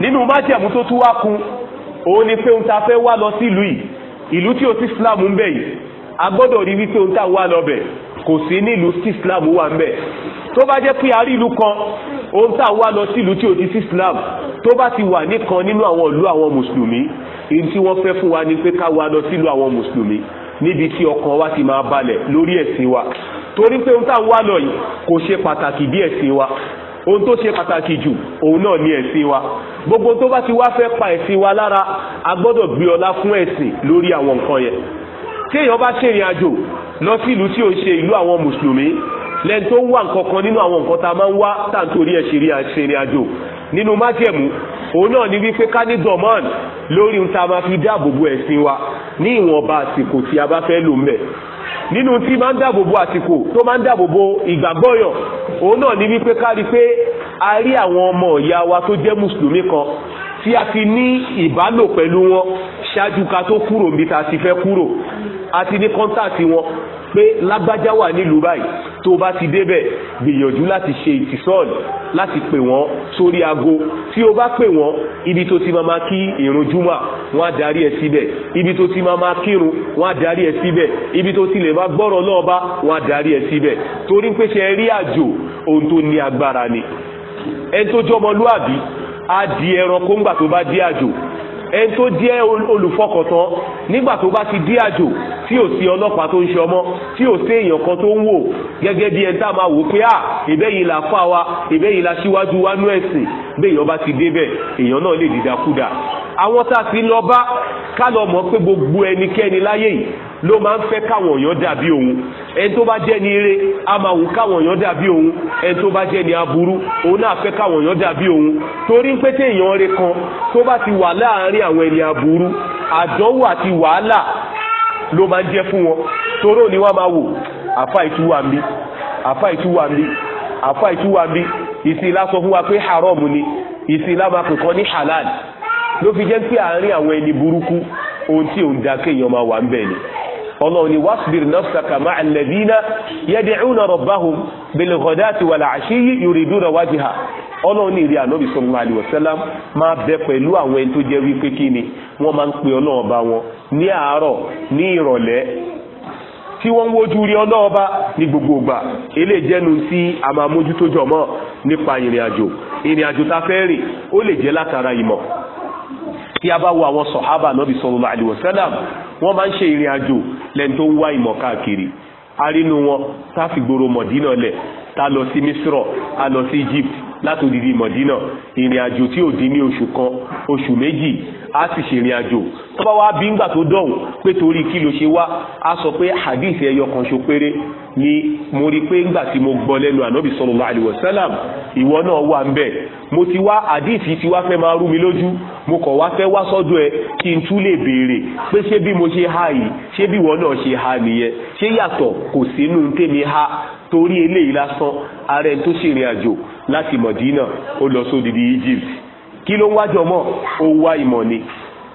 nínú májẹ̀mú tó tún wá kún òun ni pé òun ta fẹ́ wá lọ sílùú yìí ìlú tí o ti islam ń bẹ yìí a gbọ́dọ̀ rí wípé ohun tá a wà lọ́bẹ̀ kò sí nílùú tí islam wà ń bẹ tó bá jẹ́ pé a rí ìlú kan ohun tá a wà lọ sí ìlú tí o ti sí islam tó bá ti wà nìkan nínú àwọn ìlú àwọn mùsùlùmí èyí tí wọ́n fẹ́ fún wa ni pé ká wà lọ sílùú àwọn mùsùlùmí níbi tí ọkàn wa ti máa balẹ̀ lórí ẹ̀sìn wa torí pé ohun tá a wà lọ yìí kò ṣe pàtàkì bí ẹ̀sìn wa ohun tó ṣe pàtàkì jù òun náà ni ẹ̀sìn wa gbogbo tó bá ti wá fẹ́ pa ẹ̀sìn wa lára a gbọ́dọ̀ gbé ọlá fún ẹ̀sìn lórí àwọn nǹkan yẹn tí èèyàn bá ṣèrìn àjò lọ sí ìlú tí ò ń ṣe ìlú àwọn mùsùlùmí lẹ́ni tó ń wà nǹkan kan nínú àwọn nǹkan tá a máa ń wá tá à ń torí ẹ̀ ṣèrìn àjò nínú májẹ̀mú òun náà ni wípé ká ní dọ̀mọ́ọ̀nù lórí ohun tá a máa fi dáàbò bo ẹ̀sìn wa ní ìwọ̀nba àsìkò tí a bá fẹ́ lò mẹ́ nínú tí máa ń dáàbò bo àsìkò tó máa ń dáàbò bo ìgbàgbọ́yàn òun náà ní wípé kárí pé a rí àwọn ọmọ ìyá wa tó jẹ́ mùsùlùmí kan tí a ti ní ìbálò pẹ̀lú wọn ṣáájú ká tó kúrò níbi ti fẹ́ kúrò a ti ní kọ́ńtàtì wọn pé lágbájá wà nílùú báyìí tó bá ti débẹ̀ gbìyànjú láti ṣe ìtìsọ́ọ̀lù láti pè wọ́n sórí aago tí o bá pè wọ́n ibi tó ti máa ma kí ìrun júmọ̀ wọ́n á darí ẹ síbẹ̀ ibi tó ti máa ma kírun wọ́n á darí ẹ síbẹ̀ ibi tó ti lè má gbọ́rọ̀ náà bá wọ́n á ẹ síbẹ̀ torí pé ṣe rí àjò ohun tó ní agbára ni ẹni tó jọmọlúàbí á ẹranko ńgbà tó bá di àjò ẹni tó jẹ́ olùfọkàntán nígbà tó bá ti dí àjò tí ò sí ọlọ́pàá tó ń ṣe ọmọ tí ò sí èèyàn kan tó ń wò gẹ́gẹ́ bí ẹni tá a máa wò pé à ah, ìbẹ́ yìí la fà wa ìbẹ́ yìí la ṣíwájú wa nú ẹ̀sìn béèyàn bá ti débẹ̀ èèyàn náà lè dìdàkudà àwọn tá a ti lọ bá ká lọ mọ̀ pé gbogbo ẹnikẹ́ni láyé yìí ló máa ń fẹ́ káwọn èèyàn dàbí òun ẹni tó bá jẹ́ ni eré a máa wù káwọn èèyàn dàbí òun ẹni tó bá jẹ́ ni aburú òun náà fẹ́ káwọn èèyàn dàbí òun torí pé téèyàn rẹ kan tó bá ti wà láàárín àwọn ẹni aburú àdánwò àti wàhálà ló máa ń jẹ́ fún wọn toró ni wọ́n máa wò àfa ìtúwà mi àfa ìtúwà mi àfa ìtúwà mi ìsìlá sọ fún wa pé haram ni ìsìlá máa pè kọ́ ní halal ló fi jẹ́ pé àárín àwọn ẹni burúkú ohun tí òun da kéèyàn máa wà ń bẹ̀ ni ọlọ́run ni wasbir nafsaka ma alladhina yad'una rabbahum bil ghadati wal ashi yuriduna wajha ọlọ́run ìrí ànábì sọ́nà àlùwọ̀sẹ́lám máa bẹ pẹ̀lú àwọn ẹni tó jẹ́ wípé kí ni wọ́n máa ń pe ọlọ́run ọba wọn ní àárọ̀ ní ìrọ̀lẹ́ tí wọ́n ń wojú rí ọlọ́run bá ní gbogbo ìgbà ilé ìjẹ́nu tí a máa mójútó jọ mọ́ nípa ìrìn àjò ìrìn àjò ta fẹ́ rìn ó lè jẹ́ látara ìmọ̀ tí a bá wo àwọn sọ̀hábà ànábì sọ́nà àlùwọ̀sẹ́lám wọ́n máa ń ṣe ìrìn àjò lẹ́ni tó ń wá ìmọ̀ káàkiri arínú wọn tá fi gbòòrò mọ̀dínà lẹ̀ tá lọ sí misrọ̀ a lọ sí Egypt látòdìdí mọ̀dínà ìrìn àjò tí ò dín ní oṣù kan oṣù méjì á sì ṣe ìrìn àjò tó bá wá bí ńgbà tó dọ̀hùn pé torí kí ló ṣe wá á sọ pé hadith ẹyọ kan ṣo péré ni mo rí pé ńgbà tí mo gbọ́ lẹ́nu ànábì sallallahu alaihi wasallam ìwọ náà wà ń bẹ̀ mo ti wá hadith ti wá fẹ́ máa rú mi lójú mo kọ̀ wá fẹ́ wá sọ́dọ̀ ẹ kí n tún lè béèrè pé ṣé bí mo ṣe ha yìí ṣé bí ìwọ náà ṣe ha nìyẹn ṣé yàtọ̀ kò sínú tèmi ha torí eléyìí lásán ààrẹ tó ṣèrìn àjò láti Mọ̀dínà ó lọ sódìdí Egypt kí ló ń wájọ mọ́ ó wá ìmọ̀ ni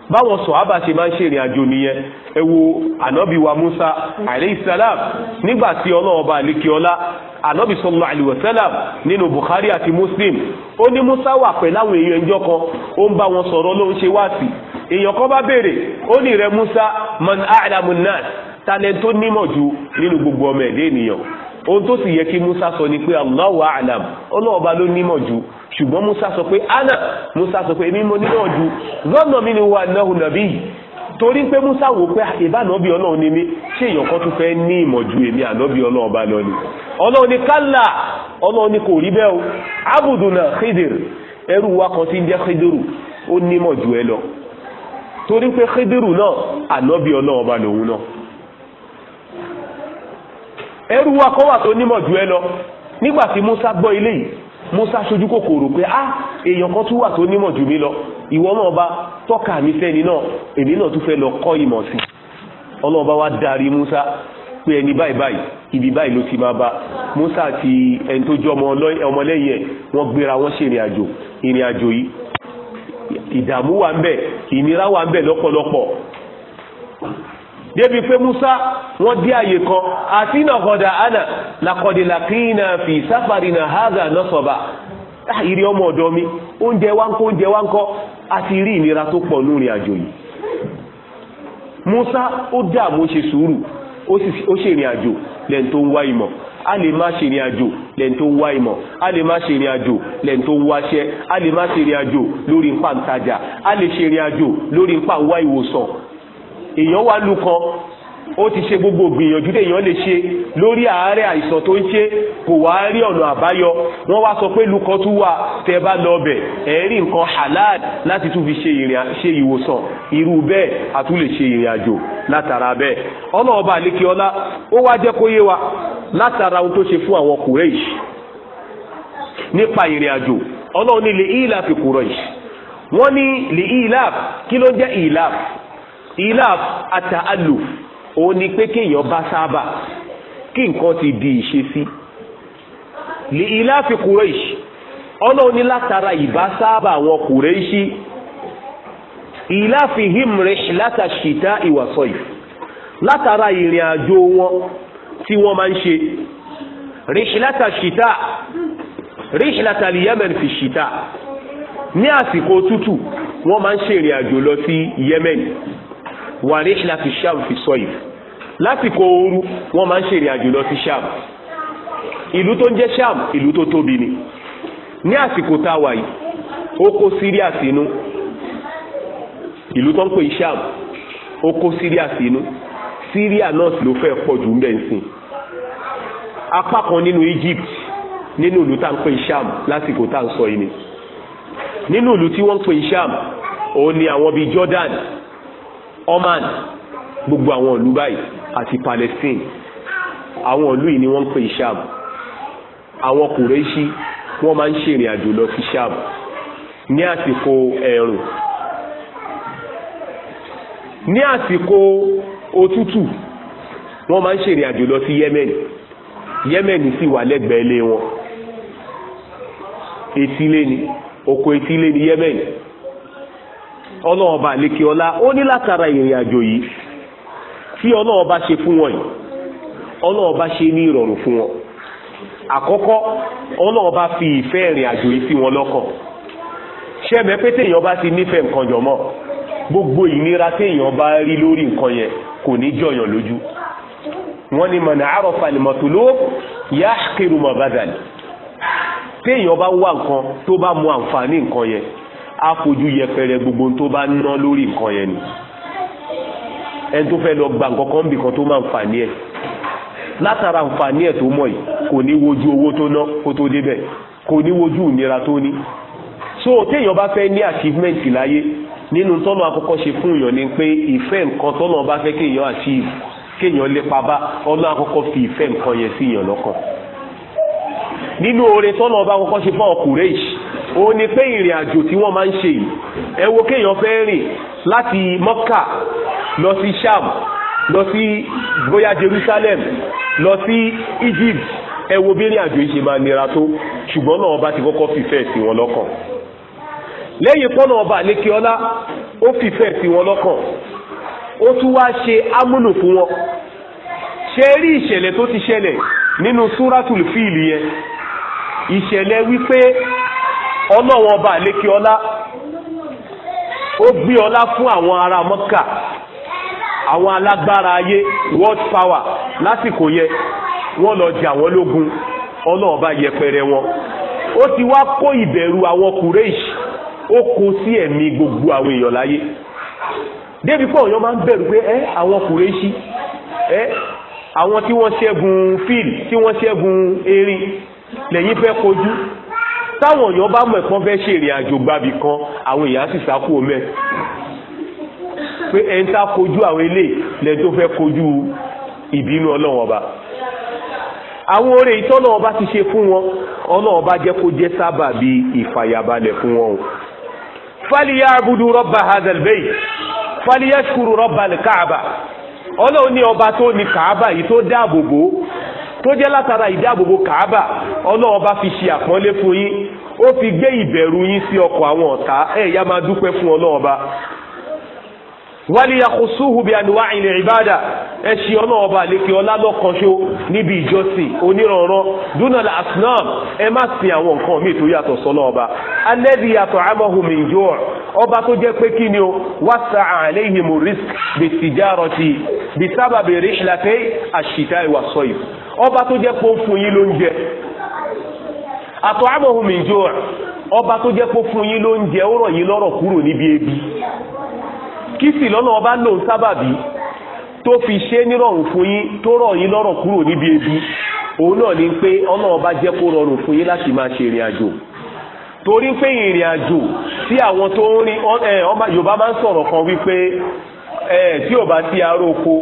báwọn sọ̀hábà ṣe máa ń ṣèrìn àjò nìyẹn ẹ wo ànábì wa Musa aleyhisselam nígbà tí ọlọ́ọba àlekíọlá ànábì sallallahu alaihi wasallam nínú Bukhari àti Muslim ó ní Musa wà pẹ̀láwọn èèyàn ẹjọ́ kan ó ń bá wọn sọ̀rọ̀ ló ń ṣe wáàsí èèyàn kan bá béèrè ó ní rẹ Musa man a'lamun nas talent tó nímọ̀ jù nínú gbogbo ọmọ ẹ̀dẹ́ ènìyàn ohun tó sì yẹ kí Musa sọ ni pé Allahu a'lam ọlọ́ọ̀ba ló nímọ̀ jù ṣùgbọ́n Musa sọ pé ana Musa sọ pé èmi mo nímọ̀ jù lọ́nà mi ni wà náà nàbí yìí torí pé Musa wò pé ah, ìbánàbí ọlọ́run ni mí ṣé èèyàn kan tún fẹ́ ní ìmọ̀ ju èmi ànábì ọlọ́run bá lọ ni ọlọ́run ni kálà ọlọ́run ni kò rí bẹ́ẹ̀ o abuduna khidir ẹrú wa kan ti ń jẹ́ khidiru ó nímọ̀ ju ẹ lọ torí pé khidiru náà ànábì ọlọ́run bá lòun náà ẹrú wa kọ́ wà tó nímọ̀ jù ẹ lọ nígbà tí Musa gbọ́ ilé yìí Musa ṣojú kòkòrò pé ah èèyàn kan tún wà tó nímọ̀ jù mí lọ ìwọ náà bá tọ́ka mi sẹ́ni náà èmi náà tún fẹ́ lọ kọ́ ìmọ̀ sí ọlọ́ọ̀bá wa darí Musa pé ẹni báyìí báyìí ibi báyìí ló ti máa bá Musa àti ẹni tó jọ ọmọlẹ́yìn ẹ̀ wọ́n gbéra wọ́n ṣe ìrìn àjò ìrìn àjò yìí ìdààmú wà ń bẹ ìnira wà ń bẹ lọ́pọ̀lọpọ̀ débi pé Musa wọ́n dé àyè kan àti nàkọ́dà àná làkọ́dìlàkìnà fi sáfàrìnà hàgà nọ́sọ̀bà ìrì ọmọ ọ̀dọ́ mi oúnjẹ wá ń kọ́ oúnjẹ wá ń kọ́ àti rí ìnira tó pọ̀ lórí àjò yìí Musa ó dààmú ó ṣe sùúrù ó ṣe ìrìn àjò lẹ́n tó ń wá ìmọ̀ a lè má ṣe ìrìn àjò lẹ́n tó ń wá ìmọ̀ a lè má ṣe ìrìn àjò lẹ́n tó ń wáṣẹ́ a lè má ṣe ìrìn àjò lórí ńpá ń a lè ṣe ìrìn àjò lórí ńpá ń ìwòsàn èèyàn wá lu kan ó ti ṣe gbogbo gbìyànjú téèyàn lè ṣe lórí àárẹ̀ àìsàn tó ń ṣe kò wá rí ọ̀nà àbáyọ wọ́n wá sọ pé lukan tún wà tẹ́ bá lọ bẹ̀ ẹ̀ rí nǹkan halal láti tún fi ṣe ìwòsàn irú bẹ́ẹ̀ a tún lè ṣe ìrìn àjò látara bẹ́ẹ̀ ọlọ́ọ̀ba àlékiọlá ó wá jẹ́ kó yé wa látara ohun tó ṣe fún àwọn Quraysh nípa ìrìn àjò ọlọ́run ní lè ilaf Quraysh wọ́n ní lè ilaf kí ló jẹ́ ilaf ilaf ata'aluf òun ni pé kéèyàn bá sábà kí nǹkan ti di ìṣesí li ilafi kureish ọlọ́run ní látara ìbá sábà àwọn kureishi ìláfi himrish látàṣìta ìwàsọ̀yì látara ìrìn àjò wọn tí wọ́n máa ń ṣe rìṣìlátà ṣìtà rìṣìlátà yemen fi ṣìtà ní àsìkò tútù wọ́n máa ń ṣe ìrìn àjò lọ sí yemen wàrí láti sham fi sọ yìí lásìkò ooru wọ́n máa ń ṣèrìn àjò lọ sí sham ìlú tó ń jẹ́ sham ìlú tó tóbi ni ní àsìkò tá a wà yìí ó kó Syria sínú ìlú tó ń pè sham ó kó Syria sínú Syria náà ló fẹ́ pọ̀ jù ń bẹ̀ apá kan nínú Egypt nínú ìlú tá ń pè sham lásìkò tá ń sọ yìí ni nínú ìlú tí wọ́n ń pè sham òun ni àwọn bíi Jordan Oman gbogbo àwọn ìlú báyìí àti Palestine àwọn ìlú yìí ni wọ́n ń pè Sham àwọn Kùrẹ́ṣí wọ́n máa ń ṣe ìrìn àjò lọ sí Sham ní àsìkò ẹ̀rùn ní àsìkò òtútù wọ́n máa ń ṣe àjò lọ sí Yemen Yemen sì wà lẹ́gbẹ̀ẹ́ ilé wọn etílé ni oko etílé ni Yemen ọlọ́ọ̀ba àlékè ọlá ó ní látara ìrìn àjò yìí tí ọlọ́ọ̀ba ṣe fún wọn yìí ọlọ́ọ̀ba ṣe ní ìrọ̀rùn fún wọn àkọ́kọ́ ọlọ́ọ̀ba fi ìfẹ́ ìrìn àjò yìí sí wọn lọ́kàn ṣẹ́mẹ́ pé téèyàn bá ti nífẹ̀ẹ́ nǹkan jọ̀mọ́ gbogbo ìnira téèyàn bá rí lórí nǹkan yẹn kò ní jọyàn lójú wọ́n ní mọ̀nà àròfà lè mọ̀tò ló yá kérumọ̀ bàdàlì téèyàn bá wá nǹkan tó bá mọ àǹfààní nǹkan yẹn á fojú yẹpẹrẹ gbogbo tó bá ná lórí nǹkan yẹn ni ẹni tó fẹ́ lọ gba nǹkan kan bì kan tó máa ń fà ní ẹ̀ látara nǹfààní ẹ̀ tó mọ̀ yìí kò ní wojú owó tó ná kó tó débẹ̀ kò ní wojú ìnira tó ní so téèyàn bá fẹ́ ní achievement láyé nínú tọ́nà àkọ́kọ́ ṣe fún èèyàn ni pé ìfẹ́ nǹkan tọ́nà bá fẹ́ kéèyàn achieve kéèyàn lépa bá ọlọ́ àkọ́kọ́ fi ìfẹ́ nǹkan yẹn sí èèyàn lọ́kàn nínú oore tọ́nà ọba kọ́kọ́ ṣe fún ọkùnrin ó ní pé ìrìn àjò tí wọ́n máa ń ṣe yìí ẹ kéèyàn fẹ́ rìn láti Mọ́kà lọ sí Sham lọ sí bóyá Jerusalem lọ sí Egypt ẹ wo bí ìrìn àjò yìí ṣe máa nira tó ṣùgbọ́n náà ọba ti kọ́kọ́ fìfẹ́ sí wọn lọ́kàn lẹ́yìn pọ́nà ọba àlékeọlá ó fìfẹ́ sí wọn lọ́kàn ó tún wá ṣe ámúnù fún wọn ṣe rí ìṣẹ̀lẹ̀ tó ti ṣẹlẹ̀ nínú súrátùl fíìlì yẹn ìṣẹ̀lẹ̀ wípé ọlọ́wọ́ ọba àlékè ọlá ó gbé ọlá fún àwọn ará mọ́kà àwọn alágbára ayé world power lásìkò yẹn wọ́n lọ jà wọ́n lógun ọlọ́ọ̀ba yẹpẹrẹ wọn ó ti wá kó ìbẹ̀rù àwọn kùrẹ́ẹ̀ṣì ó kó sí ẹ̀mí gbogbo àwọn èèyàn láyé débi pé ọ̀yọ́ máa ń bẹ̀rù pé ẹ́ àwọn kùrẹ́ẹ̀ṣì ẹ́ àwọn tí wọ́n ṣẹ́gun fíìlì tí wọ́n ṣẹ́gun erin lẹ́yìn fẹ́ kojú táwọn èèyàn bá mọ̀ ẹ̀kan fẹ́ ṣe ìrìn àjò gbàbì kan àwọn èèyàn sì sákú omi ẹ̀ pé ẹ̀ ń tá kojú àwọn ilé lẹ́yìn tó fẹ́ kojú ìbínú ọlọ́wọ́n ọba àwọn oore ìtọ́nà ọba ti ṣe fún wọn ọlọ́wọ́n ọba jẹ́ kó jẹ́ sábà bí ìfàyàbalẹ̀ fún wọn o fàlìyà abudu rọ́bà hazelbey fàlìyà ṣukuru rọ́bà kaaba ọlọ́wọ́n ní ọba tó ní kaaba yìí tó dáàbòbò tó jẹ́ látara ìdáàbòbò kàábà ọlọ́run bá fi ṣe àpọ́nlé fún yín ó fi gbé ìbẹ̀rù yín sí ọkọ̀ àwọn ọ̀tá ẹ̀yà máa dúpẹ́ fún ọlọ́run bá waliyakusuhu bi anuwa ilẹ̀ ibada ẹ ṣe ọ̀nà ọba àlekè ọlá lọ́kànṣó níbi ìjọsìn onírànran dunal asnam ẹ má sin àwọn nǹkan míì tó yàtọ̀ sọ́nà ọba alẹ́bí yàtọ̀ amahumi yóò ọba tó jẹ́ pé kí ni o wàsà àlẹ́yìn risk bìtìjárọ̀tì bìsábàbì rìṣìlàtẹ́ àṣìṣà ìwà sọ́yì ọba tó jẹ́ pé ó fún yín lóúnjẹ àtọ̀ amahumi yóò ọba tó jẹ́ pé ó fún yín lóúnjẹ ó rọ̀ yín lọ́rọ̀ kúrò níbi ebi kí sì lọ́nà ọba lòun sábàbí tó fi ṣe nírọ̀rùn fún yín tó rọ̀ yín lọ́rọ̀ kúrò níbi ebi òun náà ni pé ọ̀nà ọba jẹ́ kó rọrùn fún yín láti máa ṣe ìrìn àjò torí pé ìrìn àjò tí àwọn tó ń rin Yorùbá máa ń sọ̀rọ̀ kan wípé tí ò bá sí aróko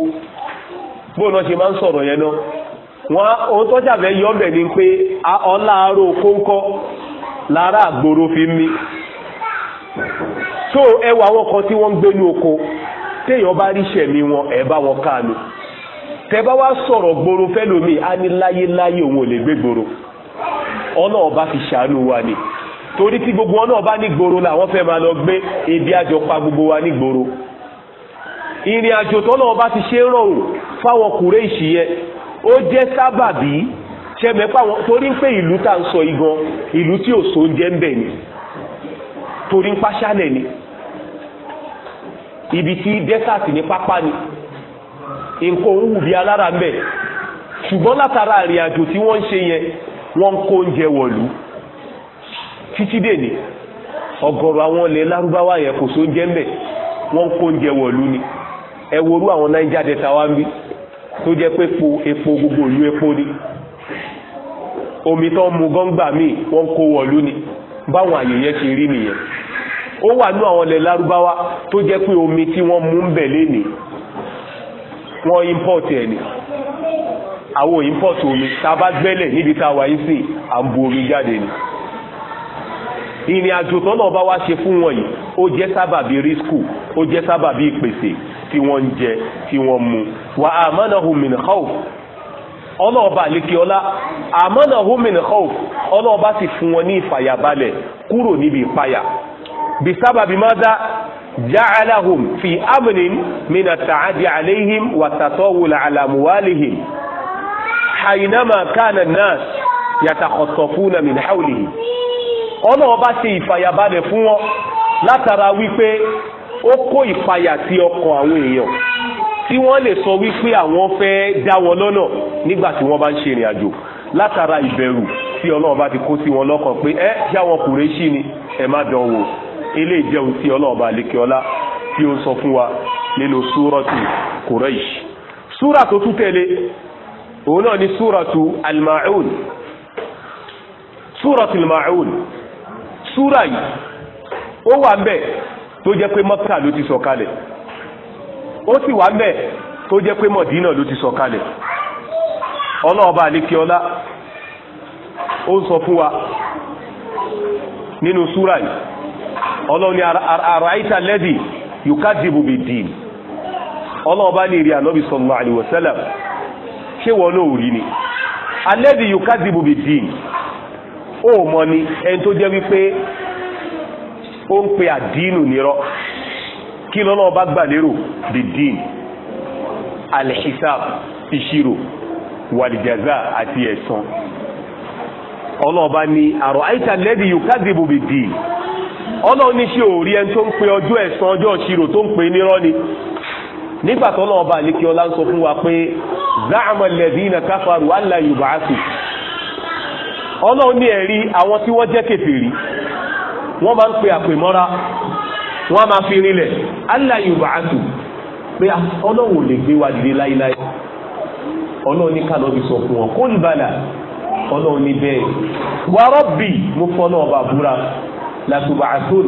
bó náà ṣe máa ń sọ̀rọ̀ yẹn náà wọ́n ohun tó ṣàfẹ́ yọ ọ́bẹ̀ ni pé ọlá aróko ńkọ́ lára àgbòrò fi ń mi so ẹwà wà àwọn kan tí wọ́n ń gbénu oko téèyàn bá rí sẹ̀mí wọn ẹ̀ bá wọn káàánú tẹ bá wá sọ̀rọ̀ gbòòrò fẹ́lómi á ní láyéláyé òun ò lè gbé gbòòrò ọlọ́ọ̀bá fi ṣàánú wa ni torí tí gbogbo wọn náà bá ní gbòòrò làwọn fẹ́ máa lọ gbé ebi àjọ pa gbogbo wa ní gbòòrò ìrìn àjò tó náà bá ti ṣe ń rọrùn fáwọn kùrẹ́ ìṣìyẹn ó jẹ́ sábàbí ṣẹ́mẹ́pà wọn torí ń pé ìlú tá ń sọ igan ìlú tí ò sóúnjẹ ń bẹ̀ ni torí ń pàṣálẹ̀ ni. ibi tí desert ní pápá ni nǹkan òun wù bí alára ń bẹ̀ ṣùgbọ́n látara ìrìn àjò tí wọ́n ń ṣe yẹn wọ́n ń kó oúnjẹ wọ̀lú títí dèní ọ̀gọ̀rọ̀ àwọn ilẹ̀ lárúbáwá yẹn kò sóúnjẹ ń bẹ̀ wọ́n ń kó oúnjẹ wọ̀lú ni ẹ worú àwọn Niger Delta wa ń bí tó jẹ́ pé po epo gbogbo ìlú epo ni omi tó ń mu gọ́ngbà míì wọ́n ń kó wọ̀lú ni báwọn àyè yẹn ṣe rí nìyẹn ó wà ní àwọn ilẹ̀ lárúbáwá tó jẹ́ pé omi tí wọ́n mú ń bẹ̀ léni wọ́n import ẹ̀ ni àwọn import omi tá bá gbẹ́lẹ̀ níbi tá wà yìí sí à omi jáde ni ìrìn àjò tó náà bá wá ṣe fún wọn yìí ó jẹ́ sábàbí rísíkù ó jẹ́ sábàbí ìpèsè tí wọ́n ń jẹ tí wọ́n mu wà amanahum min khawf ọlọ́ọ̀bá lékè ọlá amanahum min khawf ọlọ́ọ̀bá sì fún wọn ní ìfàyàbalẹ̀ kúrò níbi ìpayà بسبب ماذا جعلهم في amnin من التعدي عليهم alayhim على موالهم حينما كان الناس kana من nas yatakhotofuna min hawlihim ọlọ́wọ́ bá ṣe ìfàyàbalẹ̀ fún wọn látara wípé ó kó ìfàyà sí ọkàn àwọn èèyàn tí wọ́n lè sọ wípé àwọn fẹ́ dá wọn lọ́nà nígbà tí wọ́n bá ń ṣe ìrìn àjò látara ìbẹ̀rù tí ọlọ́wọ́ bá ti kó sí wọn lọ́kàn pé ẹ yá wọn kùrẹ́ṣì ni ẹ má dán wò ilé ìjẹun tí ọlọ́ọ̀bá alékeọlá tí ó sọ fún wa nínú súrọ́tù Quraysh súrà tó tún òun náà ni súrọ́tù al-Ma'un súrọ́tù al-Ma'un súrà yìí ó wà ń bẹ̀ tó jẹ́ pé Mọ́kà ló ti sọ kalẹ̀ ó sì wà ń bẹ̀ tó jẹ́ pé Mọ̀dínà ló ti sọ kalẹ̀ ọlọ́ọ̀bá alékeọlá ó sọ fún wa nínú súrà yìí ọlọ́run ní àrà àìsà lẹ́dì yukadibu bi dín ọlọ́run bá ní ìrì ànábì sallallahu alaihi wasallam ṣé wọn náà ò rí ni alẹ́dì yukadibu bi dín ó mọ ni ẹni tó jẹ́ wípé ó ń pe àdínù nírọ́ kí lọ́lọ́ bá gbà lérò bi dín alhisab ọlọ́run ní ṣe òòrí ẹni tó ń pe ọjọ́ ẹ̀san ọjọ́ ìṣirò tó ń pe nírọ́ ni nígbà tó náà bá àlékí ọlá ń sọ fún wa pé záàmà lẹ́dínà káfàrú allah yubaasi ọlọ́run ní ẹ̀rí àwọn tí wọ́n jẹ́ kèfèrí wọ́n máa ń pe àpèmọ́ra wọ́n máa fi rinlẹ̀ allah yubaasi pé ah, ọlọ́run ò lè gbé wa dìde láíláí ọlọ́run ní kànáà fi sọ fún wọn kó ìbàlà ọlọ́run ní bẹ́ẹ̀ wà rọ́bì latubàtún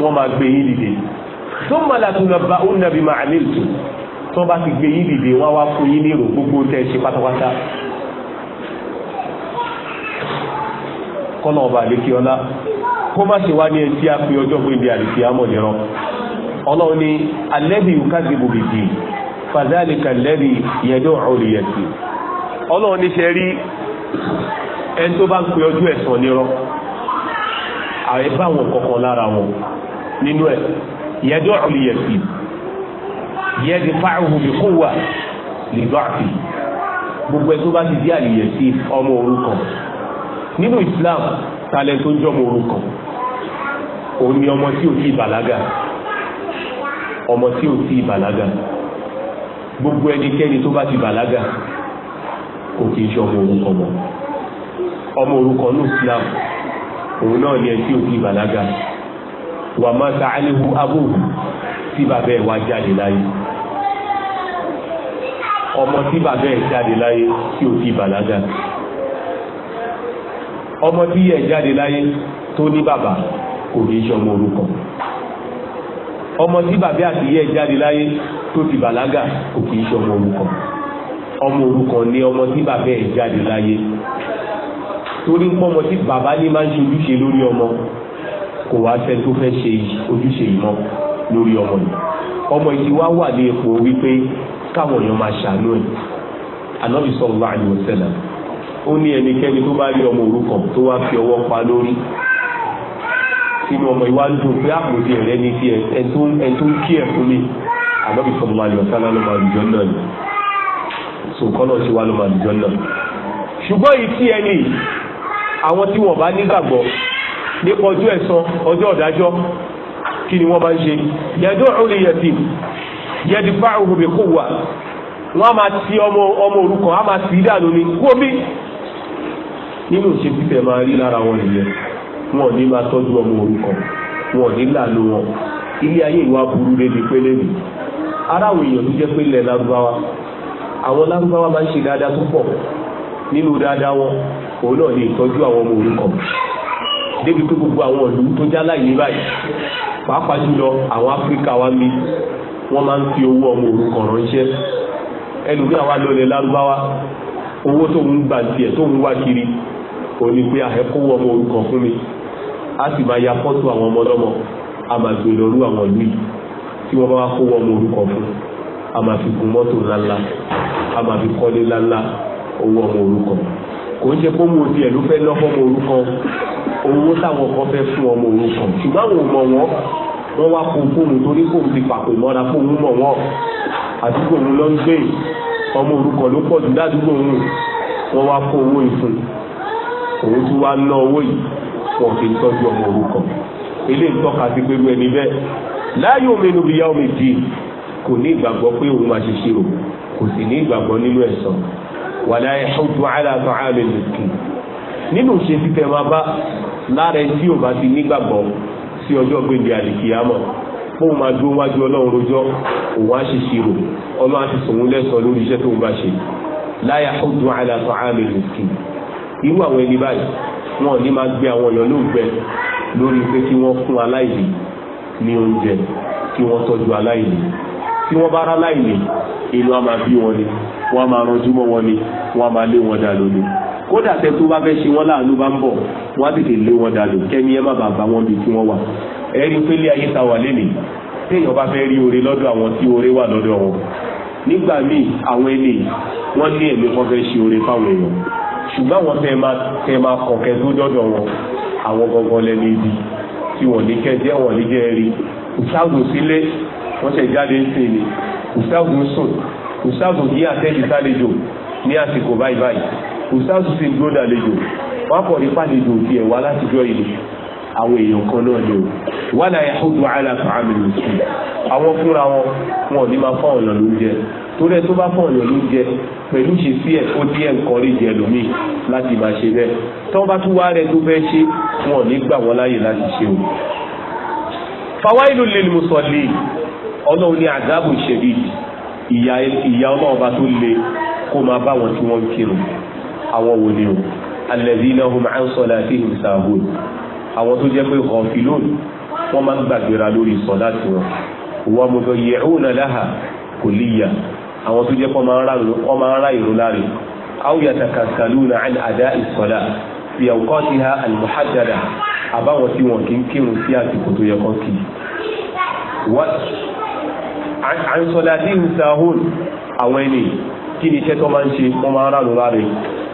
wọ́n máa gbé yín dìde thumma latunabba'unna bima 'amiltum tí wọ́n bá ti gbé yín dìde wọ́n wá fún yín ní ìrò gbogbo tẹ́ ṣe pátápátá kọ́nà ọba àlékí ọlá kó má ṣe wá ní ẹni tí a fi ọjọ́ pé ibi àlékí àmọ̀ ni alẹ́bí yukazibu bìbì fàdálìkà lẹ́bí yẹ̀dọ́ ọ̀rọ̀ yẹ̀sì ọlọ́run ní ṣe rí ẹni tó bá ń pe ọjọ́ ẹ̀san nìran ààrẹ bá wọn kankan lára wọn nínú ẹ̀ yẹdí ọ̀rọ̀ yẹ sí yẹdí fáwọn bí kó wà lìdọ́ àfi gbogbo ẹ tó bá ti di àlìyẹ sí ọmọ òrukàn nínú Islam talẹ̀ tó jọmọ òrukàn òun ni ọmọ tí ò tí bàlágà ọmọ tí ò tí bàlágà gbogbo ẹnikẹ́ni tó bá ti bàlágà kò kì í ṣe ọmọ orúkọ mọ́ ọmọ orúkọ ní Islam òun náà ni ẹ tí ò ti wà má ta alihu abu tí bàbá ẹ̀ wá jáde láyé ọmọ tí bàbá ẹ̀ jáde láyé tí ò ti bàlágà ọmọ tí ẹ̀ jáde láyé tó ní bàbá kò ní í ṣọmọ orúkọ ọmọ tí bàbá àti ìyá ẹ̀ jáde láyé tó ti bàlágà kò kì í ṣọmọ orúkọ ọmọ orúkọ ni ọmọ tí bàbá ẹ̀ jáde láyé torí ń pọ́mọ tí bàbá ní máa ń ṣe ojúṣe lórí ọmọ kò wá fẹ́ tó fẹ́ ṣe ojúṣe yìí mọ́ lórí ọmọ yìí ọmọ yìí wá wà ní ipò wípé káwọn èèyàn máa ṣàánú ẹ̀ ànábì sallallahu alaihi wasallam ó ní ẹnikẹ́ni tó bá rí ọmọ òrukàn tó wá fi ọwọ́ pa lórí sínú ọmọ ìwá ń dùn pé àpòtí ẹ̀rẹ́ ní ti ẹ̀ tó ń kí ẹ̀ fún mi ànábì sallallahu alaihi wasallam ló máa lùjọ́ náà ni sòkọ́nà ti wá àwọn tí wọ́n bá nígbàgbọ́ nípa ọjọ́ ẹ̀san ọjọ́ ọ̀dájọ́ kí ni wọ́n bá ń ṣe yẹ̀dọ́ òní yẹ̀tì yẹ̀dì fáwọn bi quwwa wọ́n á máa ti ọmọ ọmọ òrukàn á máa ti dànù ní gómi nínú ìṣe títẹ̀ máa rí lára wọn nìyẹn wọn ò ní máa tọ́jú ọmọ òrukàn wọn ò ní lànà wọn ilé ayé ìwà burú débi pélé mi aráwọ̀ èèyàn ló jẹ́ pé ilẹ̀ lárúbáwá àwọn lárúbáwá máa ń ṣe dáadáa tó pọ̀ nínú dáadáa wọn òun náà lè tọ́jú àwọn ọmọ òrukàn débi pé gbogbo àwọn ìlú tó já láyé báyìí pàápàá jùlọ àwọn áfíríkà wa mi wọ́n máa ń fi owó ọmọ òrukàn ránṣẹ́ ẹlòmíà wa lọlẹ̀ lárúbáwá owó tó ń gbà tiẹ̀ tó ń wá kiri ò ní pé àhẹ́kọ́wọ́ ọmọ òrukàn fún mi a sì máa ya fọ́tò àwọn ọmọ lọ́mọ a máa gbé lọ́rú àwọn ìlú yìí tí wọ́n bá wá kó wọ́n mú orúkọ fún a máa fi gun mọ́tò ńláńlá a máa fi kọ́lé ńláńlá owó ọmọ orúkọ kò ń ṣe pé mo ti ẹ̀lú fẹ́ lọ́fọ́ mo orúkọ owó táwọn kan fẹ́ fún ọmọ orúkọ ṣùgbọ́n àwọn ò mọ̀ wọ́n wọ́n wá kó fóònù torí fóònù ti pàpè mọ́ra fóònù mọ̀ wọ́n àdúgbò òun ló ń gbé ọmọ orúkọ ló pọ̀ jù ládùúgbò òun wọ́n wá kó owó ìfún òun tún wá ná owó yìí wọ́n fi tọ́jú ọmọ orúkọ ilé ìtọ́ka ti pẹ̀lú ẹni bẹ́ẹ̀ láyé omi inú bíyá omi dì kò ní ìgbàgbọ́ pé òun máa ṣe ṣe o kò sì ní ìgbàgbọ́ nínú ẹ̀san wàlá ẹ̀hùtù aláàtọ̀ àmì lùkì nínú ṣe ti tẹ̀ máa bá lára ẹ tí ò bá ti nígbàgbọ́ sí ọjọ́ gbèdé àlìkìyàmọ̀ pé òun máa dúró wájú ọlọ́run rojọ́ òun á ṣe ṣirò ọlọ́run á ti sòun lẹ́sọ̀ lórí iṣẹ́ tó ń bá ṣe láyà ọdún aláàtọ̀ àmì lùkì irú àwọn ẹni báyìí wọn ò ní máa gbé àwọn èèyàn lóògbé lórí pé kí wọ́n fún aláìní ní oúnjẹ kí wọ́n tọ́jú aláìní tí wọ́n bá rá láìní inú a máa bí wọn ni wọ́n a máa ranjú mọ́ wọn ni wọ́n a máa lé wọn dànù ni kódà tẹ tó bá fẹ́ ṣe wọ́n láàánú bá ń bọ̀ wọ́n á tètè lé wọn dànù kẹ́mi ẹ má bàa bá wọn bí tí wọ́n wà ẹ̀rí pé lé ayé ta wà lẹ́nìí téèyàn bá fẹ́ rí oore lọ́dọ̀ àwọn tí oore wà lọ́dọ̀ wọn nígbà míì àwọn ẹni wọ́n ní ẹ̀mí kan fẹ́ ṣe oore fáwọn èèyàn ṣùgbọ́n àwọn tẹ máa tẹ wọ́n ṣe jáde ń sìn ní ustaz ń sùn ustaz ń yí àtẹ́jú sálejò ní àsìkò báyìí báyìí ustaz sì ń dúró dàlejò wọ́n kọ̀ ní pàlejò òkè ẹ̀wà látijọ́ yìí àwọn èèyàn kan náà ni o wà láyé àhùdù àlàfà àmì òsì àwọn fúnra wọn wọn ò ní máa fọ ọ̀nà lóúnjẹ torí ẹ tó bá fọ ọ̀nà lóúnjẹ pẹ̀lú ṣe sí ẹ̀ ó díẹ̀ nǹkan rí jẹ lómi láti máa ṣe bẹ́ẹ̀ tó bá tún wá rẹ tó fẹ́ ṣe wọn ò ní gbà wọ́n láyè láti ṣe o. fàwa ìlú lè mú sọ lè ọlọ́run ní àdáàbò ìṣẹ̀lẹ̀ ìyá ọlọ́run bá tó le kó máa bá wọn tí wọ́n ń kírun àwọn wò ni o alladhina hum an salatihim sahun àwọn tó jẹ́ pé ghafilun wọ́n máa ń gbàgbéra lórí sọ̀lá tiwọn wa mudayyi'una laha kulliya àwọn tó jẹ́ pé wọ́n máa ń ra ìrun àìsọ̀lá tí ń sahun àwọn ẹni kí ni iṣẹ́ tó máa ń ṣe wọ́n máa ń ránù láre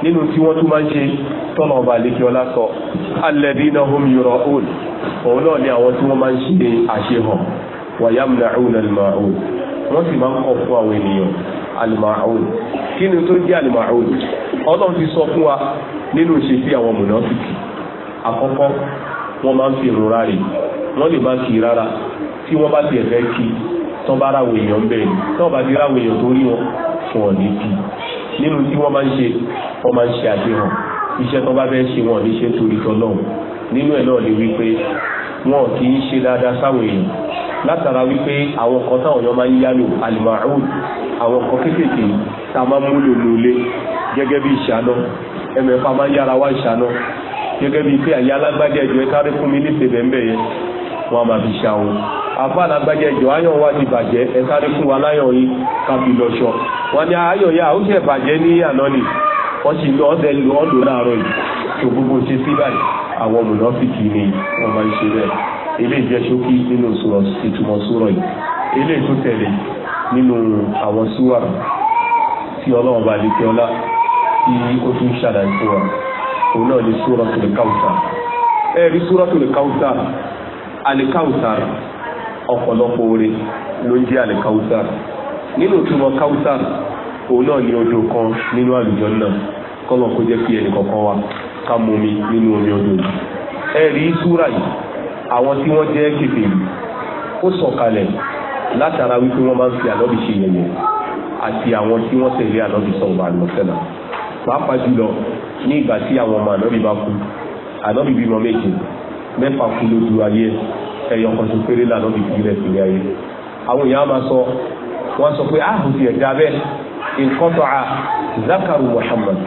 nínú tí wọ́n tún máa ń ṣe tọ́nà ọba lékè ọlá sọ alladhina hum yura'un òun náà ni àwọn tí wọ́n máa ń ṣe àṣehàn wa yamna'una al wọ́n sì máa ń rárá tí wọ́n bá tiẹ̀ fẹ́ kí tán bá ráwọ èèyàn bẹ́ẹ̀ ni tán bá ti ráwọ èèyàn tó rí wọn fún ọ̀ létí nínú tí wọ́n máa ń ṣe wọ́n máa ń ṣe àdéhùn iṣẹ́ tán bá fẹ́ ṣe wọn ní ṣe torí tọ́lọ́hùn nínú ẹ̀ náà ni wípé wọn kì í ṣe dáadáa sáwọn èèyàn látara wípé àwọn kan táwọn èèyàn máa ń yálò alimaud àwọn kan kéékèèké tá a máa ń múlò lólé gẹ́gẹ́ bí ìṣáná ẹ̀mẹ̀fà máa ń yára wá ìṣáná gẹ́gẹ́ bí pé àyà alágbájá ẹ̀jọ̀ ẹ̀ fún mi ní ìṣèbẹ̀ yẹn wọ́n á máa fi ṣàwọn àfa làgbàjẹ jọ ayọ̀ wa ti bàjẹ́ ẹ sáré fún wa láyọ̀ yìí kábí lọ́ṣọ wọn ni ayọ̀ yà ó ṣe bàjẹ́ ní àná ni wọ́n sì lọ ọdẹ lu ọ́ láàárọ̀ yìí tó gbogbo ṣe sí báyìí àwọn isere ni wọ́n máa ń ṣe bẹ́ẹ̀ ilé ìjẹ́ ṣókí nínú ìtumọ̀ yìí ilé tẹ̀lé nínú àwọn súwà tí ọlọ́run bá tí ọ̀pọ̀lọpọ̀ oore ló ń jẹ́ àlè Kausar nínú ìtumọ̀ Kausar òun náà ni odò kan nínú àlùjọ náà kọ́lọ̀ kó jẹ́ kí ẹnì kọ̀ọ̀kan wa ká mu mi nínú omi odò yìí ẹ rí súrà yìí àwọn tí wọ́n jẹ́ kébè yìí ó sọ̀kalẹ̀ látara wípé wọ́n máa ń fi ànábì ṣe yẹ̀yẹ̀ àti àwọn tí wọ́n tẹ̀lé ànábì sọ̀rọ̀ àlùmọ̀sẹ́nà pàápàá jùlọ ní ìgbà tí àwọn ọmọ ànábì bá kú ànábì bímọ méje mẹ́fà kú lójú ayé ẹ̀yọ̀ kan tó péré là lọ́bi ìpínlẹ̀ ìpínlẹ̀ ayé àwọn èèyàn máa sọ wọ́n sọ pé ààrùn ah, ti ẹ̀dá bẹ́ẹ̀ nǹkan tó a zakaru muhammad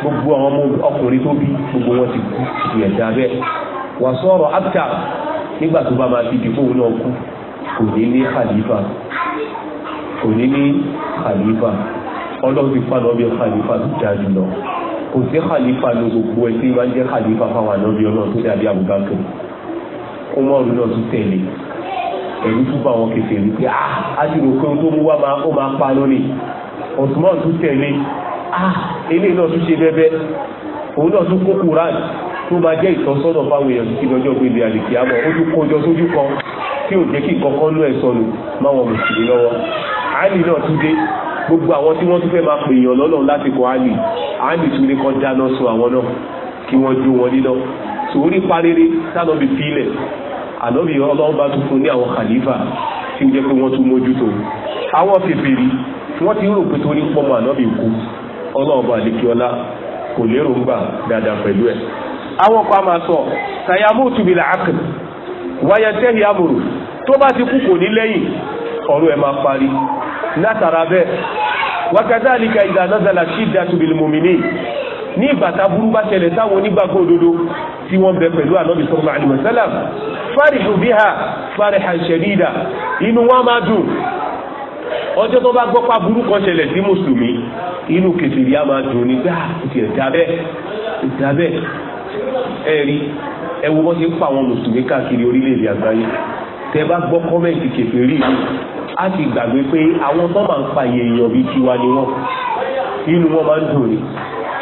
gbogbo àwọn ọmọ ọkùnrin tó bí gbogbo wọn ti kú ti ẹ̀dá bẹ́ẹ̀ wà sọ̀rọ̀ abta nígbà tó bá máa fi dìbò náà kú kò ní ní khalifa kò ní ní khalifa ọlọ́run ti fànà ọbẹ̀ khalifa tó jáde lọ kò sí khalifa ló gbogbo ẹ tí wọ́n jẹ́ khalifa fáwọn ànábì Umaru náà tún tẹ̀lé ẹ̀rú tún bá wọn kẹfẹ́ rí pé ah ajúrò pé ohun tó mú wá máa ó máa pa lónìí Usman tún tẹ̀lé ah eléyìí náà tún ṣe bẹ́bẹ́ òun náà tún kó Quran tó máa jẹ́ ìtọ́sọ́nà fáwọn èèyàn títí lọ́jọ́ gbélé àlèkè àmọ́ ó tún kójọ sójú kan tí ò jẹ́ kí kankan ló ẹ̀ sọnù máa wọn mùsùlùmí lọ́wọ́ àìlì náà tún dé gbogbo àwọn tí wọ́n tún fẹ́ máa pèèyàn lọ́lọ́run lásìkò àìlì àìlì tún lè kọ́ dáná sun àwọn náà kí wọ́n jó wọn níná sòórí parere tánàbí filẹ̀ ànábì ọlọ́run bá tún fún ní àwọn khalifa tí ó jẹ́ pé wọ́n tún mójútó àwọn fèfèrè wọ́n ti rò pé torí pọ́mọ ànábì kú ọlọ́run bá lè kí ọlá kò lérò ń gbà dáadáa pẹ̀lú ẹ̀ àwọn kan máa sọ sàyàmú tùbìlà àkàn wáyà tẹ́hì àmùrù tó bá ti kú kò ní lẹ́yìn ọ̀rọ̀ ẹ̀ máa parí látara bẹ́ẹ̀ wákàtí àlìkà ìdáná ní ìbàtà burú bá ṣẹlẹ̀ sáwọn onígbàgbọ́ òdodo tí wọ́n bẹ pẹ̀lú ànábì sallallahu alaihi wasallam farihu biha farihan shadida inú wọn máa dùn ọjọ́ tó bá gbọ́ pa burú kan ṣẹlẹ̀ sí mùsùlùmí inú kẹfìrí a máa dùn nígbà tí ẹ̀dá bẹ́ẹ̀ ẹ̀dá bẹ́ẹ̀ ẹ̀rí ẹ̀wọ̀n bọ́ ṣe ń pa àwọn mùsùlùmí káàkiri orílẹ̀-èdè àgbáyé tẹ bá gbọ́ kọ́mẹ̀ntì kẹfìrí yìí a ti gbàgbé pé àwọn tó máa ń pa èèyàn bíi tiwa ni wọ́n inú wọn máa ń dùn ni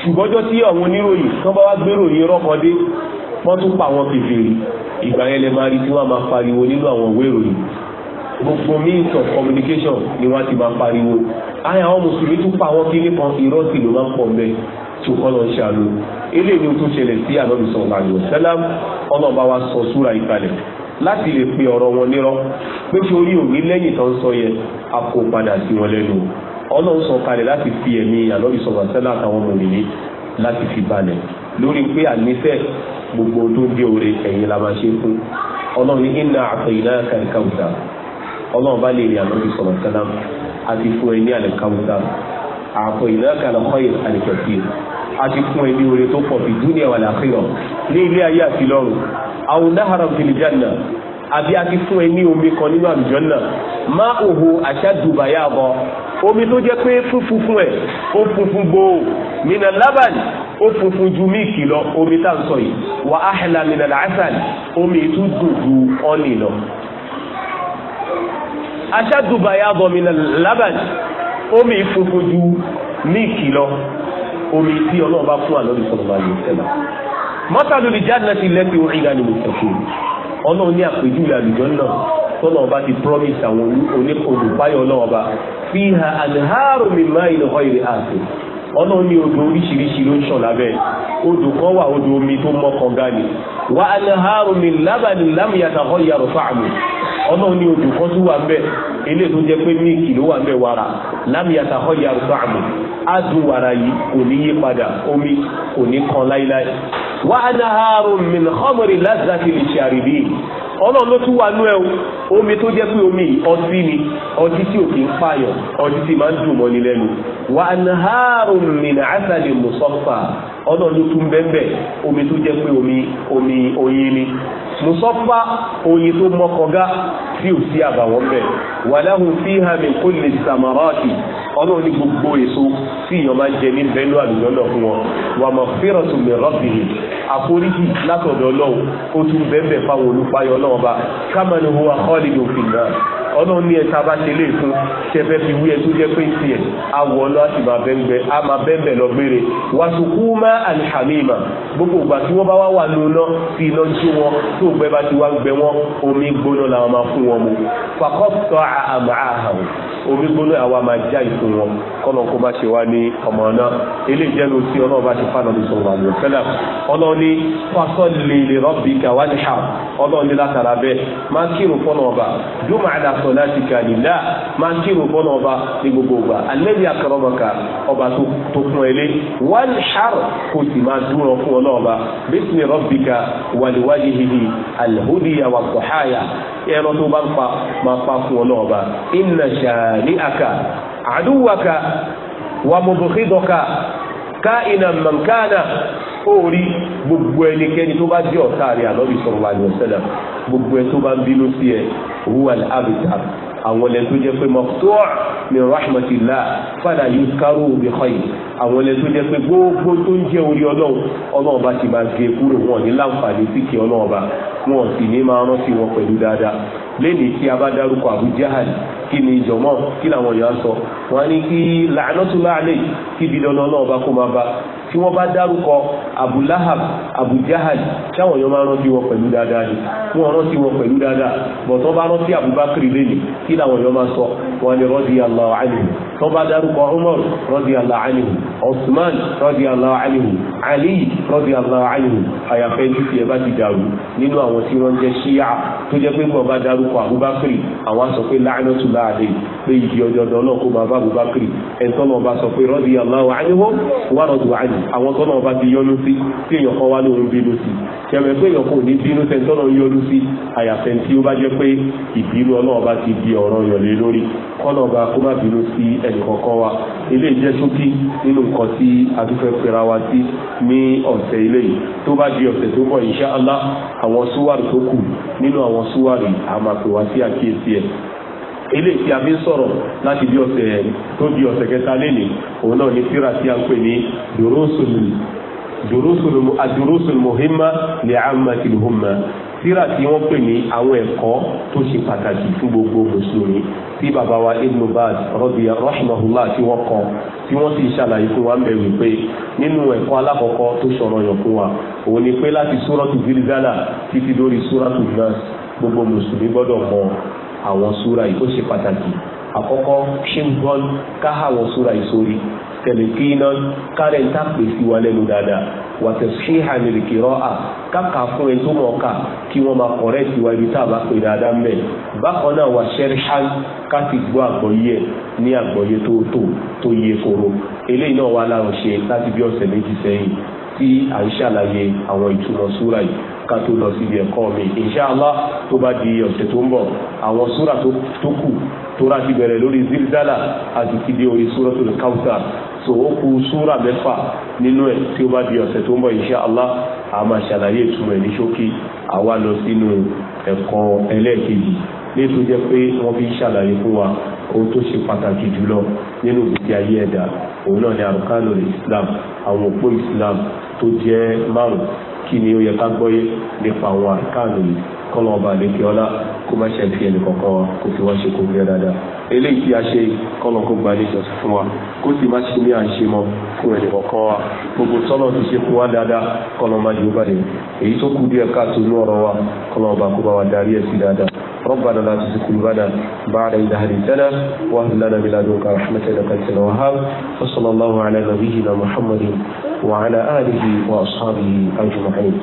ṣùgbọ́jọ́ tí àwọn oníròyìn tó bá wá gbérò yìí rọ́kọdé wọ́n tún pa àwọn kèfèrè ìgbà yẹn lè máa rí tí wọ́n máa pariwo nínú àwọn ìwé ìròyìn gbogbo means of communication ni wọ́n ti máa pariwo àyà àwọn mùsùlùmí tún pa àwọn kíní kan irọ́ sì ló máa ń pọ̀ mẹ́ tó kọ́ lọ ṣe àlò eléyìí tó ṣẹlẹ̀ sí ànábì sọ̀rọ̀ àjọ sẹ́lám ọ̀nà bá wa sọ súra ìkalẹ̀ láti lè pe ọ̀rọ̀ wọn nírọ́ pé ṣe orí òní lẹ́yìn tó ń sọ yẹn àpò padà sí wọn lẹ́nu ọlọ́run sọ kalẹ̀ láti fi ẹ̀mí àlọ́bí sọ̀rọ̀ sẹ́lá àtàwọn ọmọ ìlú láti fi balẹ̀ lórí pé àníṣe gbogbo tó dé oore ẹ̀yìn la máa ṣe fún ọlọ́run ní iná àtọ̀yìnà kàríkàwùtà ọlọ́run bá lè rí àlọ́bí sọ̀rọ̀ sẹ́lá àti fún ẹni àlẹ́kàwùtà àtọ̀yìnà kàlọ́kọ́yìn àlẹ́kẹ̀sì àti fún ẹni oore tó pọ̀ fi dúnìyà wà láàkírọ̀ ní ilé ayé àti lọ́run àwọn náhàrà fìlìjánà àbí a ti fún ẹni omi kan nínú àlùjọ náà má òhun àṣàdùbàyà bọ omi tó jẹ́ pé funfun fún ẹ̀ ó funfun gbòò mina laban ó funfun ju míìkì lọ omi tá à sọ yìí wà á hẹlà mina laasan, omi tó dùn ju ọ́nì lọ. aṣáàdùbàyà bọ̀ mina laban omi funfun ju míìkì lọ omi tí ọlọ́ọ̀bá fún àlọ́ ìsọ̀rọ̀ bá yẹ sẹ́la. mọ́tàlú lè jáde láti lẹ́pẹ́ orí ìdánimọ̀ ìsọ̀kùnrin ọlọ́run ní àpèjúwe àlùjọ náà tọ́nà ọba ti promise àwọn olùpáyọ̀ ọlọ́run ọba fi ha anharu mi máa ilẹ̀ ọ̀ ìrẹ̀ àti ọlọ́run ní odò oríṣiríṣi ló ń ṣàn lábẹ́ odò kan wà odò omi tó mọ́ kan gáni wa anharu mi lábàlì lámìyàtà ọ̀ yàrá fáàmù ọlọ́run ní odò kan tó wà mbẹ eléyìí tó jẹ́ pé míìkì ló wà mbẹ wàrà lámìyàtà họ́ yàrá tó àmì adùn wàrà yìí kò ní yí padà omi kò ní kan láíláí. wà á nà ààrùn min khamri lazati li sharibin ọlọ́run ló tún wà nú ẹ o omi tó jẹ́ pé omi ọtí ni ọtí tí ò kì í pààyàn ọtí tí máa ń dùn mọ́ni lẹ́nu wà á nà ààrùn min asalin musaffa ọlọ́run ló tún bẹ́ẹ̀ omi tó jẹ́ pé omi omi oyin ni musọ́fà oyin tó mọ́kọ̀gá tí ò sí àbàwọ́n bẹ̀ wàláhùn fi hàmì kó lè sàmàrààtì ọlọ́run ní gbogbo èso tí ìyàn máa jẹ ní bẹ́ẹ̀lú àlùjọ náà fún wọn wà mọ̀ fírọ̀tù mi rọ́bìnrin àforíjì látọ̀dọ̀ ọlọ́run ó tún bẹ́ẹ̀ fáwọn olùpayọ̀ náà bá kámẹ́nu wa kọ́lìdò fìlà ọlọ́run ní ẹ̀ta bá ṣe lè fún ṣẹfẹ́ fi wí ẹ tó jẹ́ pé tiẹ̀ awọ ọlọ́ àti màbẹ́ńbẹ́ máa bẹ́ẹ̀ lọ gbére wàsùkú má alhamima gbogbo ìgbà tí wọ́n bá wá wà lóná tí iná jó wọn tó gbẹ bá ti wá gbẹ wọn omi gbóná làwọn máa fún wọn mu fàkọ́tọ̀ àmà àhàwò omi gbóná àwa máa já ìfún wọn kọ́nà kó má ṣe wá ní ọmọ náà eléyìí jẹ́nu tí ọlọ́run bá ti fánà ní sọ̀rọ̀ àwọn òṣèlú ọlọ́run ní fásọ́ lè lè rọ́bì kàwá ní ṣà ọlọ́run ní látara bẹ́ẹ̀ máa kírun fọ́nà ọba dúmọ̀ àdàsọ̀ láti kà nílá máa kírun fọ́nà ọba ní gbogbo ọba alẹ́bí kó sì máa dúró fún ọ náà ba bísí rọ́bìkà wàlíwájú hihi alhudiya wà kọ̀háyà ẹran tó bá ń pa máa pa fún ọ náà ba iná ṣàní àkà àdúwàkà wà mọ̀bùkídọ̀kà ká iná mọ̀nkánà orí gbogbo ẹnikẹ́ni tó bá jẹ́ ọ̀tá rẹ̀ àlọ́bì wà ní ọ̀sẹ̀lẹ̀ gbogbo ẹ tó bá ń bínú sí ẹ wúwà ní abidjan àwọn lẹ tó jẹ́ pé mọ̀tò ní rahmatillah fàdà yìí kárò bí kọ́yì àwọn lẹ tó jẹ́ pé gbogbo tó ń jẹ́ orí ọlọ́run ọlọ́run bá ti máa gé e kúrò wọn ní láǹfààní sí kí ọlọ́run bá wọn sì ní máa rántí wọn pẹ̀lú dáadáa lẹ́ni tí a bá dárúkọ Abu Jahal kí ni ìjọmọ́ kí làwọn èèyàn sọ wọn ní kí la'natullah alayhi kí bí dandan náà bá kó máa bá tí wọ́n bá dárúkọ Abu Lahab Abu Jahal táwọn èèyàn máa rántí wọn pẹ̀lú dáadáa ni wọ́n rántí wọn pẹ̀lú dáadáa bọ̀tán bá rántí Abubakar lẹ́nu kí làwọn èèyàn máa sọ wọn ni radiyallahu anhu tó bá dárúkọ Umar radiyallahu anhu Osman radiyallahu anhu Ali radiyallahu anhu àyàfẹ́ ní tiẹ̀ bá ti dàrú nínú àwọn tí wọ́n jẹ́ ṣíyà tó jẹ́ pé bọ̀ bá dárúkọ Abubakar àwọn sọ pé la'natullah àwọn tọ́nà ọba ti yọ́nú sí tí èèyàn kan wá lóun bínú sí ṣẹ̀mẹ̀ pé èèyàn kò ní bínú sẹ́ tọ́nà yọ́nú sí àyàfẹ́ tí ó bá jẹ́ pé ìbínú ọlọ́ọ̀ba ti di ọ̀rọ̀ yọ̀lé lórí kọ́nà ọba kó má bínú sí ẹnìkọ̀ọ̀kan wa ilé jẹ́ ṣókí nínú nǹkan tí a pera wa sí ní ọ̀sẹ̀ ilé yìí tó bá di ọ̀sẹ̀ tó bọ̀ insha Allah àwọn súwárì tó kù nínú àwọn súwárì àmàpè sí àkíyèsí ẹ̀ eléyìí tí a fi ń sọ̀rọ̀ láti bí ọ̀sẹ̀ tó di ọ̀sẹ̀ kẹta lénìí òun náà ni tírà tí a ń pè ní durusul muhimma li ammatil umma tírà tí wọ́n pè ní àwọn ẹ̀kọ́ tó ṣe pàtàkì fún gbogbo mùsùlùmí tí bàbá wa ibn baz rọ́bìyà rahimahullah tí wọ́n kọ tí wọ́n sì ṣàlàyé fún wa ń bẹ̀rù pé nínú ẹ̀kọ́ alákọ̀ọ́kọ́ tó sọ̀rọ̀ yàn fún wa òun ni pé láti súrọ́tù zilzala títí lórí súrọ́tù nas gbogbo mùsùlùmí gbọ́dọ̀ mọ̀ àwọn súra yìí ó ṣe pàtàkì àkọ́kọ́ ṣíngọ́n káhà àwọn súra yìí sórí tẹ̀lẹ̀kínà kárẹ̀ntà pèsè wa lẹ́nu dáadáa wàtẹ̀síhà nìrìkìrọ́ à káka fún ẹni tó mọ̀ ká kí wọ́n máa kọ̀rẹ́ tiwa ibi tá a bá pè dáadáa ń bẹ̀. bákan náà wà ṣẹ́ríṣán ká ti gbọ́ àgbọ̀yé ní àgbọ̀yé tó tó tó yẹ kóró eléyìí náà wà láwọn láti bí ọ̀sẹ̀ méjì sẹ́yìn tí à ń ṣàlàyé àwọn ìtumọ̀ súra yìí ká tó lọ síbi ẹ̀kọ́ mi inshallah tó bá di ọ̀sẹ̀ tó ń bọ̀ àwọn súra tó kù tó rà ti bẹ̀rẹ̀ lórí zilzala àti ti dé orí suratul Kauthar so ó kù súra mẹ́fà nínú ẹ̀ tí ó bá di ọ̀sẹ̀ tó ń bọ̀ inshallah a máa ṣàlàyé ìtumọ̀ ẹ̀ ní ṣókí àwa lọ sínú ẹ̀kọ́ ẹlẹ́ẹ̀kejì léètò jẹ́ pé wọ́n fi ń ṣàlàyé fún wa ohun tó ṣe pàtàkì jùlọ nínú ìgbésí ayé ẹ̀dá òun náà ni àrùkánù islam àwọn òpó islam tó jẹ́ márùn kí ni ó yẹ ká gbọ́yé nípa àwọn àkáàlù yìí kọ́lọ̀ ọba àlekè ọlá kó má ṣe fi ẹnì kọ̀ọ̀kan wa kó fi wá ṣe kó gbé dáadáa eléyìí tí a ṣe kọ́lọ̀ kó gba níjọ fún wa kó sì má ṣe ní à ń ṣe mọ́ fún ẹnì kọ̀ọ̀kan wa gbogbo sọ́nà ti ṣe fún wa dáadáa kọ́lọ̀ má jù bá dé èyí tó kù díẹ̀ káàtó ní ọ̀rọ̀ wa kọ́lọ̀ ọba kó bá wa darí ẹ̀ sí dáadáa ربنا لا تزغ قلوبنا بعد إذ هديتنا وهب لنا من لدنك رحمة إنك أنت الوهاب وصلى الله على نبينا محمد وعلى آله وأصحابه أجمعين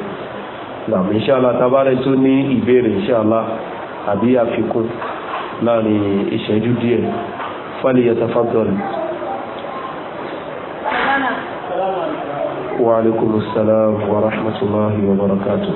نعم إن شاء الله تبارك tó ní إن شاء الله أبي àfikún láàrin ìṣẹ́jú díẹ̀ فليتفضل وعليكم السلام ورحمة الله وبركاته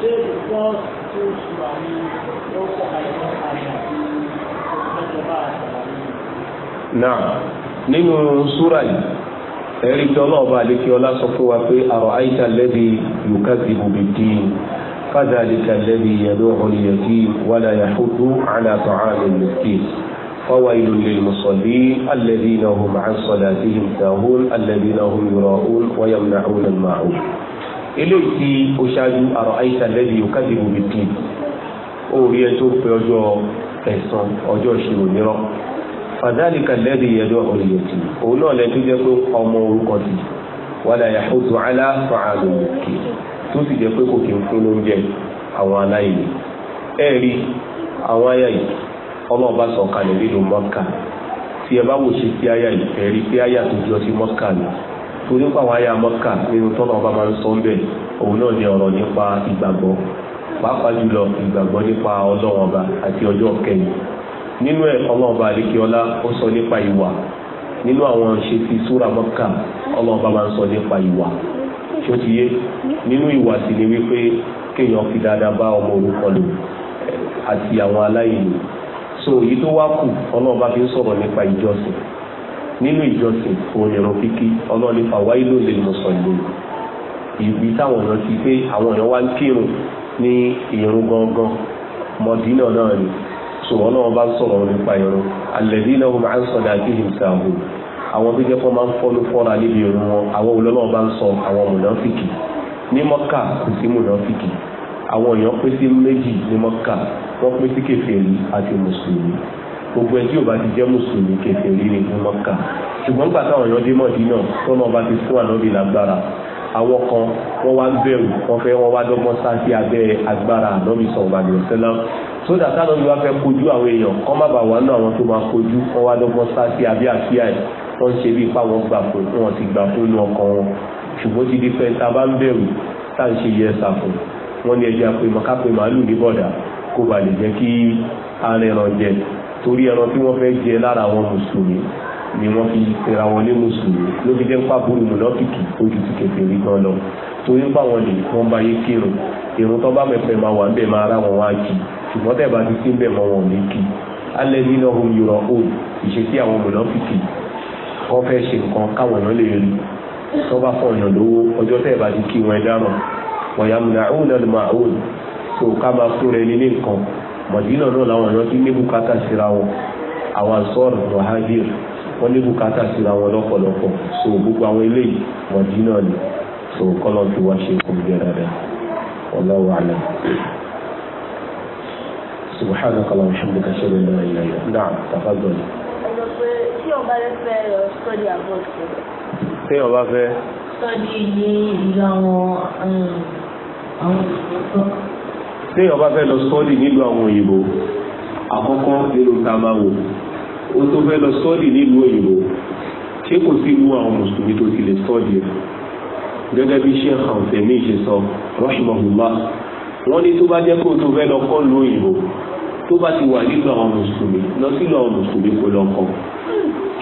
they because those who are in also are not náà nínú súra yìí ẹ̀rí tí ọlọ́ọ̀bá àlékí ọlá sọ fún wa pé àrọ̀ àìsà lẹ́bi yòókà ti bùbí dín fàdàlíkà lẹ́bi yẹ̀dọ̀ ọ̀lẹ́yẹ̀ tí wàlá yàhùdú àlàtọ̀ àmì mẹ́tì فويل للمصلين الذين eléyìí tí ó ṣáájú àrò àìsàn lẹ́bi òkàdìbò bìtì ó rí ẹ tó pé ọjọ́ ẹ̀san ọjọ́ ìṣirò mìíràn fàdálìkà lẹ́bi ẹ̀dọ́ òyìnbó òun náà lẹ́bi jẹ́ pé ọmọ orúkọ ti wàlà yàtọ̀ aláfà àlòkè tó sì jẹ́ pé kò kí n fún oúnjẹ àwọn aláìní ẹ̀rí àwọn ayá yìí ọlọ́ọ̀bá sọ̀kalẹ̀ nínú mọ́kà tí ẹ bá wò ṣe sí torí ó pàwọn ayé amọ́kà nínú tọ́nà ọba máa ń sọ ń bẹ̀ òun náà ni ọ̀rọ̀ nípa ìgbàgbọ́ pàápàá jùlọ ìgbàgbọ́ nípa ọlọ́run ọba àti ọjọ́ kẹyìn nínú ẹ̀ ọlọ́run ọba àlékiọlá ó sọ nípa ìwà nínú àwọn ṣe ti súra mọ́kà ọlọ́run ọba máa ń sọ nípa ìwà ṣó ti yé nínú ìwà sì ni wípé kéèyàn fi dáadáa bá ọmọ orúkọ lò àti àwọn aláìní so èyí tó wá kù ọlọ́run ọba fi ń sọ̀rọ̀ nípa ìjọsìn nínú ìjọsìn òun ìran kíkí ọlọ́run ní fawailu lil musallin ibi táwọn èèyàn ti pé àwọn èèyàn wá ń kírun ní ìrun gangan mọ̀dínà náà ni ṣùgbọ́n náà bá ń sọ̀rọ̀ nípa ìrun alladhina hum an salatihim sahun àwọn tó jẹ́ pé wọ́n máa ń fọ́nú fọ́ra níbi ìrun wọn àwọn olólọ́wọ́ bá ń sọ àwọn mùnáfìkì ní mọ́kà kò sí mùnáfìkì àwọn èèyàn pín sí méjì ní mọ́kà wọ́n pín sí kèfèrí àti mùsùlùmí gbogbo ẹ tí ò bá ti jẹ́ mùsùlùmí kèfèrí ní mọ́kà ṣùgbọ́n nígbà táwọn èèyàn dé mọ̀dínà tó náà bá ti fún ànábì lágbára àwọn kan wọ́n wá ń bẹ̀rù wọ́n fẹ́ wọ́n wá dọ́gbọ́n sá sí abẹ́ agbára ànábì sallallahu alaihi wasallam sódà tánábì wá fẹ́ kojú àwọn èèyàn kọ́ má bàa wà nínú àwọn tó máa kojú wọ́n wá dọ́gbọ́n sá sí abẹ́ àkíyà ẹ̀ wọ́n ṣe bí ipá wọn gbà fún wọn ti gbà fún inú ọkàn wọn ṣùgbọ́n ti di pé bá ń bẹ̀rù tá ń ṣe yẹ ẹ̀sà fún wọn ni ẹ̀jẹ̀ àpè màkà pé màálù ní bọ̀dà kó ba lè jẹ́ kí arẹ́ràn jẹ torí ẹran tí wọ́n fẹ́ jẹ lára àwọn mùsùlùmí ni wọ́n fi tẹ̀ra wọn lé mùsùlùmí ló fi jẹ́ ń pàbórí mùnọ́fìkì ojú ti kẹfẹ́ rí gan lọ torí ń bá wọn lè wọ́n bá yé kírun irun tó bá mẹ́fẹ́ máa wà ń bẹ̀ máa rá wọn wá kí ṣùgbọ́n tẹ̀ bá ti sí ń bẹ̀ wọn ní kí nínú ọ̀hún yọrọ òun ìṣesí àwọn mùnọ́fìkì wọ́n fẹ́ ṣe nǹkan káwọn èèyàn lè rí tó bá fọ̀ ọ̀yàn lówó ọjọ́ tẹ̀ bá ti kí wọn ẹ dáràn wọ̀nyàmùnà òun náà mọ̀dínà náà làwọn èèyàn ti ní bùkátà síra wọn àwọn àǹsọ́ọ̀rù mọ̀hájìr wọ́n wọn so gbogbo awọn eléyìí ni so kọ́lọ́ fi wá ṣe kò ọ dáadáa wallahu a'lam. subhanaka Allahumma wa bihamdika ashhadu an la ilaha illa anta na'am tafaddal. tí téèyàn bá fẹ́ lọ sọ́ọ̀dì nílùú àwọn òyìnbó àkọ́kọ́ nínú ta máa wò ó tó fẹ́ lọ sọ́ọ̀dì nílùú òyìnbó ṣé kò sí mú àwọn mùsùlùmí tó ti lè sọ́ọ̀dì rẹ̀ gẹ́gẹ́ bí sheikh hansemi ṣe sọ rahimahullah wọ́n ní tó bá jẹ́ kó tó fẹ́ lọ kọ́ lu òyìnbó tó bá ti wà nílùú àwọn mùsùlùmí lọ sílùú àwọn mùsùlùmí kò lọ kọ́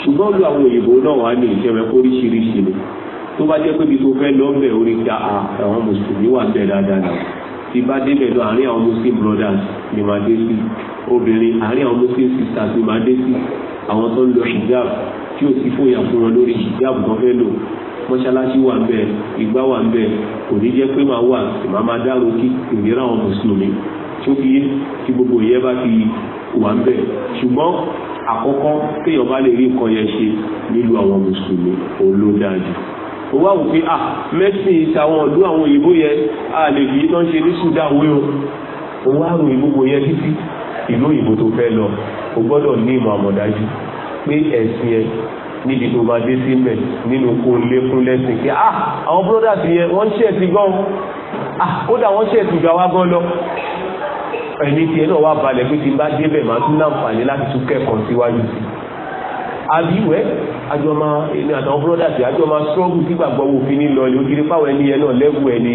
ṣùgbọ́n lu àwọn òyìnbó náà wà ní ìṣẹ̀rẹ̀ oríṣiríṣi ni tó bá jẹ́ pé ibi tó fẹ́ lọ́ọ̀bẹ̀ orí kí ah, ah, àwọn mùsùlùmí wà bẹ́ẹ̀ dáadáa náà tí bá débẹ̀ lọ àárín àwọn muslim brothers ni màá dé sí obìnrin àárín àwọn muslim sisters ni màá dé sí àwọn tó ń lo hijab tí ò sí fòyà fún wọn lórí hijab kan fẹ́ lò mọ́ṣáláṣí wà bẹ́ẹ̀ ìgbà wà bẹ́ẹ̀ kò ní jẹ́ pé màá wà màá máa dárò kí ìlera àwọn mùsùlùmí tó fi yé tí gbogbo ìyẹn bá fi wà bẹ́ẹ̀ ṣùgbọ́n àkọ́kọ́ téèyàn bá lè rí nǹkan yẹn ṣe nílùú àwọn mùsùlùmí òun wá wù pé ah mẹ́sìn ìtàwọn ọ̀dọ́ àwọn òyìnbó yẹn a lè fi tán ṣe ní Sudan wé o wá rò ìgbogbo yẹn títí ìlú òyìnbó tó fẹ́ lọ o gbọ́dọ̀ ní ìmọ̀ àmọ̀dájú pé ẹ̀sìn ẹ̀ níbi tó bá dé sí mẹ́ nínú kó lẹ́sìn kí ah àwọn brothers yẹn wọ́n ṣe ẹ̀sìn gan ah kódà wọ́n ṣe ẹ̀sìn gan wá gan lọ ẹni tiẹ̀ náà wá balẹ̀ pé ti bá débẹ̀ máa tún láǹfààní láti tún kẹ́kọ̀ọ́ síwájú sí i àbí ìwẹ́ àjọ máa èmi àtàwọn brothers àjọ máa struggle sí gbàgbọ́ wo fi ní lọ ní ojúlé fáwọn ẹni yẹn náà lẹ́bù ni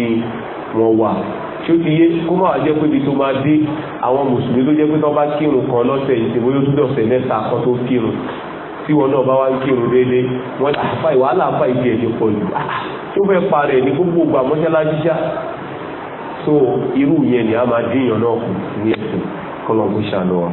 wọ́n wà tí ó ti yé kó máa wà jẹ́ pé ibi tó máa dé àwọn mùsùlùmí ló jẹ́ pé tó bá kírun kan lọ́sẹ̀ yìí tèmi yóò túbọ̀ sẹ̀ mẹ́ta kan tó kírun tí wọn náà bá wá ń kírun déédé wọn ah, àfa ìwàhálà àfa ìdí ẹ̀jẹ̀ pọ̀ jù ah, ah, tó fẹ́ parẹ́ ní gbogbo ògbà mọ́ṣáláṣí ṣá so irú yẹn ni a máa dín ìyàn náà kù ní ẹ̀sìn kọ́lọ́ọ̀bù ṣàlọ́wọ́.